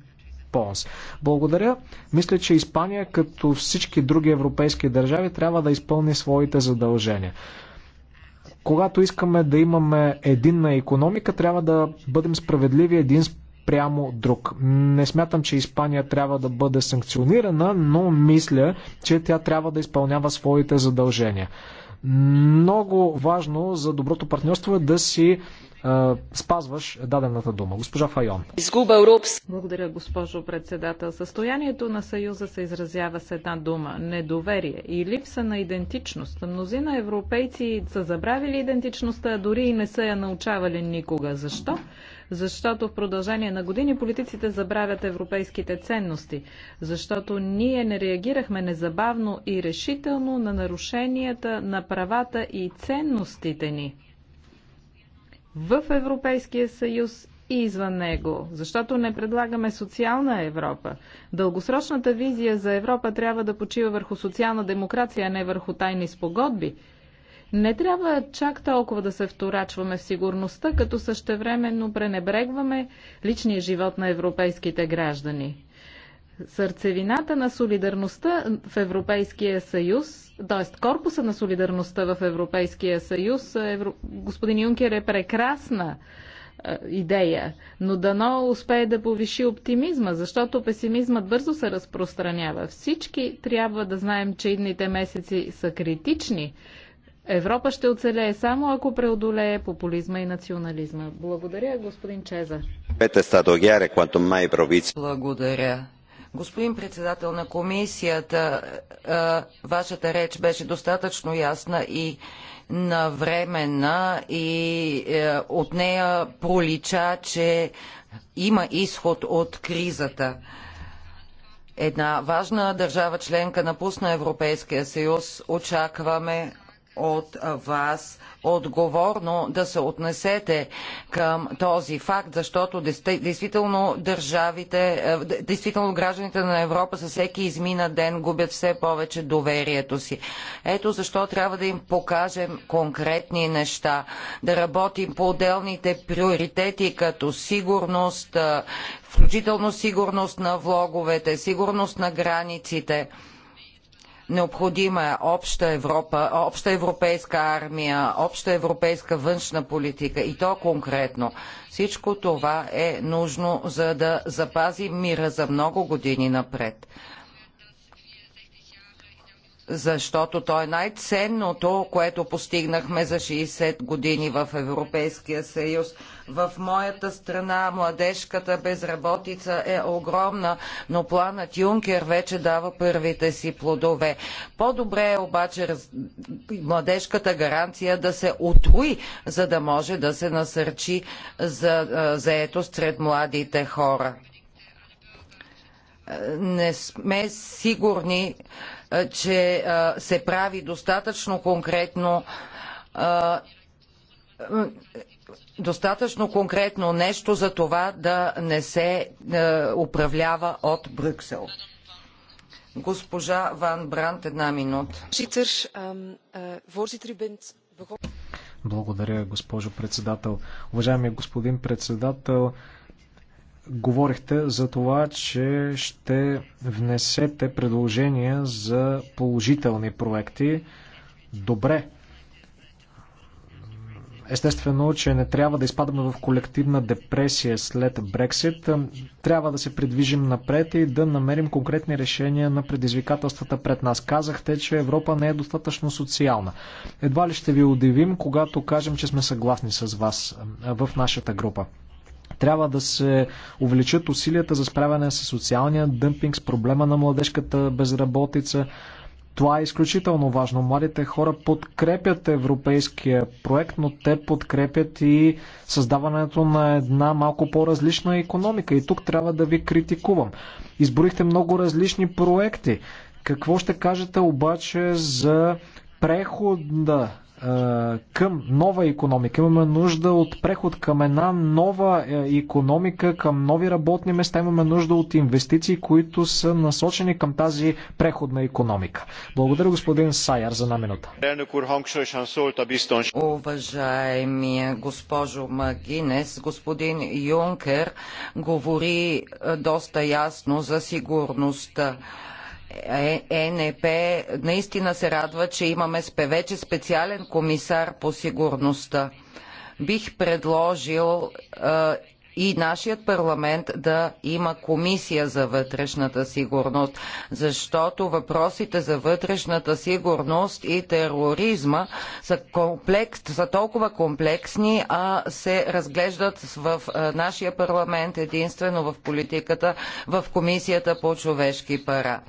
Понс. Благодаря. Мисля, че Испания, като всички други европейски държави, трябва да изпълни своите задължения. Когато искаме да имаме единна економика, трябва да бъдем справедливи един прямо друг. Не смятам, че Испания трябва да бъде санкционирана, но мисля, че тя трябва да изпълнява своите задължения много важно за доброто партньорство е да си спазваш дадената дума. Госпожа Файон. Изгуба Европс. Благодаря, госпожо председател. Състоянието на Съюза се изразява с една дума – недоверие и липса на идентичност. Мнозина европейци са забравили идентичността, а дори и не са я научавали никога. Защо? защото в продължение на години политиците забравят европейските ценности, защото ние не реагирахме незабавно и решително на нарушенията на правата и ценностите ни в Европейския съюз и извън него, защото не предлагаме социална Европа. Дългосрочната визия за Европа трябва да почива върху социална демокрация, а не върху тайни спогодби. Не трябва чак толкова да се вторачваме в сигурността, като същевременно пренебрегваме личния живот на европейските граждани сърцевината на солидарността в Европейския съюз, т.е. корпуса на солидарността в Европейския съюз, Евро... господин Юнкер е прекрасна е, идея, но дано успее да повиши оптимизма, защото песимизмът бързо се разпространява. Всички трябва да знаем, че идните месеци са критични. Европа ще оцелее само ако преодолее популизма и национализма. Благодаря, господин Чезар. Благодаря. Господин председател на комисията, е, вашата реч беше достатъчно ясна и навременна и е, от нея пролича, че има изход от кризата. Една важна държава членка напусна Европейския съюз. Очакваме от вас отговорно да се отнесете към този факт, защото действително държавите, е, действително гражданите на Европа със всеки измина ден губят все повече доверието си. Ето защо трябва да им покажем конкретни неща, да работим по отделните приоритети, като сигурност, е, включително сигурност на влоговете, сигурност на границите. Необходима е обща Европа, обща европейска армия, обща европейска външна политика и то конкретно. Всичко това е нужно, за да запази мира за много години напред защото то е най-ценното, което постигнахме за 60 години в Европейския съюз. В моята страна младежката безработица е огромна, но планът Юнкер вече дава първите си плодове. По-добре е обаче раз... младежката гаранция да се отруи, за да може да се насърчи за заетост сред младите хора. Е, не сме сигурни, че се прави достатъчно конкретно достатъчно конкретно нещо за това да не се управлява от Брюксел. Госпожа Ван Брант, една минута. Ehm, eh, Благодаря, госпожо председател. Уважаеми господин председател, говорихте за това, че ще внесете предложения за положителни проекти. Добре. Естествено, че не трябва да изпадаме в колективна депресия след Брексит. Трябва да се придвижим напред и да намерим конкретни решения на предизвикателствата пред нас. Казахте, че Европа не е достатъчно социална. Едва ли ще ви удивим, когато кажем, че сме съгласни с вас в нашата група. Трябва да се увеличат усилията за справяне с социалния дъмпинг, с проблема на младежката безработица. Това е изключително важно. Младите хора подкрепят европейския проект, но те подкрепят и създаването на една малко по-различна економика. И тук трябва да ви критикувам. Изборихте много различни проекти. Какво ще кажете обаче за прехода към нова економика. Имаме нужда от преход към една нова е, економика, към нови работни места. Имаме нужда от инвестиции, които са насочени към тази преходна економика. Благодаря господин Саяр за една минута. Уважаемия госпожо Магинес, господин Юнкер говори е, доста ясно за сигурността. ЕНП наистина се радва, че имаме вече специален комисар по сигурността. Бих предложил и нашият парламент да има комисия за вътрешната сигурност, защото въпросите за вътрешната сигурност и тероризма са, комплекс, са толкова комплексни, а се разглеждат в нашия парламент единствено в политиката, в комисията по човешки пара.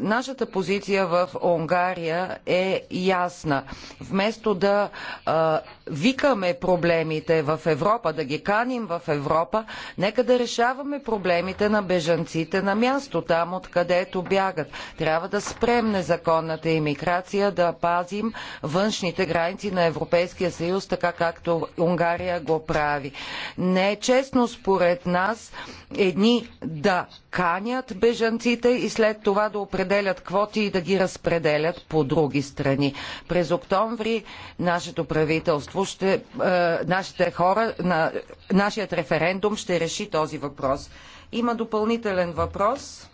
Нашата позиция в Унгария е ясна. Вместо да а, викаме проблемите в Европа, да ги каним в Европа, нека да решаваме проблемите на бежанците на място, там откъдето бягат. Трябва да спрем незаконната имиграция, да пазим външните граници на Европейския съюз, така както Унгария го прави. Не е честно според нас едни да канят бежанците и след това да определят квоти и да ги разпределят по други страни. През октомври нашето правителство ще, е, нашите хора, нашият референдум ще реши този въпрос. Има допълнителен въпрос.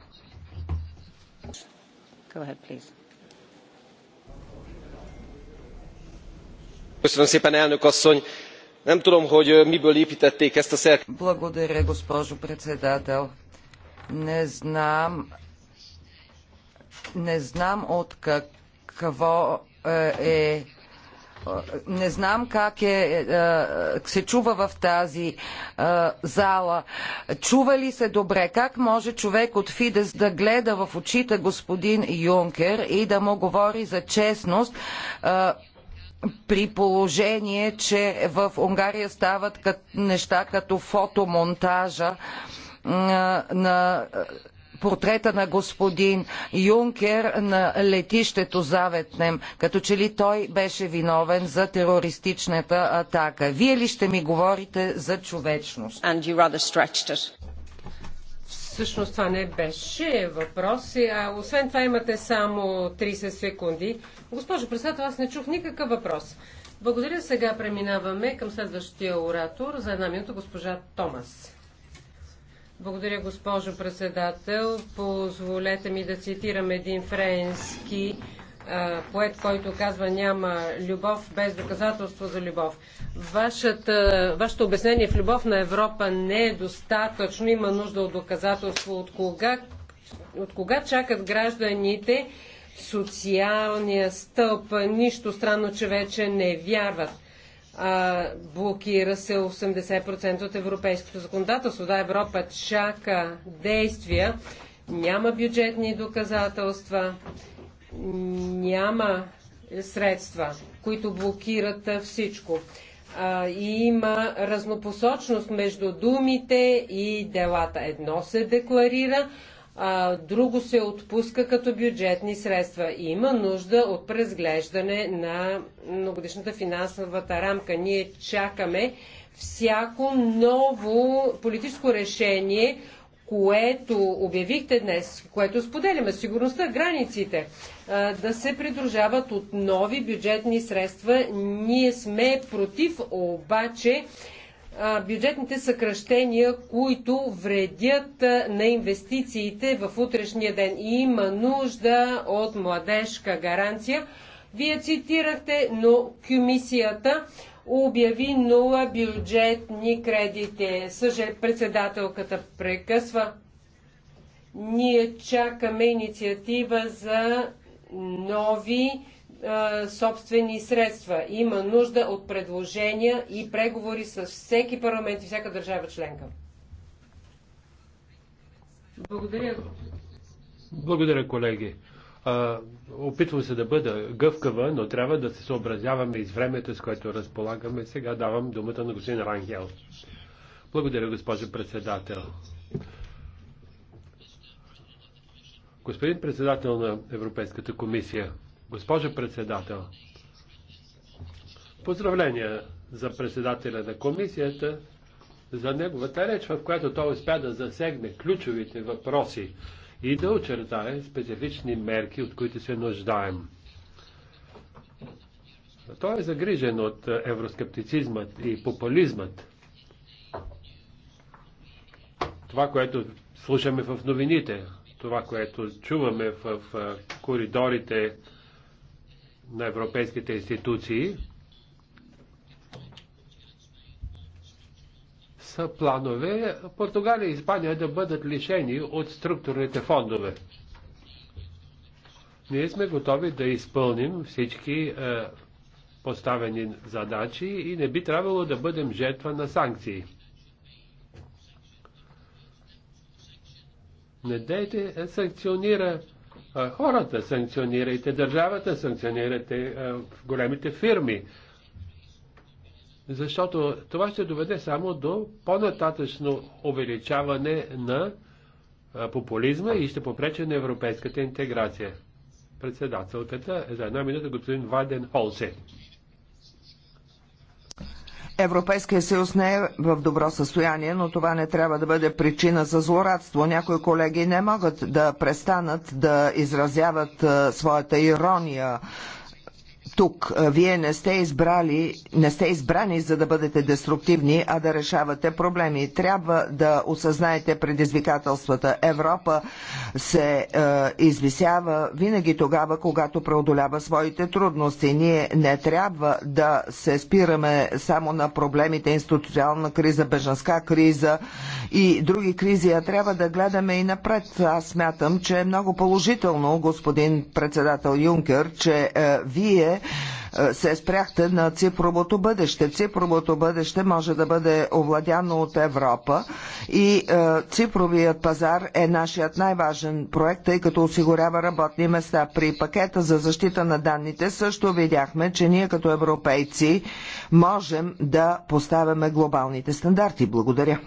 Köszönöm szépen, elnök asszony! Nem tudom, hogy miből építették ezt a szerkezetet. Благодаря, госпожо председател. Не знам, не знам от какво е, е не знам как е, е се чува в тази е, зала. Чува ли се добре? Как може човек от Фидес да гледа в очите господин Юнкер и да му говори за честност? при положение, че в Унгария стават неща като фотомонтажа на портрета на господин Юнкер на летището Заветнем, като че ли той беше виновен за терористичната атака. Вие ли ще ми говорите за човечност? Всъщност това не беше въпрос. А освен това имате само 30 секунди. Госпожо председател, аз не чух никакъв въпрос. Благодаря. Сега преминаваме към следващия оратор. За една минута госпожа Томас. Благодаря, госпожо председател. Позволете ми да цитирам един френски поет, който казва няма любов без доказателство за любов. Вашата, вашето обяснение в любов на Европа не е достатъчно. Има нужда от доказателство. От кога, от кога чакат гражданите социалния стълб? Нищо странно, че вече не вярват блокира се 80% от европейското законодателство. Да, Европа чака действия, няма бюджетни доказателства, няма средства, които блокират всичко. И има разнопосочност между думите и делата. Едно се декларира, а друго се отпуска като бюджетни средства. Има нужда от презглеждане на многодишната финансовата рамка. Ние чакаме всяко ново политическо решение, което обявихте днес, което споделяме, сигурността, границите, да се придружават от нови бюджетни средства. Ние сме против, обаче бюджетните съкръщения, които вредят на инвестициите в утрешния ден. И има нужда от младежка гаранция. Вие цитирахте, но комисията обяви нула бюджетни кредити. Съже председателката прекъсва. Ние чакаме инициатива за нови собствени средства. Има нужда от предложения и преговори с всеки парламент и всяка държава членка. Благодаря. Благодаря, колеги. А, опитвам се да бъда гъвкава, но трябва да се съобразяваме и с времето, с което разполагаме. Сега давам думата на господин Рангел. Благодаря, госпожо председател. Господин председател на Европейската комисия, Госпожо председател, поздравления за председателя на комисията за неговата реч, в която той успя да засегне ключовите въпроси и да очертае специфични мерки, от които се нуждаем. Той е загрижен от евроскептицизмът и популизмът. Това, което слушаме в новините, това, което чуваме в коридорите на европейските институции са планове Португалия и Испания да бъдат лишени от структурните фондове. Ние сме готови да изпълним всички е, поставени задачи и не би трябвало да бъдем жертва на санкции. Не дайте е, санкционира хората, санкционирайте държавата, санкционирайте големите фирми. Защото това ще доведе само до по-нататъчно увеличаване на популизма и ще попрече на европейската интеграция. Председателката е за една минута господин Ваден Холсе. Европейския съюз не е в добро състояние, но това не трябва да бъде причина за злорадство. Някои колеги не могат да престанат да изразяват своята ирония тук. Вие не сте избрали, не сте избрани за да бъдете деструктивни, а да решавате проблеми. Трябва да осъзнаете предизвикателствата. Европа се е, извисява винаги тогава, когато преодолява своите трудности. Ние не трябва да се спираме само на проблемите институционална криза, бежанска криза и други кризи, а трябва да гледаме и напред. Аз смятам, че е много положително, господин председател Юнкер, че е, вие е, се спряхте на цифровото бъдеще. Цифровото бъдеще може да бъде овладяно от Европа и е, цифровият пазар е нашият най-важен проект, тъй като осигурява работни места. При пакета за защита на данните също видяхме, че ние като европейци можем да поставяме глобалните стандарти. Благодаря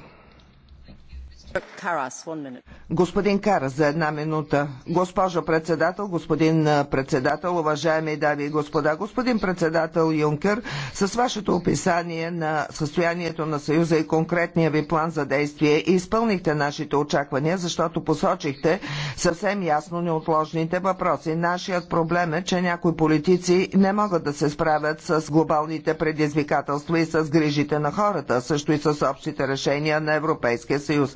господин Карас, за една минута. Госпожо председател, господин председател, уважаеми дами и господа, господин председател Юнкер, с вашето описание на състоянието на Съюза и конкретния ви план за действие изпълнихте нашите очаквания, защото посочихте съвсем ясно неотложните въпроси. Нашият проблем е, че някои политици не могат да се справят с глобалните предизвикателства и с грижите на хората, също и с общите решения на Европейския съюз.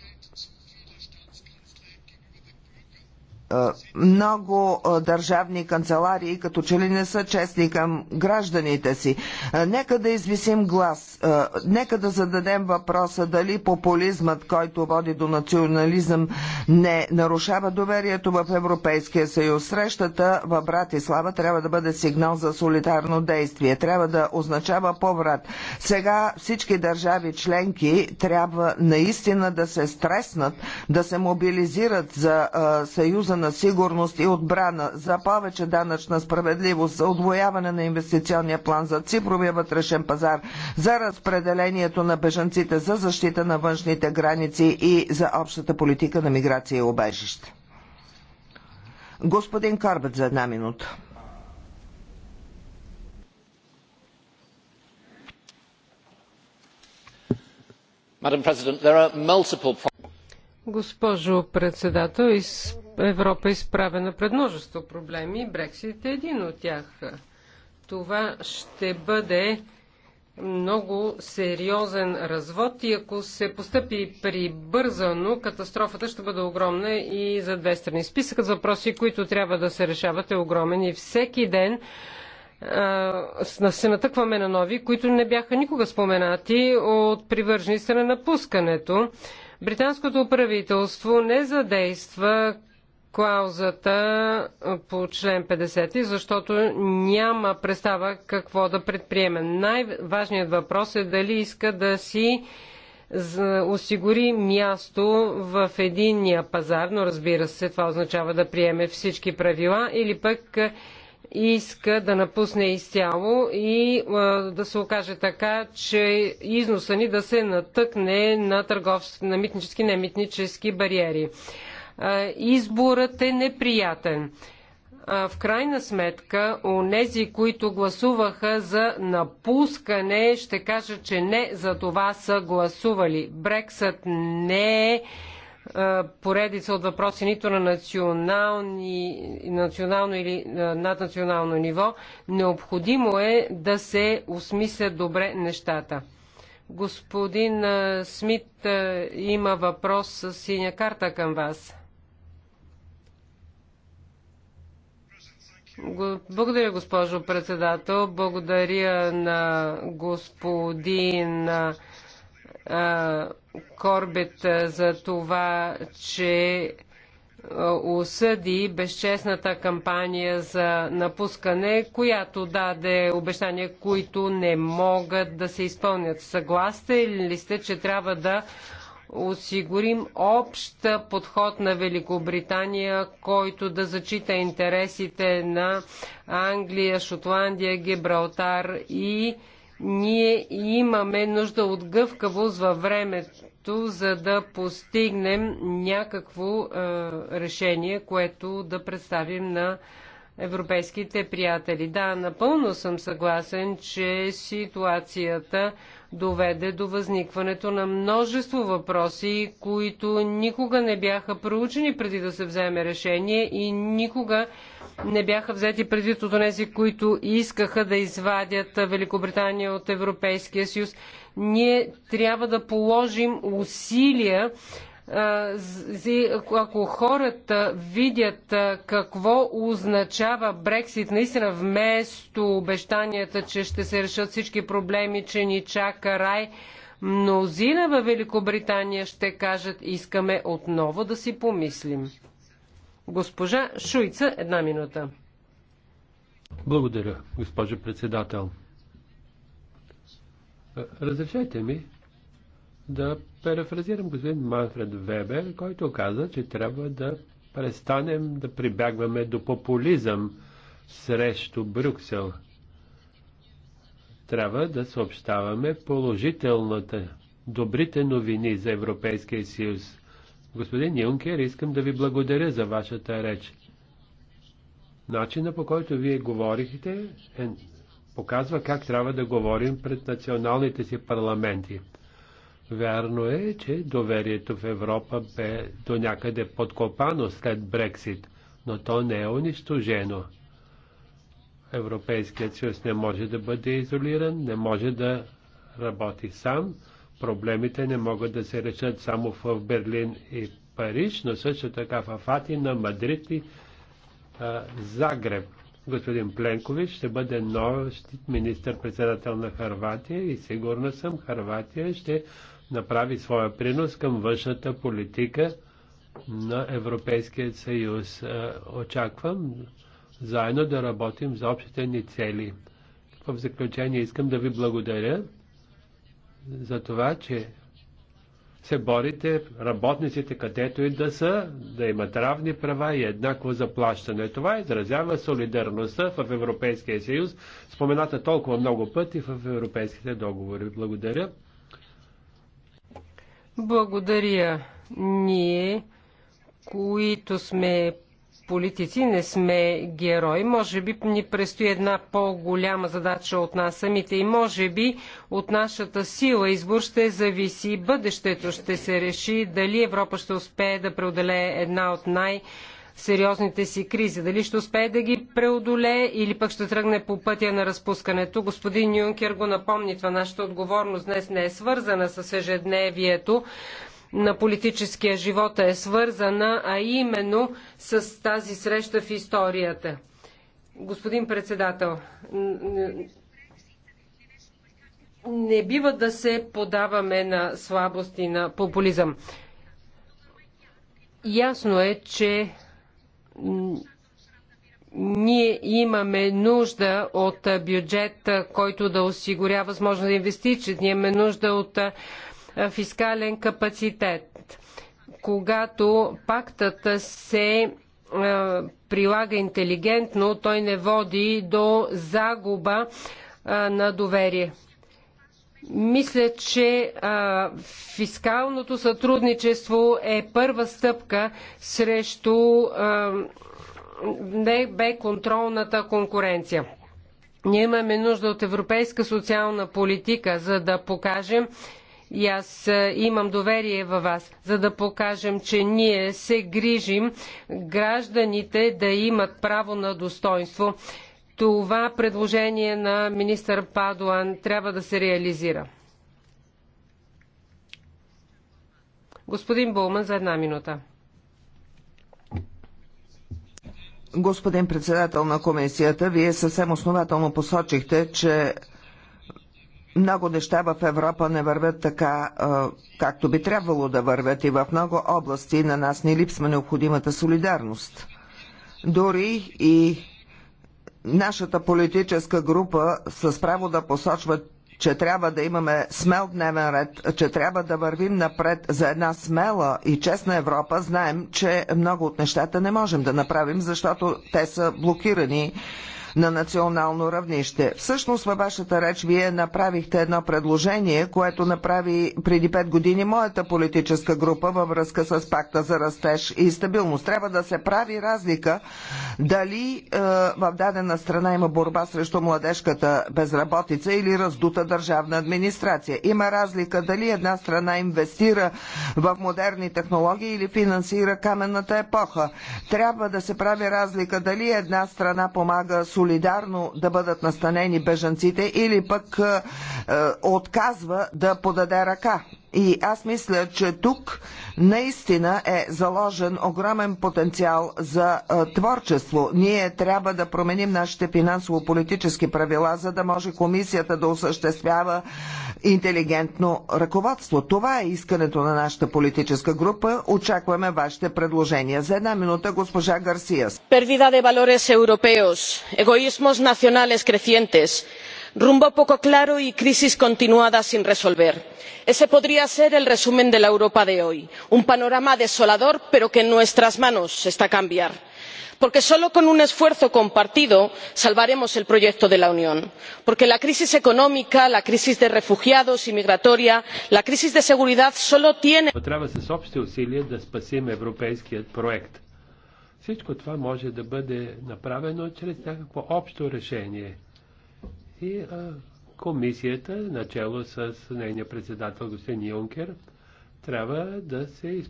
Е, много е, държавни канцеларии като че ли не са честни към гражданите си. Е, нека да извисим глас, нека да зададем въпроса дали популизмът, който води до национализъм, не нарушава доверието в Европейския съюз. Срещата в Братислава трябва да бъде сигнал за солидарно действие, трябва да означава поврат. Сега всички държави членки трябва наистина да се стреснат, да се мобилизират за съюза на сигурност и отбрана, за повече данъчна справедливост, за отвояване на инвестиционния план, за цифровия вътрешен пазар, за разпределението на бежанците, за защита на външните граници и за общата политика на миграция и обежище. Господин Карбет за една минута. Госпожо председател, Европа е изправена пред множество проблеми и Брексит е един от тях. Това ще бъде много сериозен развод и ако се постъпи прибързано, катастрофата ще бъде огромна и за две страни. Списъкът въпроси, които трябва да се решават е огромен и всеки ден а, се натъкваме на нови, които не бяха никога споменати от привържениците на напускането. Британското правителство не задейства клаузата по член 50, защото няма представа какво да предприеме. Най-важният въпрос е дали иска да си осигури място в единния пазар, но разбира се, това означава да приеме всички правила или пък иска да напусне изцяло и да се окаже така, че износа ни да се натъкне на, търговски, на митнически, немитнически бариери изборът е неприятен. В крайна сметка, онези, които гласуваха за напускане, ще кажа, че не за това са гласували. Брексът не е поредица от въпроси нито на национални, национално или наднационално ниво. Необходимо е да се осмислят добре нещата. Господин Смит има въпрос с синя карта към вас. Благодаря, госпожо председател. Благодаря на господин Корбет за това, че осъди безчестната кампания за напускане, която даде обещания, които не могат да се изпълнят. Съгласни ли сте, че трябва да осигурим общ подход на Великобритания, който да зачита интересите на Англия, Шотландия, Гибралтар и ние имаме нужда от гъвкавост във времето, за да постигнем някакво е, решение, което да представим на европейските приятели. Да, напълно съм съгласен, че ситуацията доведе до възникването на множество въпроси, които никога не бяха проучени преди да се вземе решение и никога не бяха взети преди от тези, които искаха да извадят Великобритания от Европейския съюз. Ние трябва да положим усилия ако хората видят какво означава Брексит, наистина вместо обещанията, че ще се решат всички проблеми, че ни чака рай, мнозина във Великобритания ще кажат искаме отново да си помислим. Госпожа Шуйца, една минута. Благодаря, госпожо председател. Разрешете ми да Перефразирам господин Манфред Вебер, който каза, че трябва да престанем да прибягваме до популизъм срещу Брюксел. Трябва да съобщаваме положителната, добрите новини за Европейския съюз. Господин Юнкер, искам да ви благодаря за вашата реч. Начина по който вие говорихте е, показва как трябва да говорим пред националните си парламенти. Вярно е, че доверието в Европа бе до някъде подкопано след Брексит, но то не е унищожено. Европейският съюз не може да бъде изолиран, не може да работи сам. Проблемите не могат да се решат само в Берлин и Париж, но също така в Афатина, Мадрид и а, Загреб. Господин Пленкович ще бъде нов министър-председател на Харватия и сигурно съм Харватия ще направи своя принос към външната политика на Европейския съюз. Е, очаквам заедно да работим за общите ни цели. В заключение искам да ви благодаря за това, че се борите работниците където и да са, да имат равни права и еднакво заплащане. Това изразява солидарността в Европейския съюз, спомената толкова много пъти в европейските договори. Благодаря. Благодаря. Ние, които сме политици, не сме герои. Може би ни предстои една по-голяма задача от нас самите и може би от нашата сила избор ще зависи бъдещето. Ще се реши дали Европа ще успее да преодолее една от най- сериозните си кризи. Дали ще успее да ги преодолее или пък ще тръгне по пътя на разпускането. Господин Юнкер го напомни това. Нашата отговорност днес не е свързана с ежедневието на политическия живот, а е свързана, а именно с тази среща в историята. Господин председател, не бива да се подаваме на слабости на популизъм. Ясно е, че ние имаме нужда от бюджет, който да осигуря възможност да инвестиции. Ние имаме нужда от фискален капацитет. Когато пактът се прилага интелигентно, той не води до загуба на доверие. Мисля, че а, фискалното сътрудничество е първа стъпка срещу а, не бе контролната конкуренция. Ние имаме нужда от европейска социална политика, за да покажем, и аз имам доверие във вас, за да покажем, че ние се грижим гражданите да имат право на достоинство това предложение на министър Падуан трябва да се реализира. Господин Булман за една минута. Господин председател на комисията, вие съвсем основателно посочихте, че много неща в Европа не вървят така, както би трябвало да вървят и в много области на нас ни липсва необходимата солидарност. Дори и нашата политическа група с право да посочва, че трябва да имаме смел дневен ред, че трябва да вървим напред за една смела и честна Европа, знаем, че много от нещата не можем да направим, защото те са блокирани на национално равнище. Всъщност във вашата реч вие направихте едно предложение, което направи преди 5 години моята политическа група във връзка с пакта за растеж и стабилност. Трябва да се прави разлика дали е, в дадена страна има борба срещу младежката безработица или раздута държавна администрация. Има разлика дали една страна инвестира в модерни технологии или финансира каменната епоха. Трябва да се прави разлика дали една страна помага с солидарно да бъдат настанени бежанците или пък е, е, отказва да подаде ръка. И аз мисля, че тук наистина е заложен огромен потенциал за е, творчество. Ние трябва да променим нашите финансово-политически правила, за да може комисията да осъществява интелигентно ръководство. Това е искането на нашата политическа група. Очакваме вашите предложения. За една минута госпожа Гарсия. Пердида де валорес европеос, egoísmos националес crecientes, rumbo poco claro y crisis continuada sin resolver. Ese podría ser el resumen de la Europa de hoy. Un panorama desolador, pero que en nuestras manos está cambiar porque solo con un esfuerzo compartido salvaremos el proyecto de la unión porque la crisis económica la crisis de refugiados y migratoria la crisis de seguridad solo tienen. комисията, начало с нейния председател господин Юнкер, трябва да се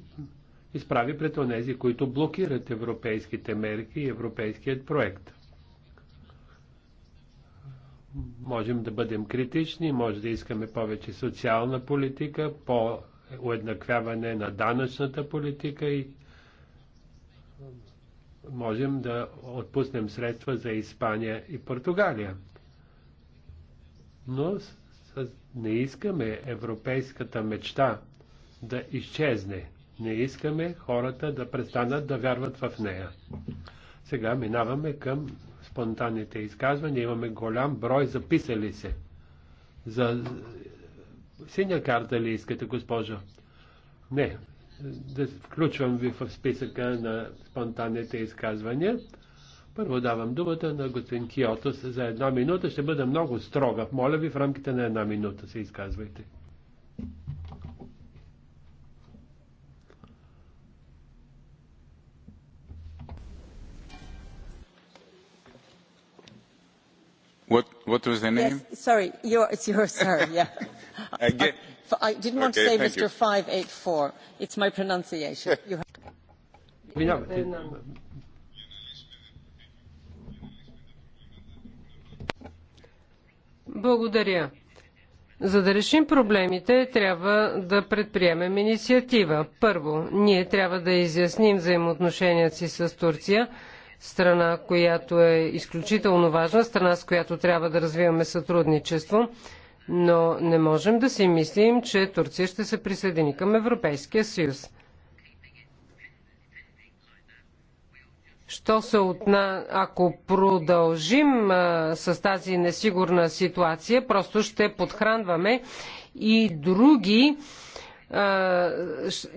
изправи пред онези, които блокират европейските мерки и европейският проект. Можем да бъдем критични, може да искаме повече социална политика, по-уеднаквяване на данъчната политика и можем да отпуснем средства за Испания и Португалия. Но не искаме европейската мечта да изчезне. Не искаме хората да престанат да вярват в нея. Сега минаваме към спонтанните изказвания. Имаме голям брой записали се. За синя карта ли искате, госпожо? Не. Да включвам ви в списъка на спонтанните изказвания. Първо давам думата на господин Киотос за една минута. Ще бъда много строга. Моля ви, в рамките на една минута се изказвайте. What what was the name? Yes, sorry, your, it's your Sorry, yeah. Again. I uh, I didn't want to say Mr. You. 584. It's my pronunciation. You have... Виноват. Благодаря. За да решим проблемите, трябва да предприемем инициатива. Първо, ние трябва да изясним взаимоотношенията си с Турция страна, която е изключително важна, страна, с която трябва да развиваме сътрудничество, но не можем да си мислим, че Турция ще се присъедини към Европейския съюз. Що се отна, ако продължим а, с тази несигурна ситуация, просто ще подхранваме и други а,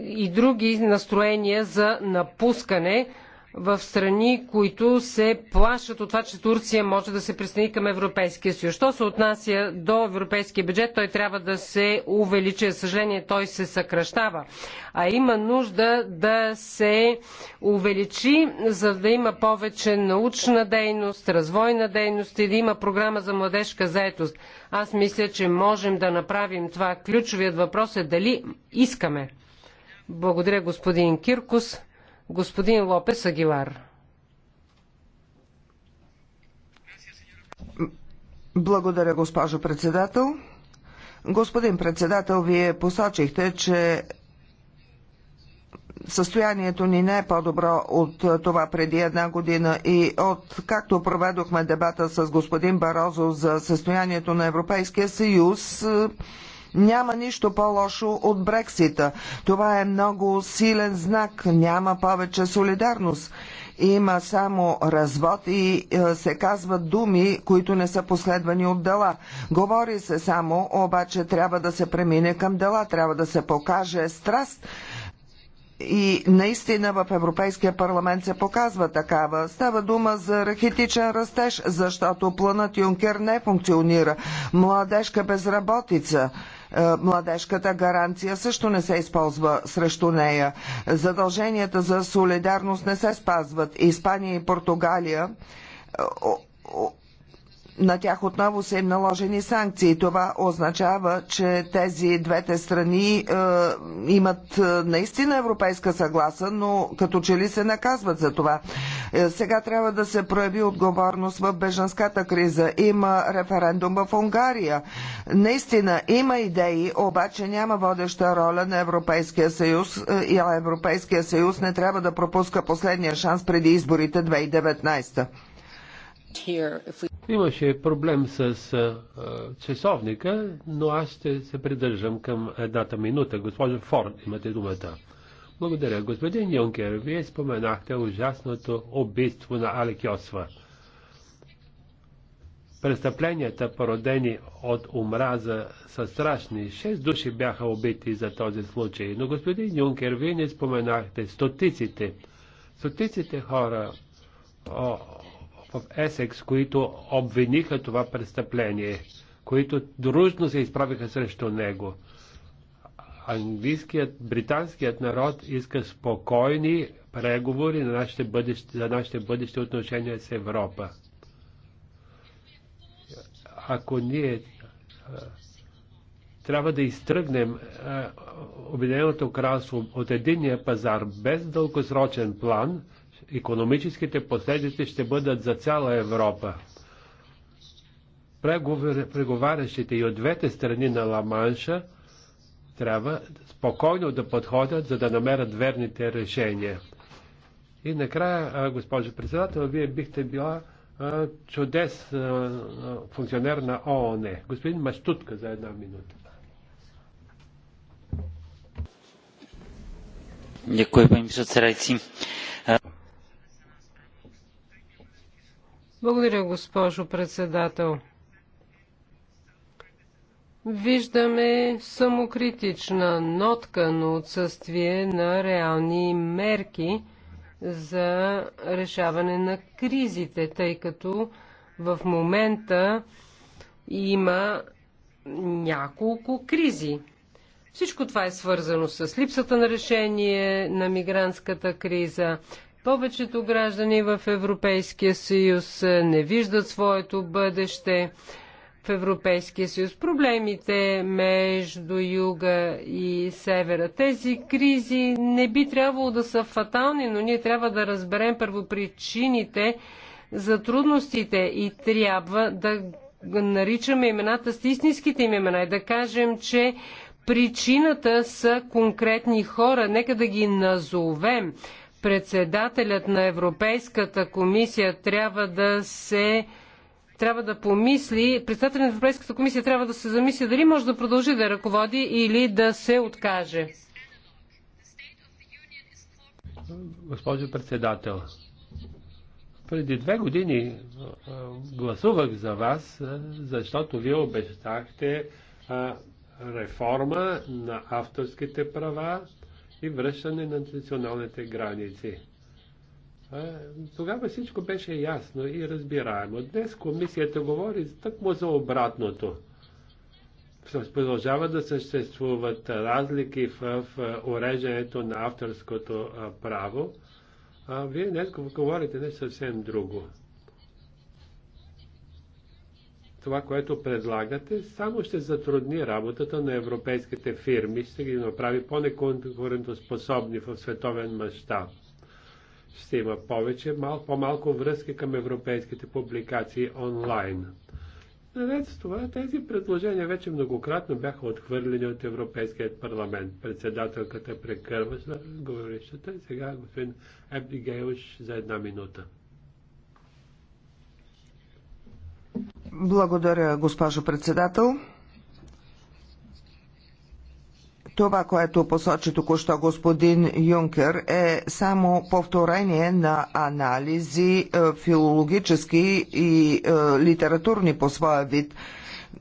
и други настроения за напускане в страни, които се плашат от това, че Турция може да се присъедини към Европейския съюз. Що се отнася до европейския бюджет, той трябва да се увеличи. За съжаление, той се съкръщава. А има нужда да се увеличи, за да има повече научна дейност, развойна дейност и да има програма за младежка заетост. Аз мисля, че можем да направим това. Ключовият въпрос е дали искаме. Благодаря, господин Киркус. Господин Лопес Агилар. Благодаря, госпожо председател. Господин председател, вие посочихте, че състоянието ни не е по-добро от това преди една година и от както проведохме дебата с господин Барозо за състоянието на Европейския съюз, няма нищо по-лошо от Брексита. Това е много силен знак. Няма повече солидарност има само развод и е, се казват думи, които не са последвани от дела. Говори се само, обаче трябва да се премине към дела, трябва да се покаже страст. И наистина в Европейския парламент се показва такава. Става дума за рахитичен растеж, защото планът Юнкер не функционира. Младежка безработица – е, младежката гаранция също не се използва срещу нея. Задълженията за солидарност не се спазват. Испания и Португалия е, на тях отново са им наложени санкции. Това означава, че тези двете страни е, имат е, наистина европейска съгласа, но като че ли се наказват за това. Е, сега трябва да се прояви отговорност в бежанската криза. Има референдум в Унгария. Наистина има идеи, обаче няма водеща роля на Европейския съюз е, и Европейския съюз не трябва да пропуска последния шанс преди изборите 2019. Имаше проблем с а, часовника, но аз ще се придържам към едната минута. Госпожо Форд, имате думата. Благодаря. Господин Юнкер, вие споменахте ужасното убийство на Алек Йосва. Престъпленията, породени от омраза, са страшни. Шест души бяха убити за този случай. Но, господин Юнкер, вие не споменахте стотиците. Стотиците хора, в Есекс, които обвиниха това престъпление, които дружно се изправиха срещу него. Английският, британският народ иска спокойни преговори на нашите бъдещи, за нашите бъдещи отношения с Европа. Ако ние трябва да изтръгнем Обединеното кралство от единния пазар без дългосрочен план, економическите последици ще бъдат за цяла Европа. Преговарящите и от двете страни на Ламанша трябва спокойно да подходят, за да намерят верните решения. И накрая, госпожо председател, вие бихте била чудес функционер на ООН. Господин Маштутка за една минута. Děkuji, paní předsedající. Благодаря, госпожо председател. Виждаме самокритична нотка, на отсъствие на реални мерки за решаване на кризите, тъй като в момента има няколко кризи. Всичко това е свързано с липсата на решение на мигрантската криза, повечето граждани в Европейския съюз е, не виждат своето бъдеще в Европейския съюз. Проблемите между юга и севера. Тези кризи не би трябвало да са фатални, но ние трябва да разберем първо причините за трудностите и трябва да наричаме имената с истинските им имена и да кажем, че причината са конкретни хора. Нека да ги назовем председателят на Европейската комисия трябва да се трябва да помисли, председателят на Европейската комисия трябва да се замисли дали може да продължи да ръководи или да се откаже. Госпожо председател, преди две години гласувах за вас, защото вие обещахте реформа на авторските права, и връщане на националните граници. А, тогава всичко беше ясно и разбираемо. Днес комисията говори тъкмо за обратното. Продължава да съществуват разлики в, в уреждането на авторското право. А вие днес говорите не съвсем друго това, което предлагате, само ще затрудни работата на европейските фирми, ще ги направи по-неконкурентоспособни в световен мащаб. Ще има повече, мал, по-малко връзки към европейските публикации онлайн. Наред с това, тези предложения вече многократно бяха отхвърлени от Европейският парламент. Председателката прекърва говорещата. Сега господин Ебдигейлш за една минута. Благодаря, госпожо председател. Това, което посочи току-що господин Юнкер, е само повторение на анализи е, филологически и е, литературни по своя вид.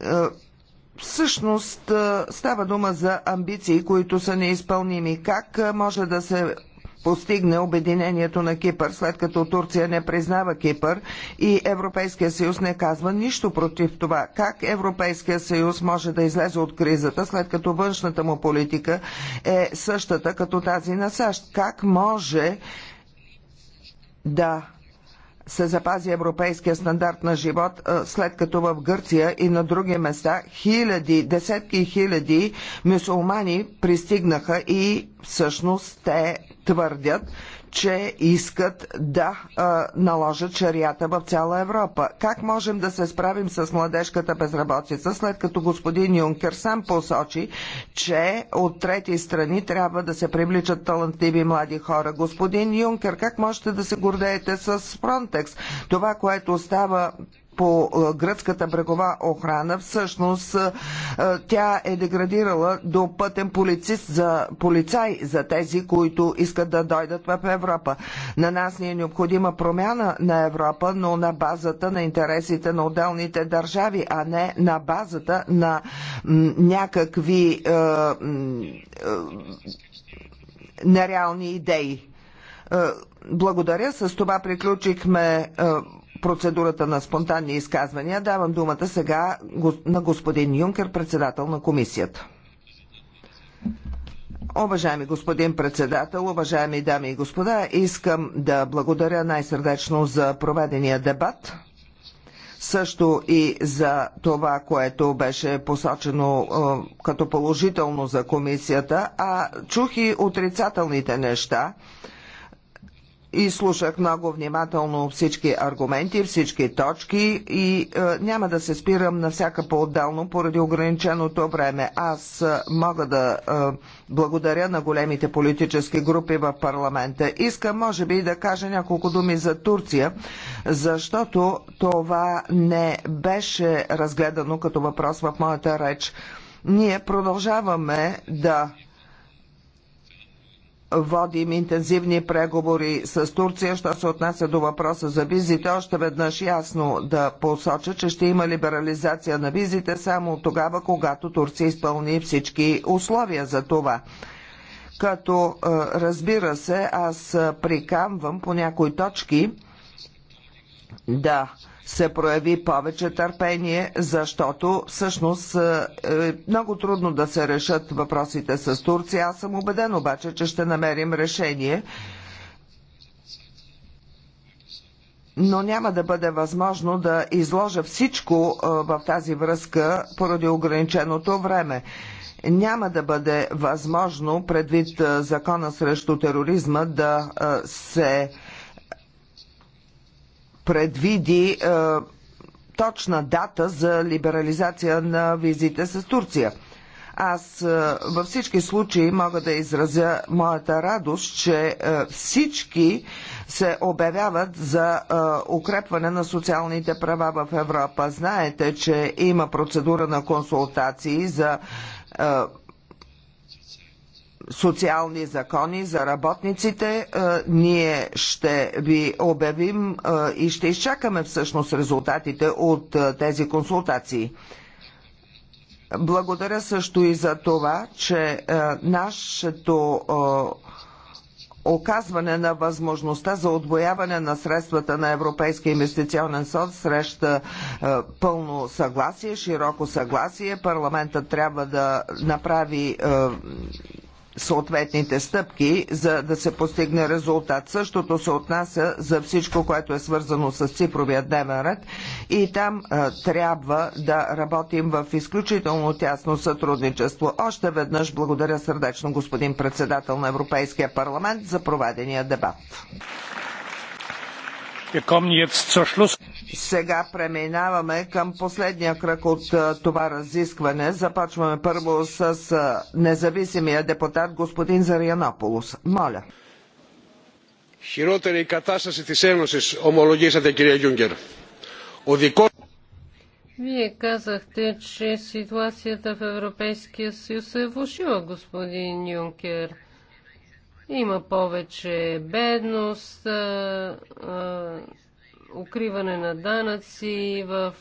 Е, всъщност става дума за амбиции, които са неизпълними. Как може да се постигне обединението на Кипър, след като Турция не признава Кипър и Европейския съюз не казва нищо против това. Как Европейския съюз може да излезе от кризата, след като външната му политика е същата като тази на САЩ? Как може да се запази европейския стандарт на живот, след като в Гърция и на други места хиляди, десетки хиляди мюсулмани пристигнаха и всъщност те твърдят, че искат да а, наложат шарията в цяла Европа. Как можем да се справим с младежката безработица, след като господин Юнкер сам посочи, че от трети страни трябва да се привличат талантливи млади хора? Господин Юнкер, как можете да се гордеете с Фронтекс? Това, което става по е, гръцката брегова охрана, всъщност е, е, тя е деградирала до пътен полицист за полицай за тези, които искат да дойдат в Европа. На нас ни е необходима промяна на Европа, но на базата на интересите на отделните държави, а не на базата на някакви е, е, нереални идеи. Е, благодаря. С това приключихме процедурата на спонтанни изказвания. Давам думата сега на господин Юнкер, председател на комисията. Уважаеми господин председател, уважаеми дами и господа, искам да благодаря най-сърдечно за проведения дебат също и за това, което беше посочено е, като положително за комисията, а чух и отрицателните неща и слушах много внимателно всички аргументи, всички точки и е, няма да се спирам на всяка по-отделно поради ограниченото време. Аз е, мога да е, благодаря на големите политически групи в парламента. Искам, може би, да кажа няколко думи за Турция, защото това не беше разгледано като въпрос в моята реч. Ние продължаваме да водим интензивни преговори с Турция. Що се отнася до въпроса за визите, още веднъж ясно да посоча, че ще има либерализация на визите само тогава, когато Турция изпълни всички условия за това като е, разбира се, аз прикамвам по някои точки да се прояви повече търпение, защото всъщност е, е много трудно да се решат въпросите с Турция. Аз съм убеден обаче, че ще намерим решение но няма да бъде възможно да изложа всичко е, в тази връзка поради ограниченото време. Няма да бъде възможно, предвид е, закона срещу тероризма, да се предвиди е, точна дата за либерализация на визите с Турция. Аз е, във всички случаи мога да изразя моята радост, че е, всички се обявяват за е, укрепване на социалните права в Европа. Знаете, че има процедура на консултации за Е, социални закони за работниците. Е, ние ще ви обявим е, и ще изчакаме всъщност резултатите от е, тези консултации. Благодаря също и за това, че нашето оказване на възможността за отвояване на средствата на Европейския инвестиционен съд среща пълно съгласие, широко съгласие. Парламентът трябва да направи съответните стъпки, за да се постигне резултат. Същото се отнася за всичко, което е свързано с цифровия дневен ред и там а, трябва да работим в изключително тясно сътрудничество. Още веднъж благодаря сърдечно господин председател на Европейския парламент за проведения дебат. Сега преминаваме към последния кръг от това разискване. Започваме първо с независимия депутат господин Зарианополос. Моля. Χειρότερη η κατάσταση της Ένωσης, ομολογήσατε κυρία Γιούγκερ. Ο δικός... Вие казахте, че ситуацията в Европейския съюз е влушила, господин Юнкер. Има повече бедност, укриване на данъци в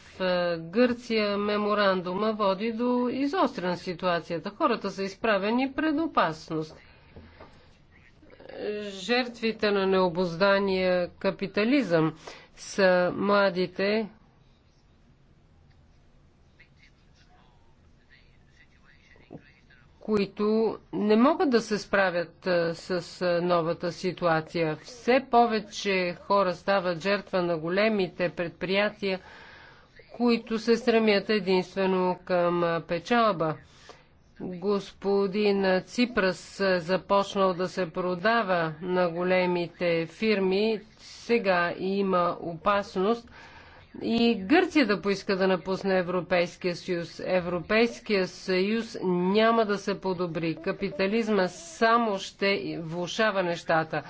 Гърция. Меморандума води до изострена ситуацията. Хората са изправени пред опасност. Жертвите на необоздания капитализъм са младите, които не могат да се справят с новата ситуация. Все повече хора стават жертва на големите предприятия, които се стремят единствено към печалба. Господин Ципрас започнал да се продава на големите фирми. Сега има опасност – и Гърция да поиска да напусне Европейския съюз. Европейския съюз няма да се подобри. Капитализма само ще влушава нещата.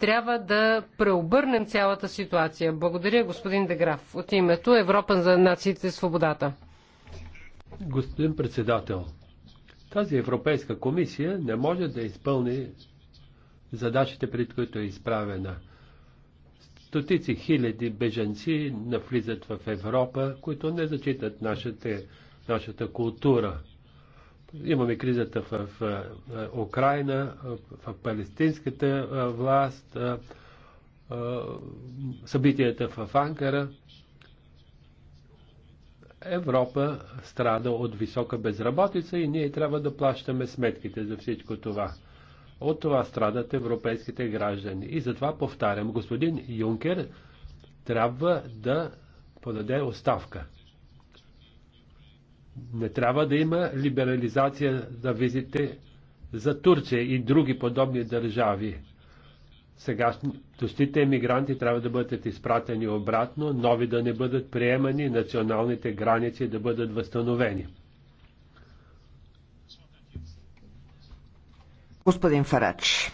Трябва да преобърнем цялата ситуация. Благодаря, господин Деграф. От името Европа за нациите и свободата. Господин председател, тази Европейска комисия не може да изпълни задачите, пред които е изправена – Стотици хиляди бежанци навлизат в Европа, които не зачитат нашата, нашата култура. Имаме кризата в, в Украина, в палестинската власт, събитията в Анкара. Европа страда от висока безработица и ние трябва да плащаме сметките за всичко това. От това страдат европейските граждани. И затова повтарям, господин Юнкер трябва да подаде оставка. Не трябва да има либерализация за визите за Турция и други подобни държави. Сега тостите емигранти трябва да бъдат изпратени обратно, нови да не бъдат приемани, националните граници да бъдат възстановени. Господин Фарач.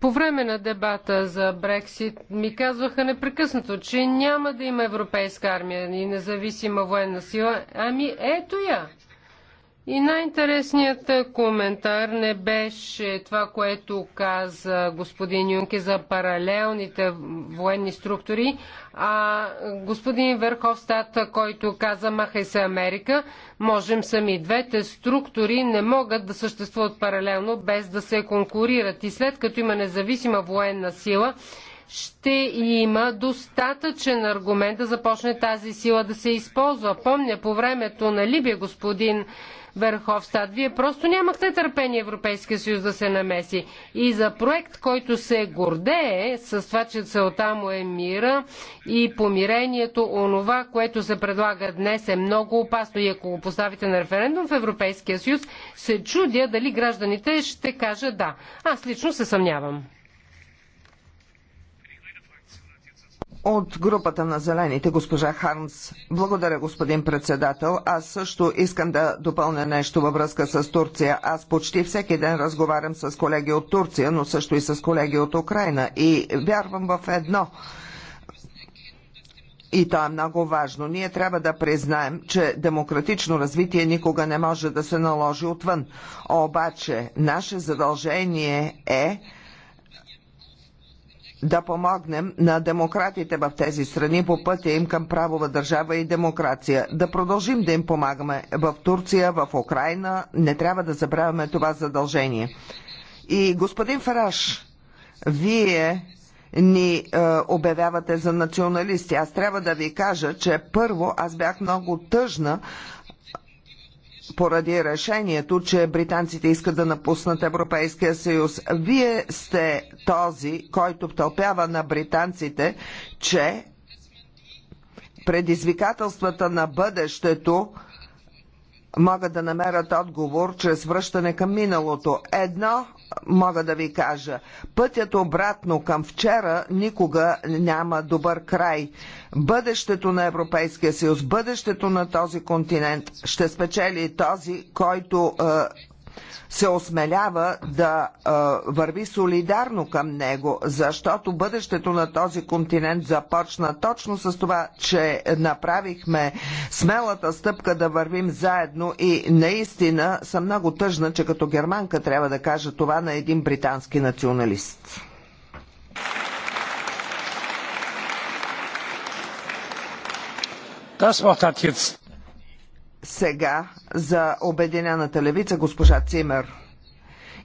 По време на дебата за Брексит ми казваха непрекъснато, че няма да има европейска армия и независима военна сила. Ами ето я! И най-интересният е, коментар не беше това, което каза господин Юнке за паралелните военни структури, а господин Верховстат, който каза Махай се Америка, можем сами. Двете структури не могат да съществуват паралелно без да се конкурират. И след като има независима военна сила, ще има достатъчен аргумент да започне тази сила да се използва. Помня по времето на Либия, господин Верховстад, вие просто нямахте търпение Европейския съюз да се намеси. И за проект, който се гордее с това, че целта му е мира и помирението, онова, което се предлага днес е много опасно. И ако го поставите на референдум в Европейския съюз, се чудя дали гражданите ще кажат да. Аз лично се съмнявам. От групата на зелените, госпожа Хармс. Благодаря, господин председател. Аз също искам да допълня нещо във връзка с Турция. Аз почти всеки ден разговарям с колеги от Турция, но също и с колеги от Украина. И вярвам в едно. И то е много важно. Ние трябва да признаем, че демократично развитие никога не може да се наложи отвън. Обаче, наше задължение е да помогнем на демократите в тези страни по пътя им към правова държава и демокрация. Да продължим да им помагаме в Турция, в Украина. Не трябва да забравяме това задължение. И господин Фараш, вие ни е, обявявате за националисти. Аз трябва да ви кажа, че първо аз бях много тъжна, поради решението, че британците искат да напуснат Европейския съюз. Вие сте този, който втълпява на британците, че предизвикателствата на бъдещето могат да намерят отговор чрез връщане към миналото. Едно мога да ви кажа. Пътят обратно към вчера никога няма добър край. Бъдещето на Европейския съюз, бъдещето на този континент ще спечели този, който е, се осмелява да върви солидарно към него, защото бъдещето на този континент започна точно с това, че направихме смелата стъпка да вървим заедно и наистина съм много тъжна, че като германка трябва да кажа това на един британски националист. Das Wort hat jetzt сега за Обединената левица госпожа Цимер.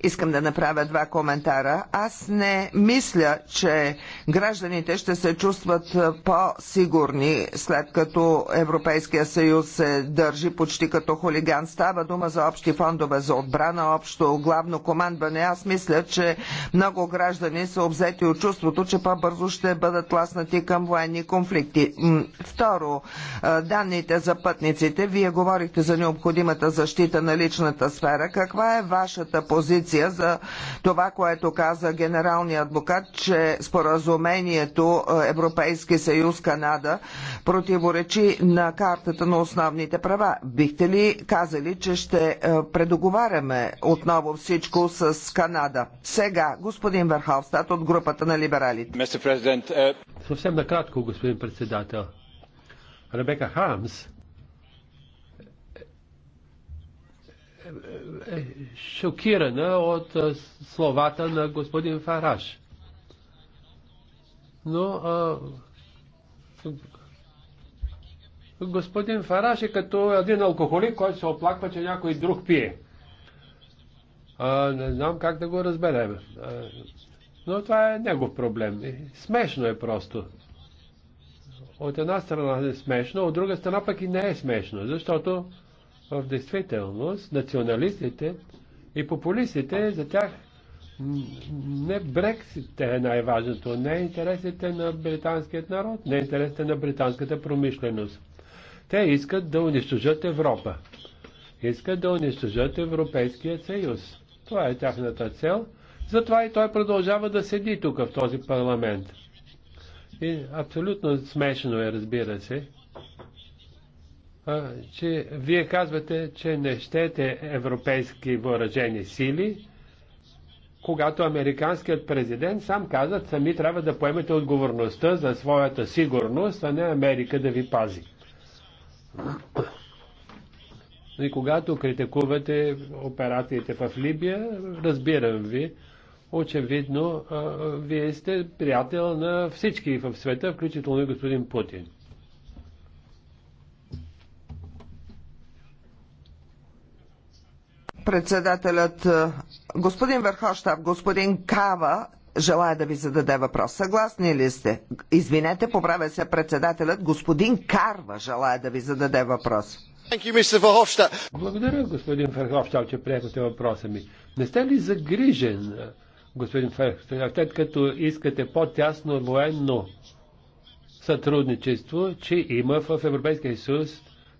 Искам да направя два коментара. Аз не мисля, че гражданите ще се чувстват е, по-сигурни след като Европейския съюз се държи почти като хулиган. Става дума за общи фондове за отбрана, общо главно командване. Аз мисля, че много граждани са обзети от чувството, че по-бързо ще бъдат ласнати към военни конфликти. Второ, е, данните за пътниците. Вие говорихте за необходимата защита на личната сфера. Каква е вашата позиция? позиция за това, което каза генералният адвокат, че споразумението е, Европейски съюз Канада противоречи на картата на основните права. Бихте ли казали, че ще е, предоговаряме отново всичко с Канада? Сега, господин Верховстат от групата на либералите. Е- Съвсем накратко, господин председател. Ребека Хамс Е, е шокирана от е, словата на господин Фараш. Но а, господин Фараш е като един алкохолик, който се оплаква, че някой друг пие. А, не знам как да го разберем. А, но това е негов проблем. Смешно е просто. От една страна е смешно, от друга страна пък и не е смешно, защото в действителност националистите и популистите, за тях не Брексит е най-важното, не е интересите на британският народ, не е интересите на британската промишленост. Те искат да унищожат Европа. Искат да унищожат Европейския съюз. Това е тяхната цел. Затова и той продължава да седи тук в този парламент. И абсолютно смешно е, разбира се, че вие казвате, че не щете европейски въоръжени сили, когато американският президент сам каза, сами трябва да поемете отговорността за своята сигурност, а не Америка да ви пази. И когато критикувате операциите в Либия, разбирам ви, очевидно, вие сте приятел на всички в света, включително и господин Путин. Председателят е, господин Верхоштаб, господин Кава желая да ви зададе въпрос. Съгласни ли сте? Извинете, поправя се председателят. Господин Карва желая да ви зададе въпрос. Благодаря, господин Верховщав, че приехате въпроса ми. Не сте ли загрижен, е, господин Верховщав, тъй като искате по-тясно военно сътрудничество, че има в Европейския съюз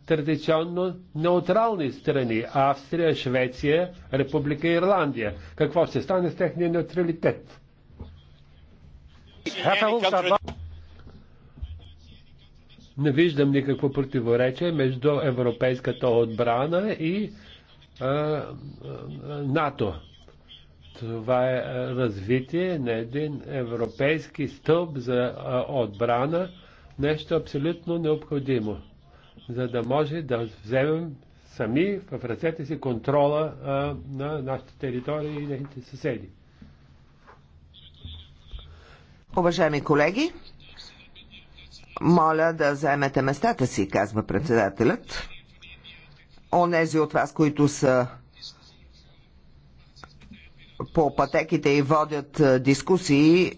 традиционно неутрални страни Австрия, Швеция, Република Ирландия. Какво ще стане с техния неутралитет? Не виждам никакво противоречие между европейската отбрана и а, а, НАТО. Това е развитие на един европейски стълб за а, отбрана, нещо абсолютно необходимо за да може да вземем сами в ръцете си контрола а, на нашите територии и нашите съседи. Уважаеми колеги, моля да заемете местата си, казва председателят. Онези от вас, които са по пътеките и водят дискусии,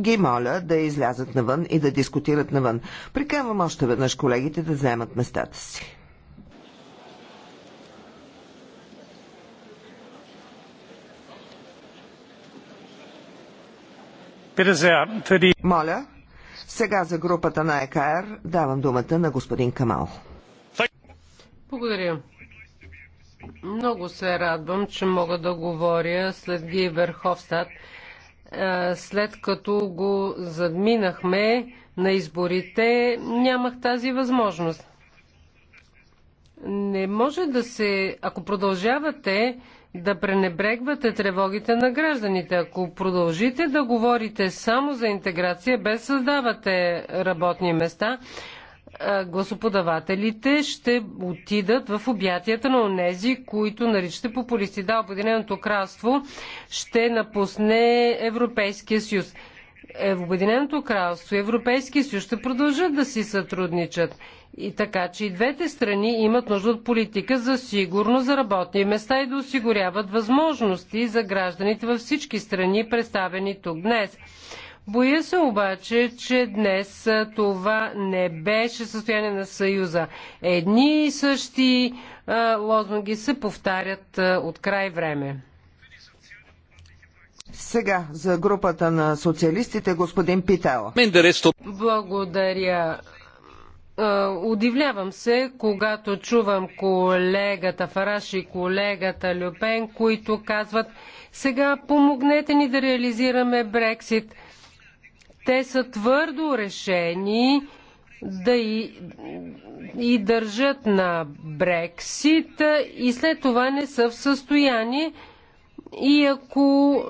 ги моля да излязат навън и да дискутират навън. Приканвам още веднъж колегите да вземат местата си. Моля, сега за групата на ЕКР давам думата на господин Камал. Благодаря. Много се радвам, че мога да говоря след Ги Верховстат е, след като го задминахме на изборите, нямах тази възможност. Не може да се, ако продължавате да пренебрегвате тревогите на гражданите, ако продължите да говорите само за интеграция, без създавате работни места, гласоподавателите ще отидат в обятията на онези, които наричате популисти. Да, Обединеното кралство ще напусне Европейския съюз. Е, Обединеното кралство и Европейския съюз ще продължат да си сътрудничат. И така, че и двете страни имат нужда от политика за сигурно за работни места и да осигуряват възможности за гражданите във всички страни, представени тук днес. Боя се обаче, че днес това не беше състояние на Съюза. Едни и същи а, лозунги се повтарят а, от край време. Сега за групата на социалистите господин Питала. Благодаря. Удивлявам се, когато чувам колегата Фараш и колегата Люпен, които казват сега помогнете ни да реализираме Брексит. Те са твърдо решени да и, и държат на Брексит и след това не са в състояние и ако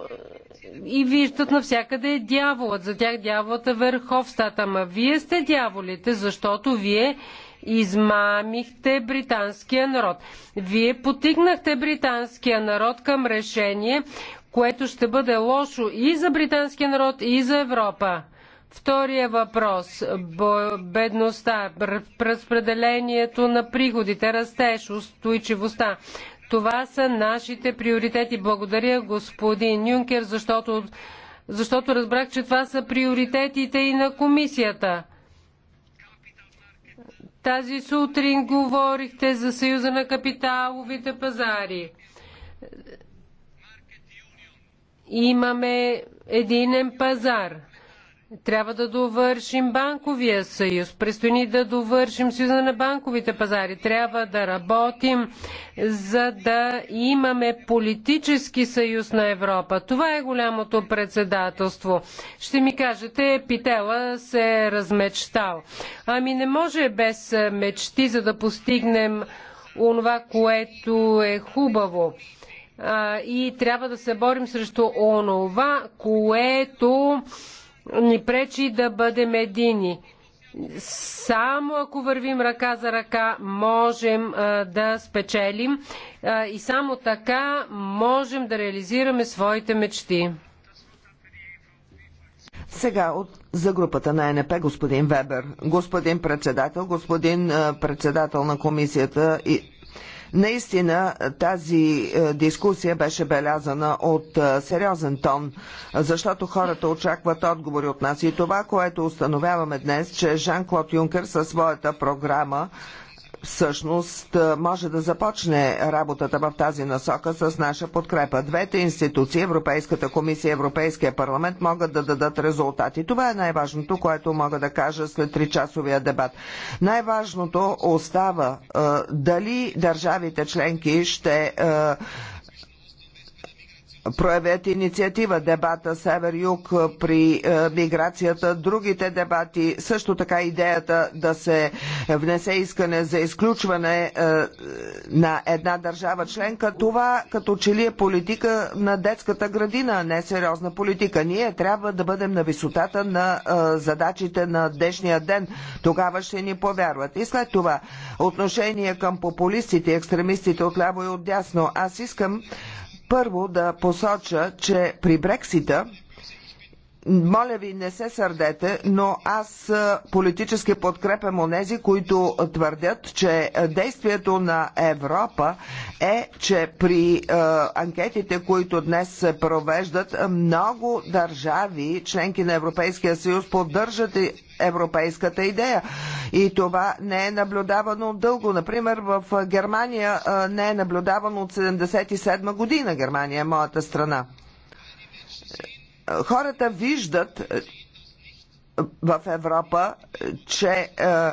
и виждат навсякъде е дяволът. За тях дяволът е върховстата. Ама вие сте дяволите, защото вие измамихте британския народ. Вие потигнахте британския народ към решение, което ще бъде лошо и за британския народ, и за Европа. Втория въпрос – бедността, разпределението на приходите, растеж, устойчивостта. Това са нашите приоритети. Благодаря господин Юнкер, защото, защото разбрах, че това са приоритетите и на комисията. Тази сутрин говорихте за Съюза на капиталовите пазари. Имаме единен пазар. Трябва да довършим банковия съюз. Престои ни да довършим съюза на банковите пазари. Трябва да работим, за да имаме политически съюз на Европа. Това е голямото председателство. Ще ми кажете, Питела се е размечтал. Ами не може без мечти, за да постигнем онова, което е хубаво и трябва да се борим срещу онова, което ни пречи да бъдем едини. Само ако вървим ръка за ръка, можем да спечелим и само така можем да реализираме своите мечти. Сега от, за групата на НП господин Вебер, господин председател, господин председател на комисията и Наистина тази е, дискусия беше белязана от е, сериозен тон, защото хората очакват отговори от нас. И това, което установяваме днес, че Жан-Клод Юнкер със своята програма всъщност може да започне работата в тази насока с наша подкрепа. Двете институции, Европейската комисия и Европейския парламент, могат да дадат резултати. Това е най-важното, което мога да кажа след тричасовия часовия дебат. Най-важното остава дали държавите членки ще проявят инициатива. Дебата Север-Юг при е, миграцията, другите дебати, също така идеята да се внесе искане за изключване е, на една държава членка, това като че ли е политика на детската градина, а не сериозна политика. Ние трябва да бъдем на висотата на е, задачите на днешния ден. Тогава ще ни повярват. И след това отношение към популистите, екстремистите от ляво и от дясно. Аз искам първо да посоча, че при Брексита моля ви, не се сърдете, но аз политически подкрепям онези, които твърдят, че действието на Европа е, че при е, анкетите, които днес се провеждат, много държави, членки на Европейския съюз, поддържат европейската идея. И това не е наблюдавано дълго. Например, в Германия не е наблюдавано от 1977 година. Германия е моята страна хората виждат е, в Европа, че е,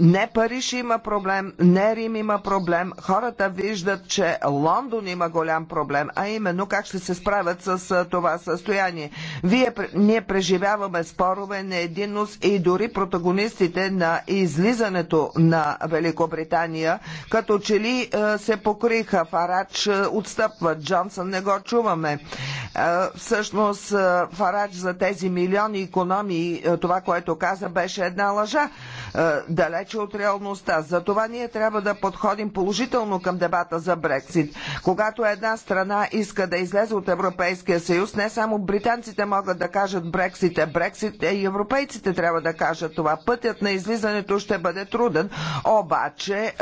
не Париж има проблем, не Рим има проблем. Хората виждат, че Лондон има голям проблем, а именно как ще се справят с това състояние. Вие, ние преживяваме спорове, неединност и дори протагонистите на излизането на Великобритания, като че ли се покриха, Фарач отстъпва, Джонсън не го чуваме. Всъщност Фарач за тези милиони економии, това, което каза, беше една лъжа. Далеч далече от реалността. Затова ние трябва да подходим положително към дебата за Брексит. Когато една страна иска да излезе от Европейския съюз, не само британците могат да кажат Брексит е Брексит, а е и европейците трябва да кажат това. Пътят на излизането ще бъде труден, обаче е,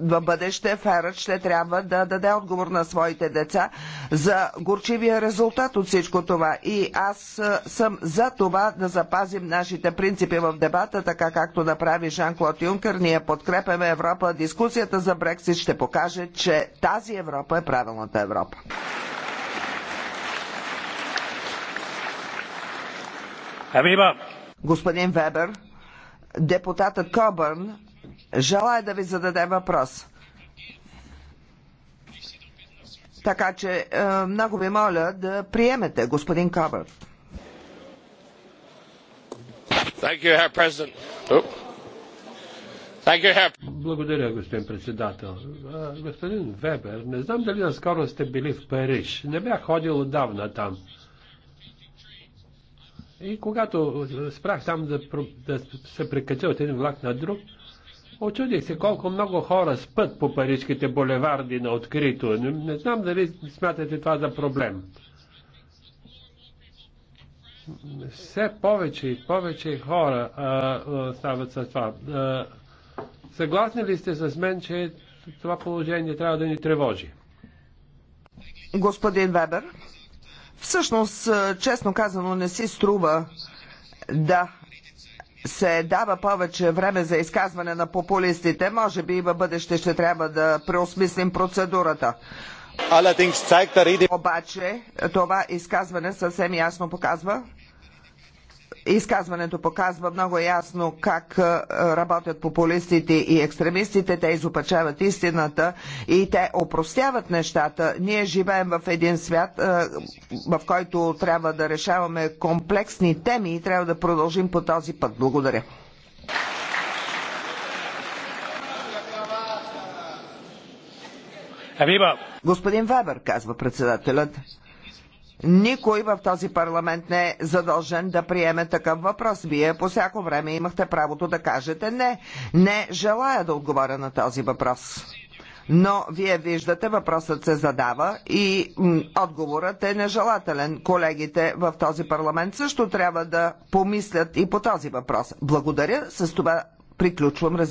в бъдеще Ферът ще трябва да даде отговор на своите деца за горчивия резултат от всичко това. И аз е, съм за това да запазим нашите принципи в дебата, така както направи Жан-Клод Юнкер, ние подкрепяме Европа. Дискусията за Брексит ще покаже, че тази Европа е правилната Европа. Господин Вебер, депутатът Кобърн желая да ви зададе въпрос. Така че е, много ви моля да приемете господин Кобърн. Thank you, Herr President. Oh. Благодаря, господин председател. Господин Вебер, не знам дали наскоро сте били в Париж. Не бях ходил отдавна там. И когато спрах там да, да се прекача от един влак на друг, очудих се колко много хора спът по парижките булеварди на открито. Не, не знам дали смятате това за проблем. Все повече и повече хора а, а, стават с това. А, Съгласни ли сте с мен, че това положение трябва да ни тревожи? Господин Вебер, всъщност, е, честно казано, не си струва да се дава повече време за изказване на популистите. Може би и във бъдеще ще трябва да преосмислим процедурата. Обаче това изказване съвсем ясно показва, Изказването показва много ясно как е, работят популистите и екстремистите. Те изопачават истината и те опростяват нещата. Ние живеем в един свят, е, в който трябва да решаваме комплексни теми и трябва да продължим по този път. Благодаря. Господин Вебер, казва председателят. Никой в този парламент не е задължен да приеме такъв въпрос. Вие по всяко време имахте правото да кажете не. Не желая да отговоря на този въпрос. Но вие виждате, въпросът се задава и отговорът е нежелателен. Колегите в този парламент също трябва да помислят и по този въпрос. Благодаря. С това приключвам разискването.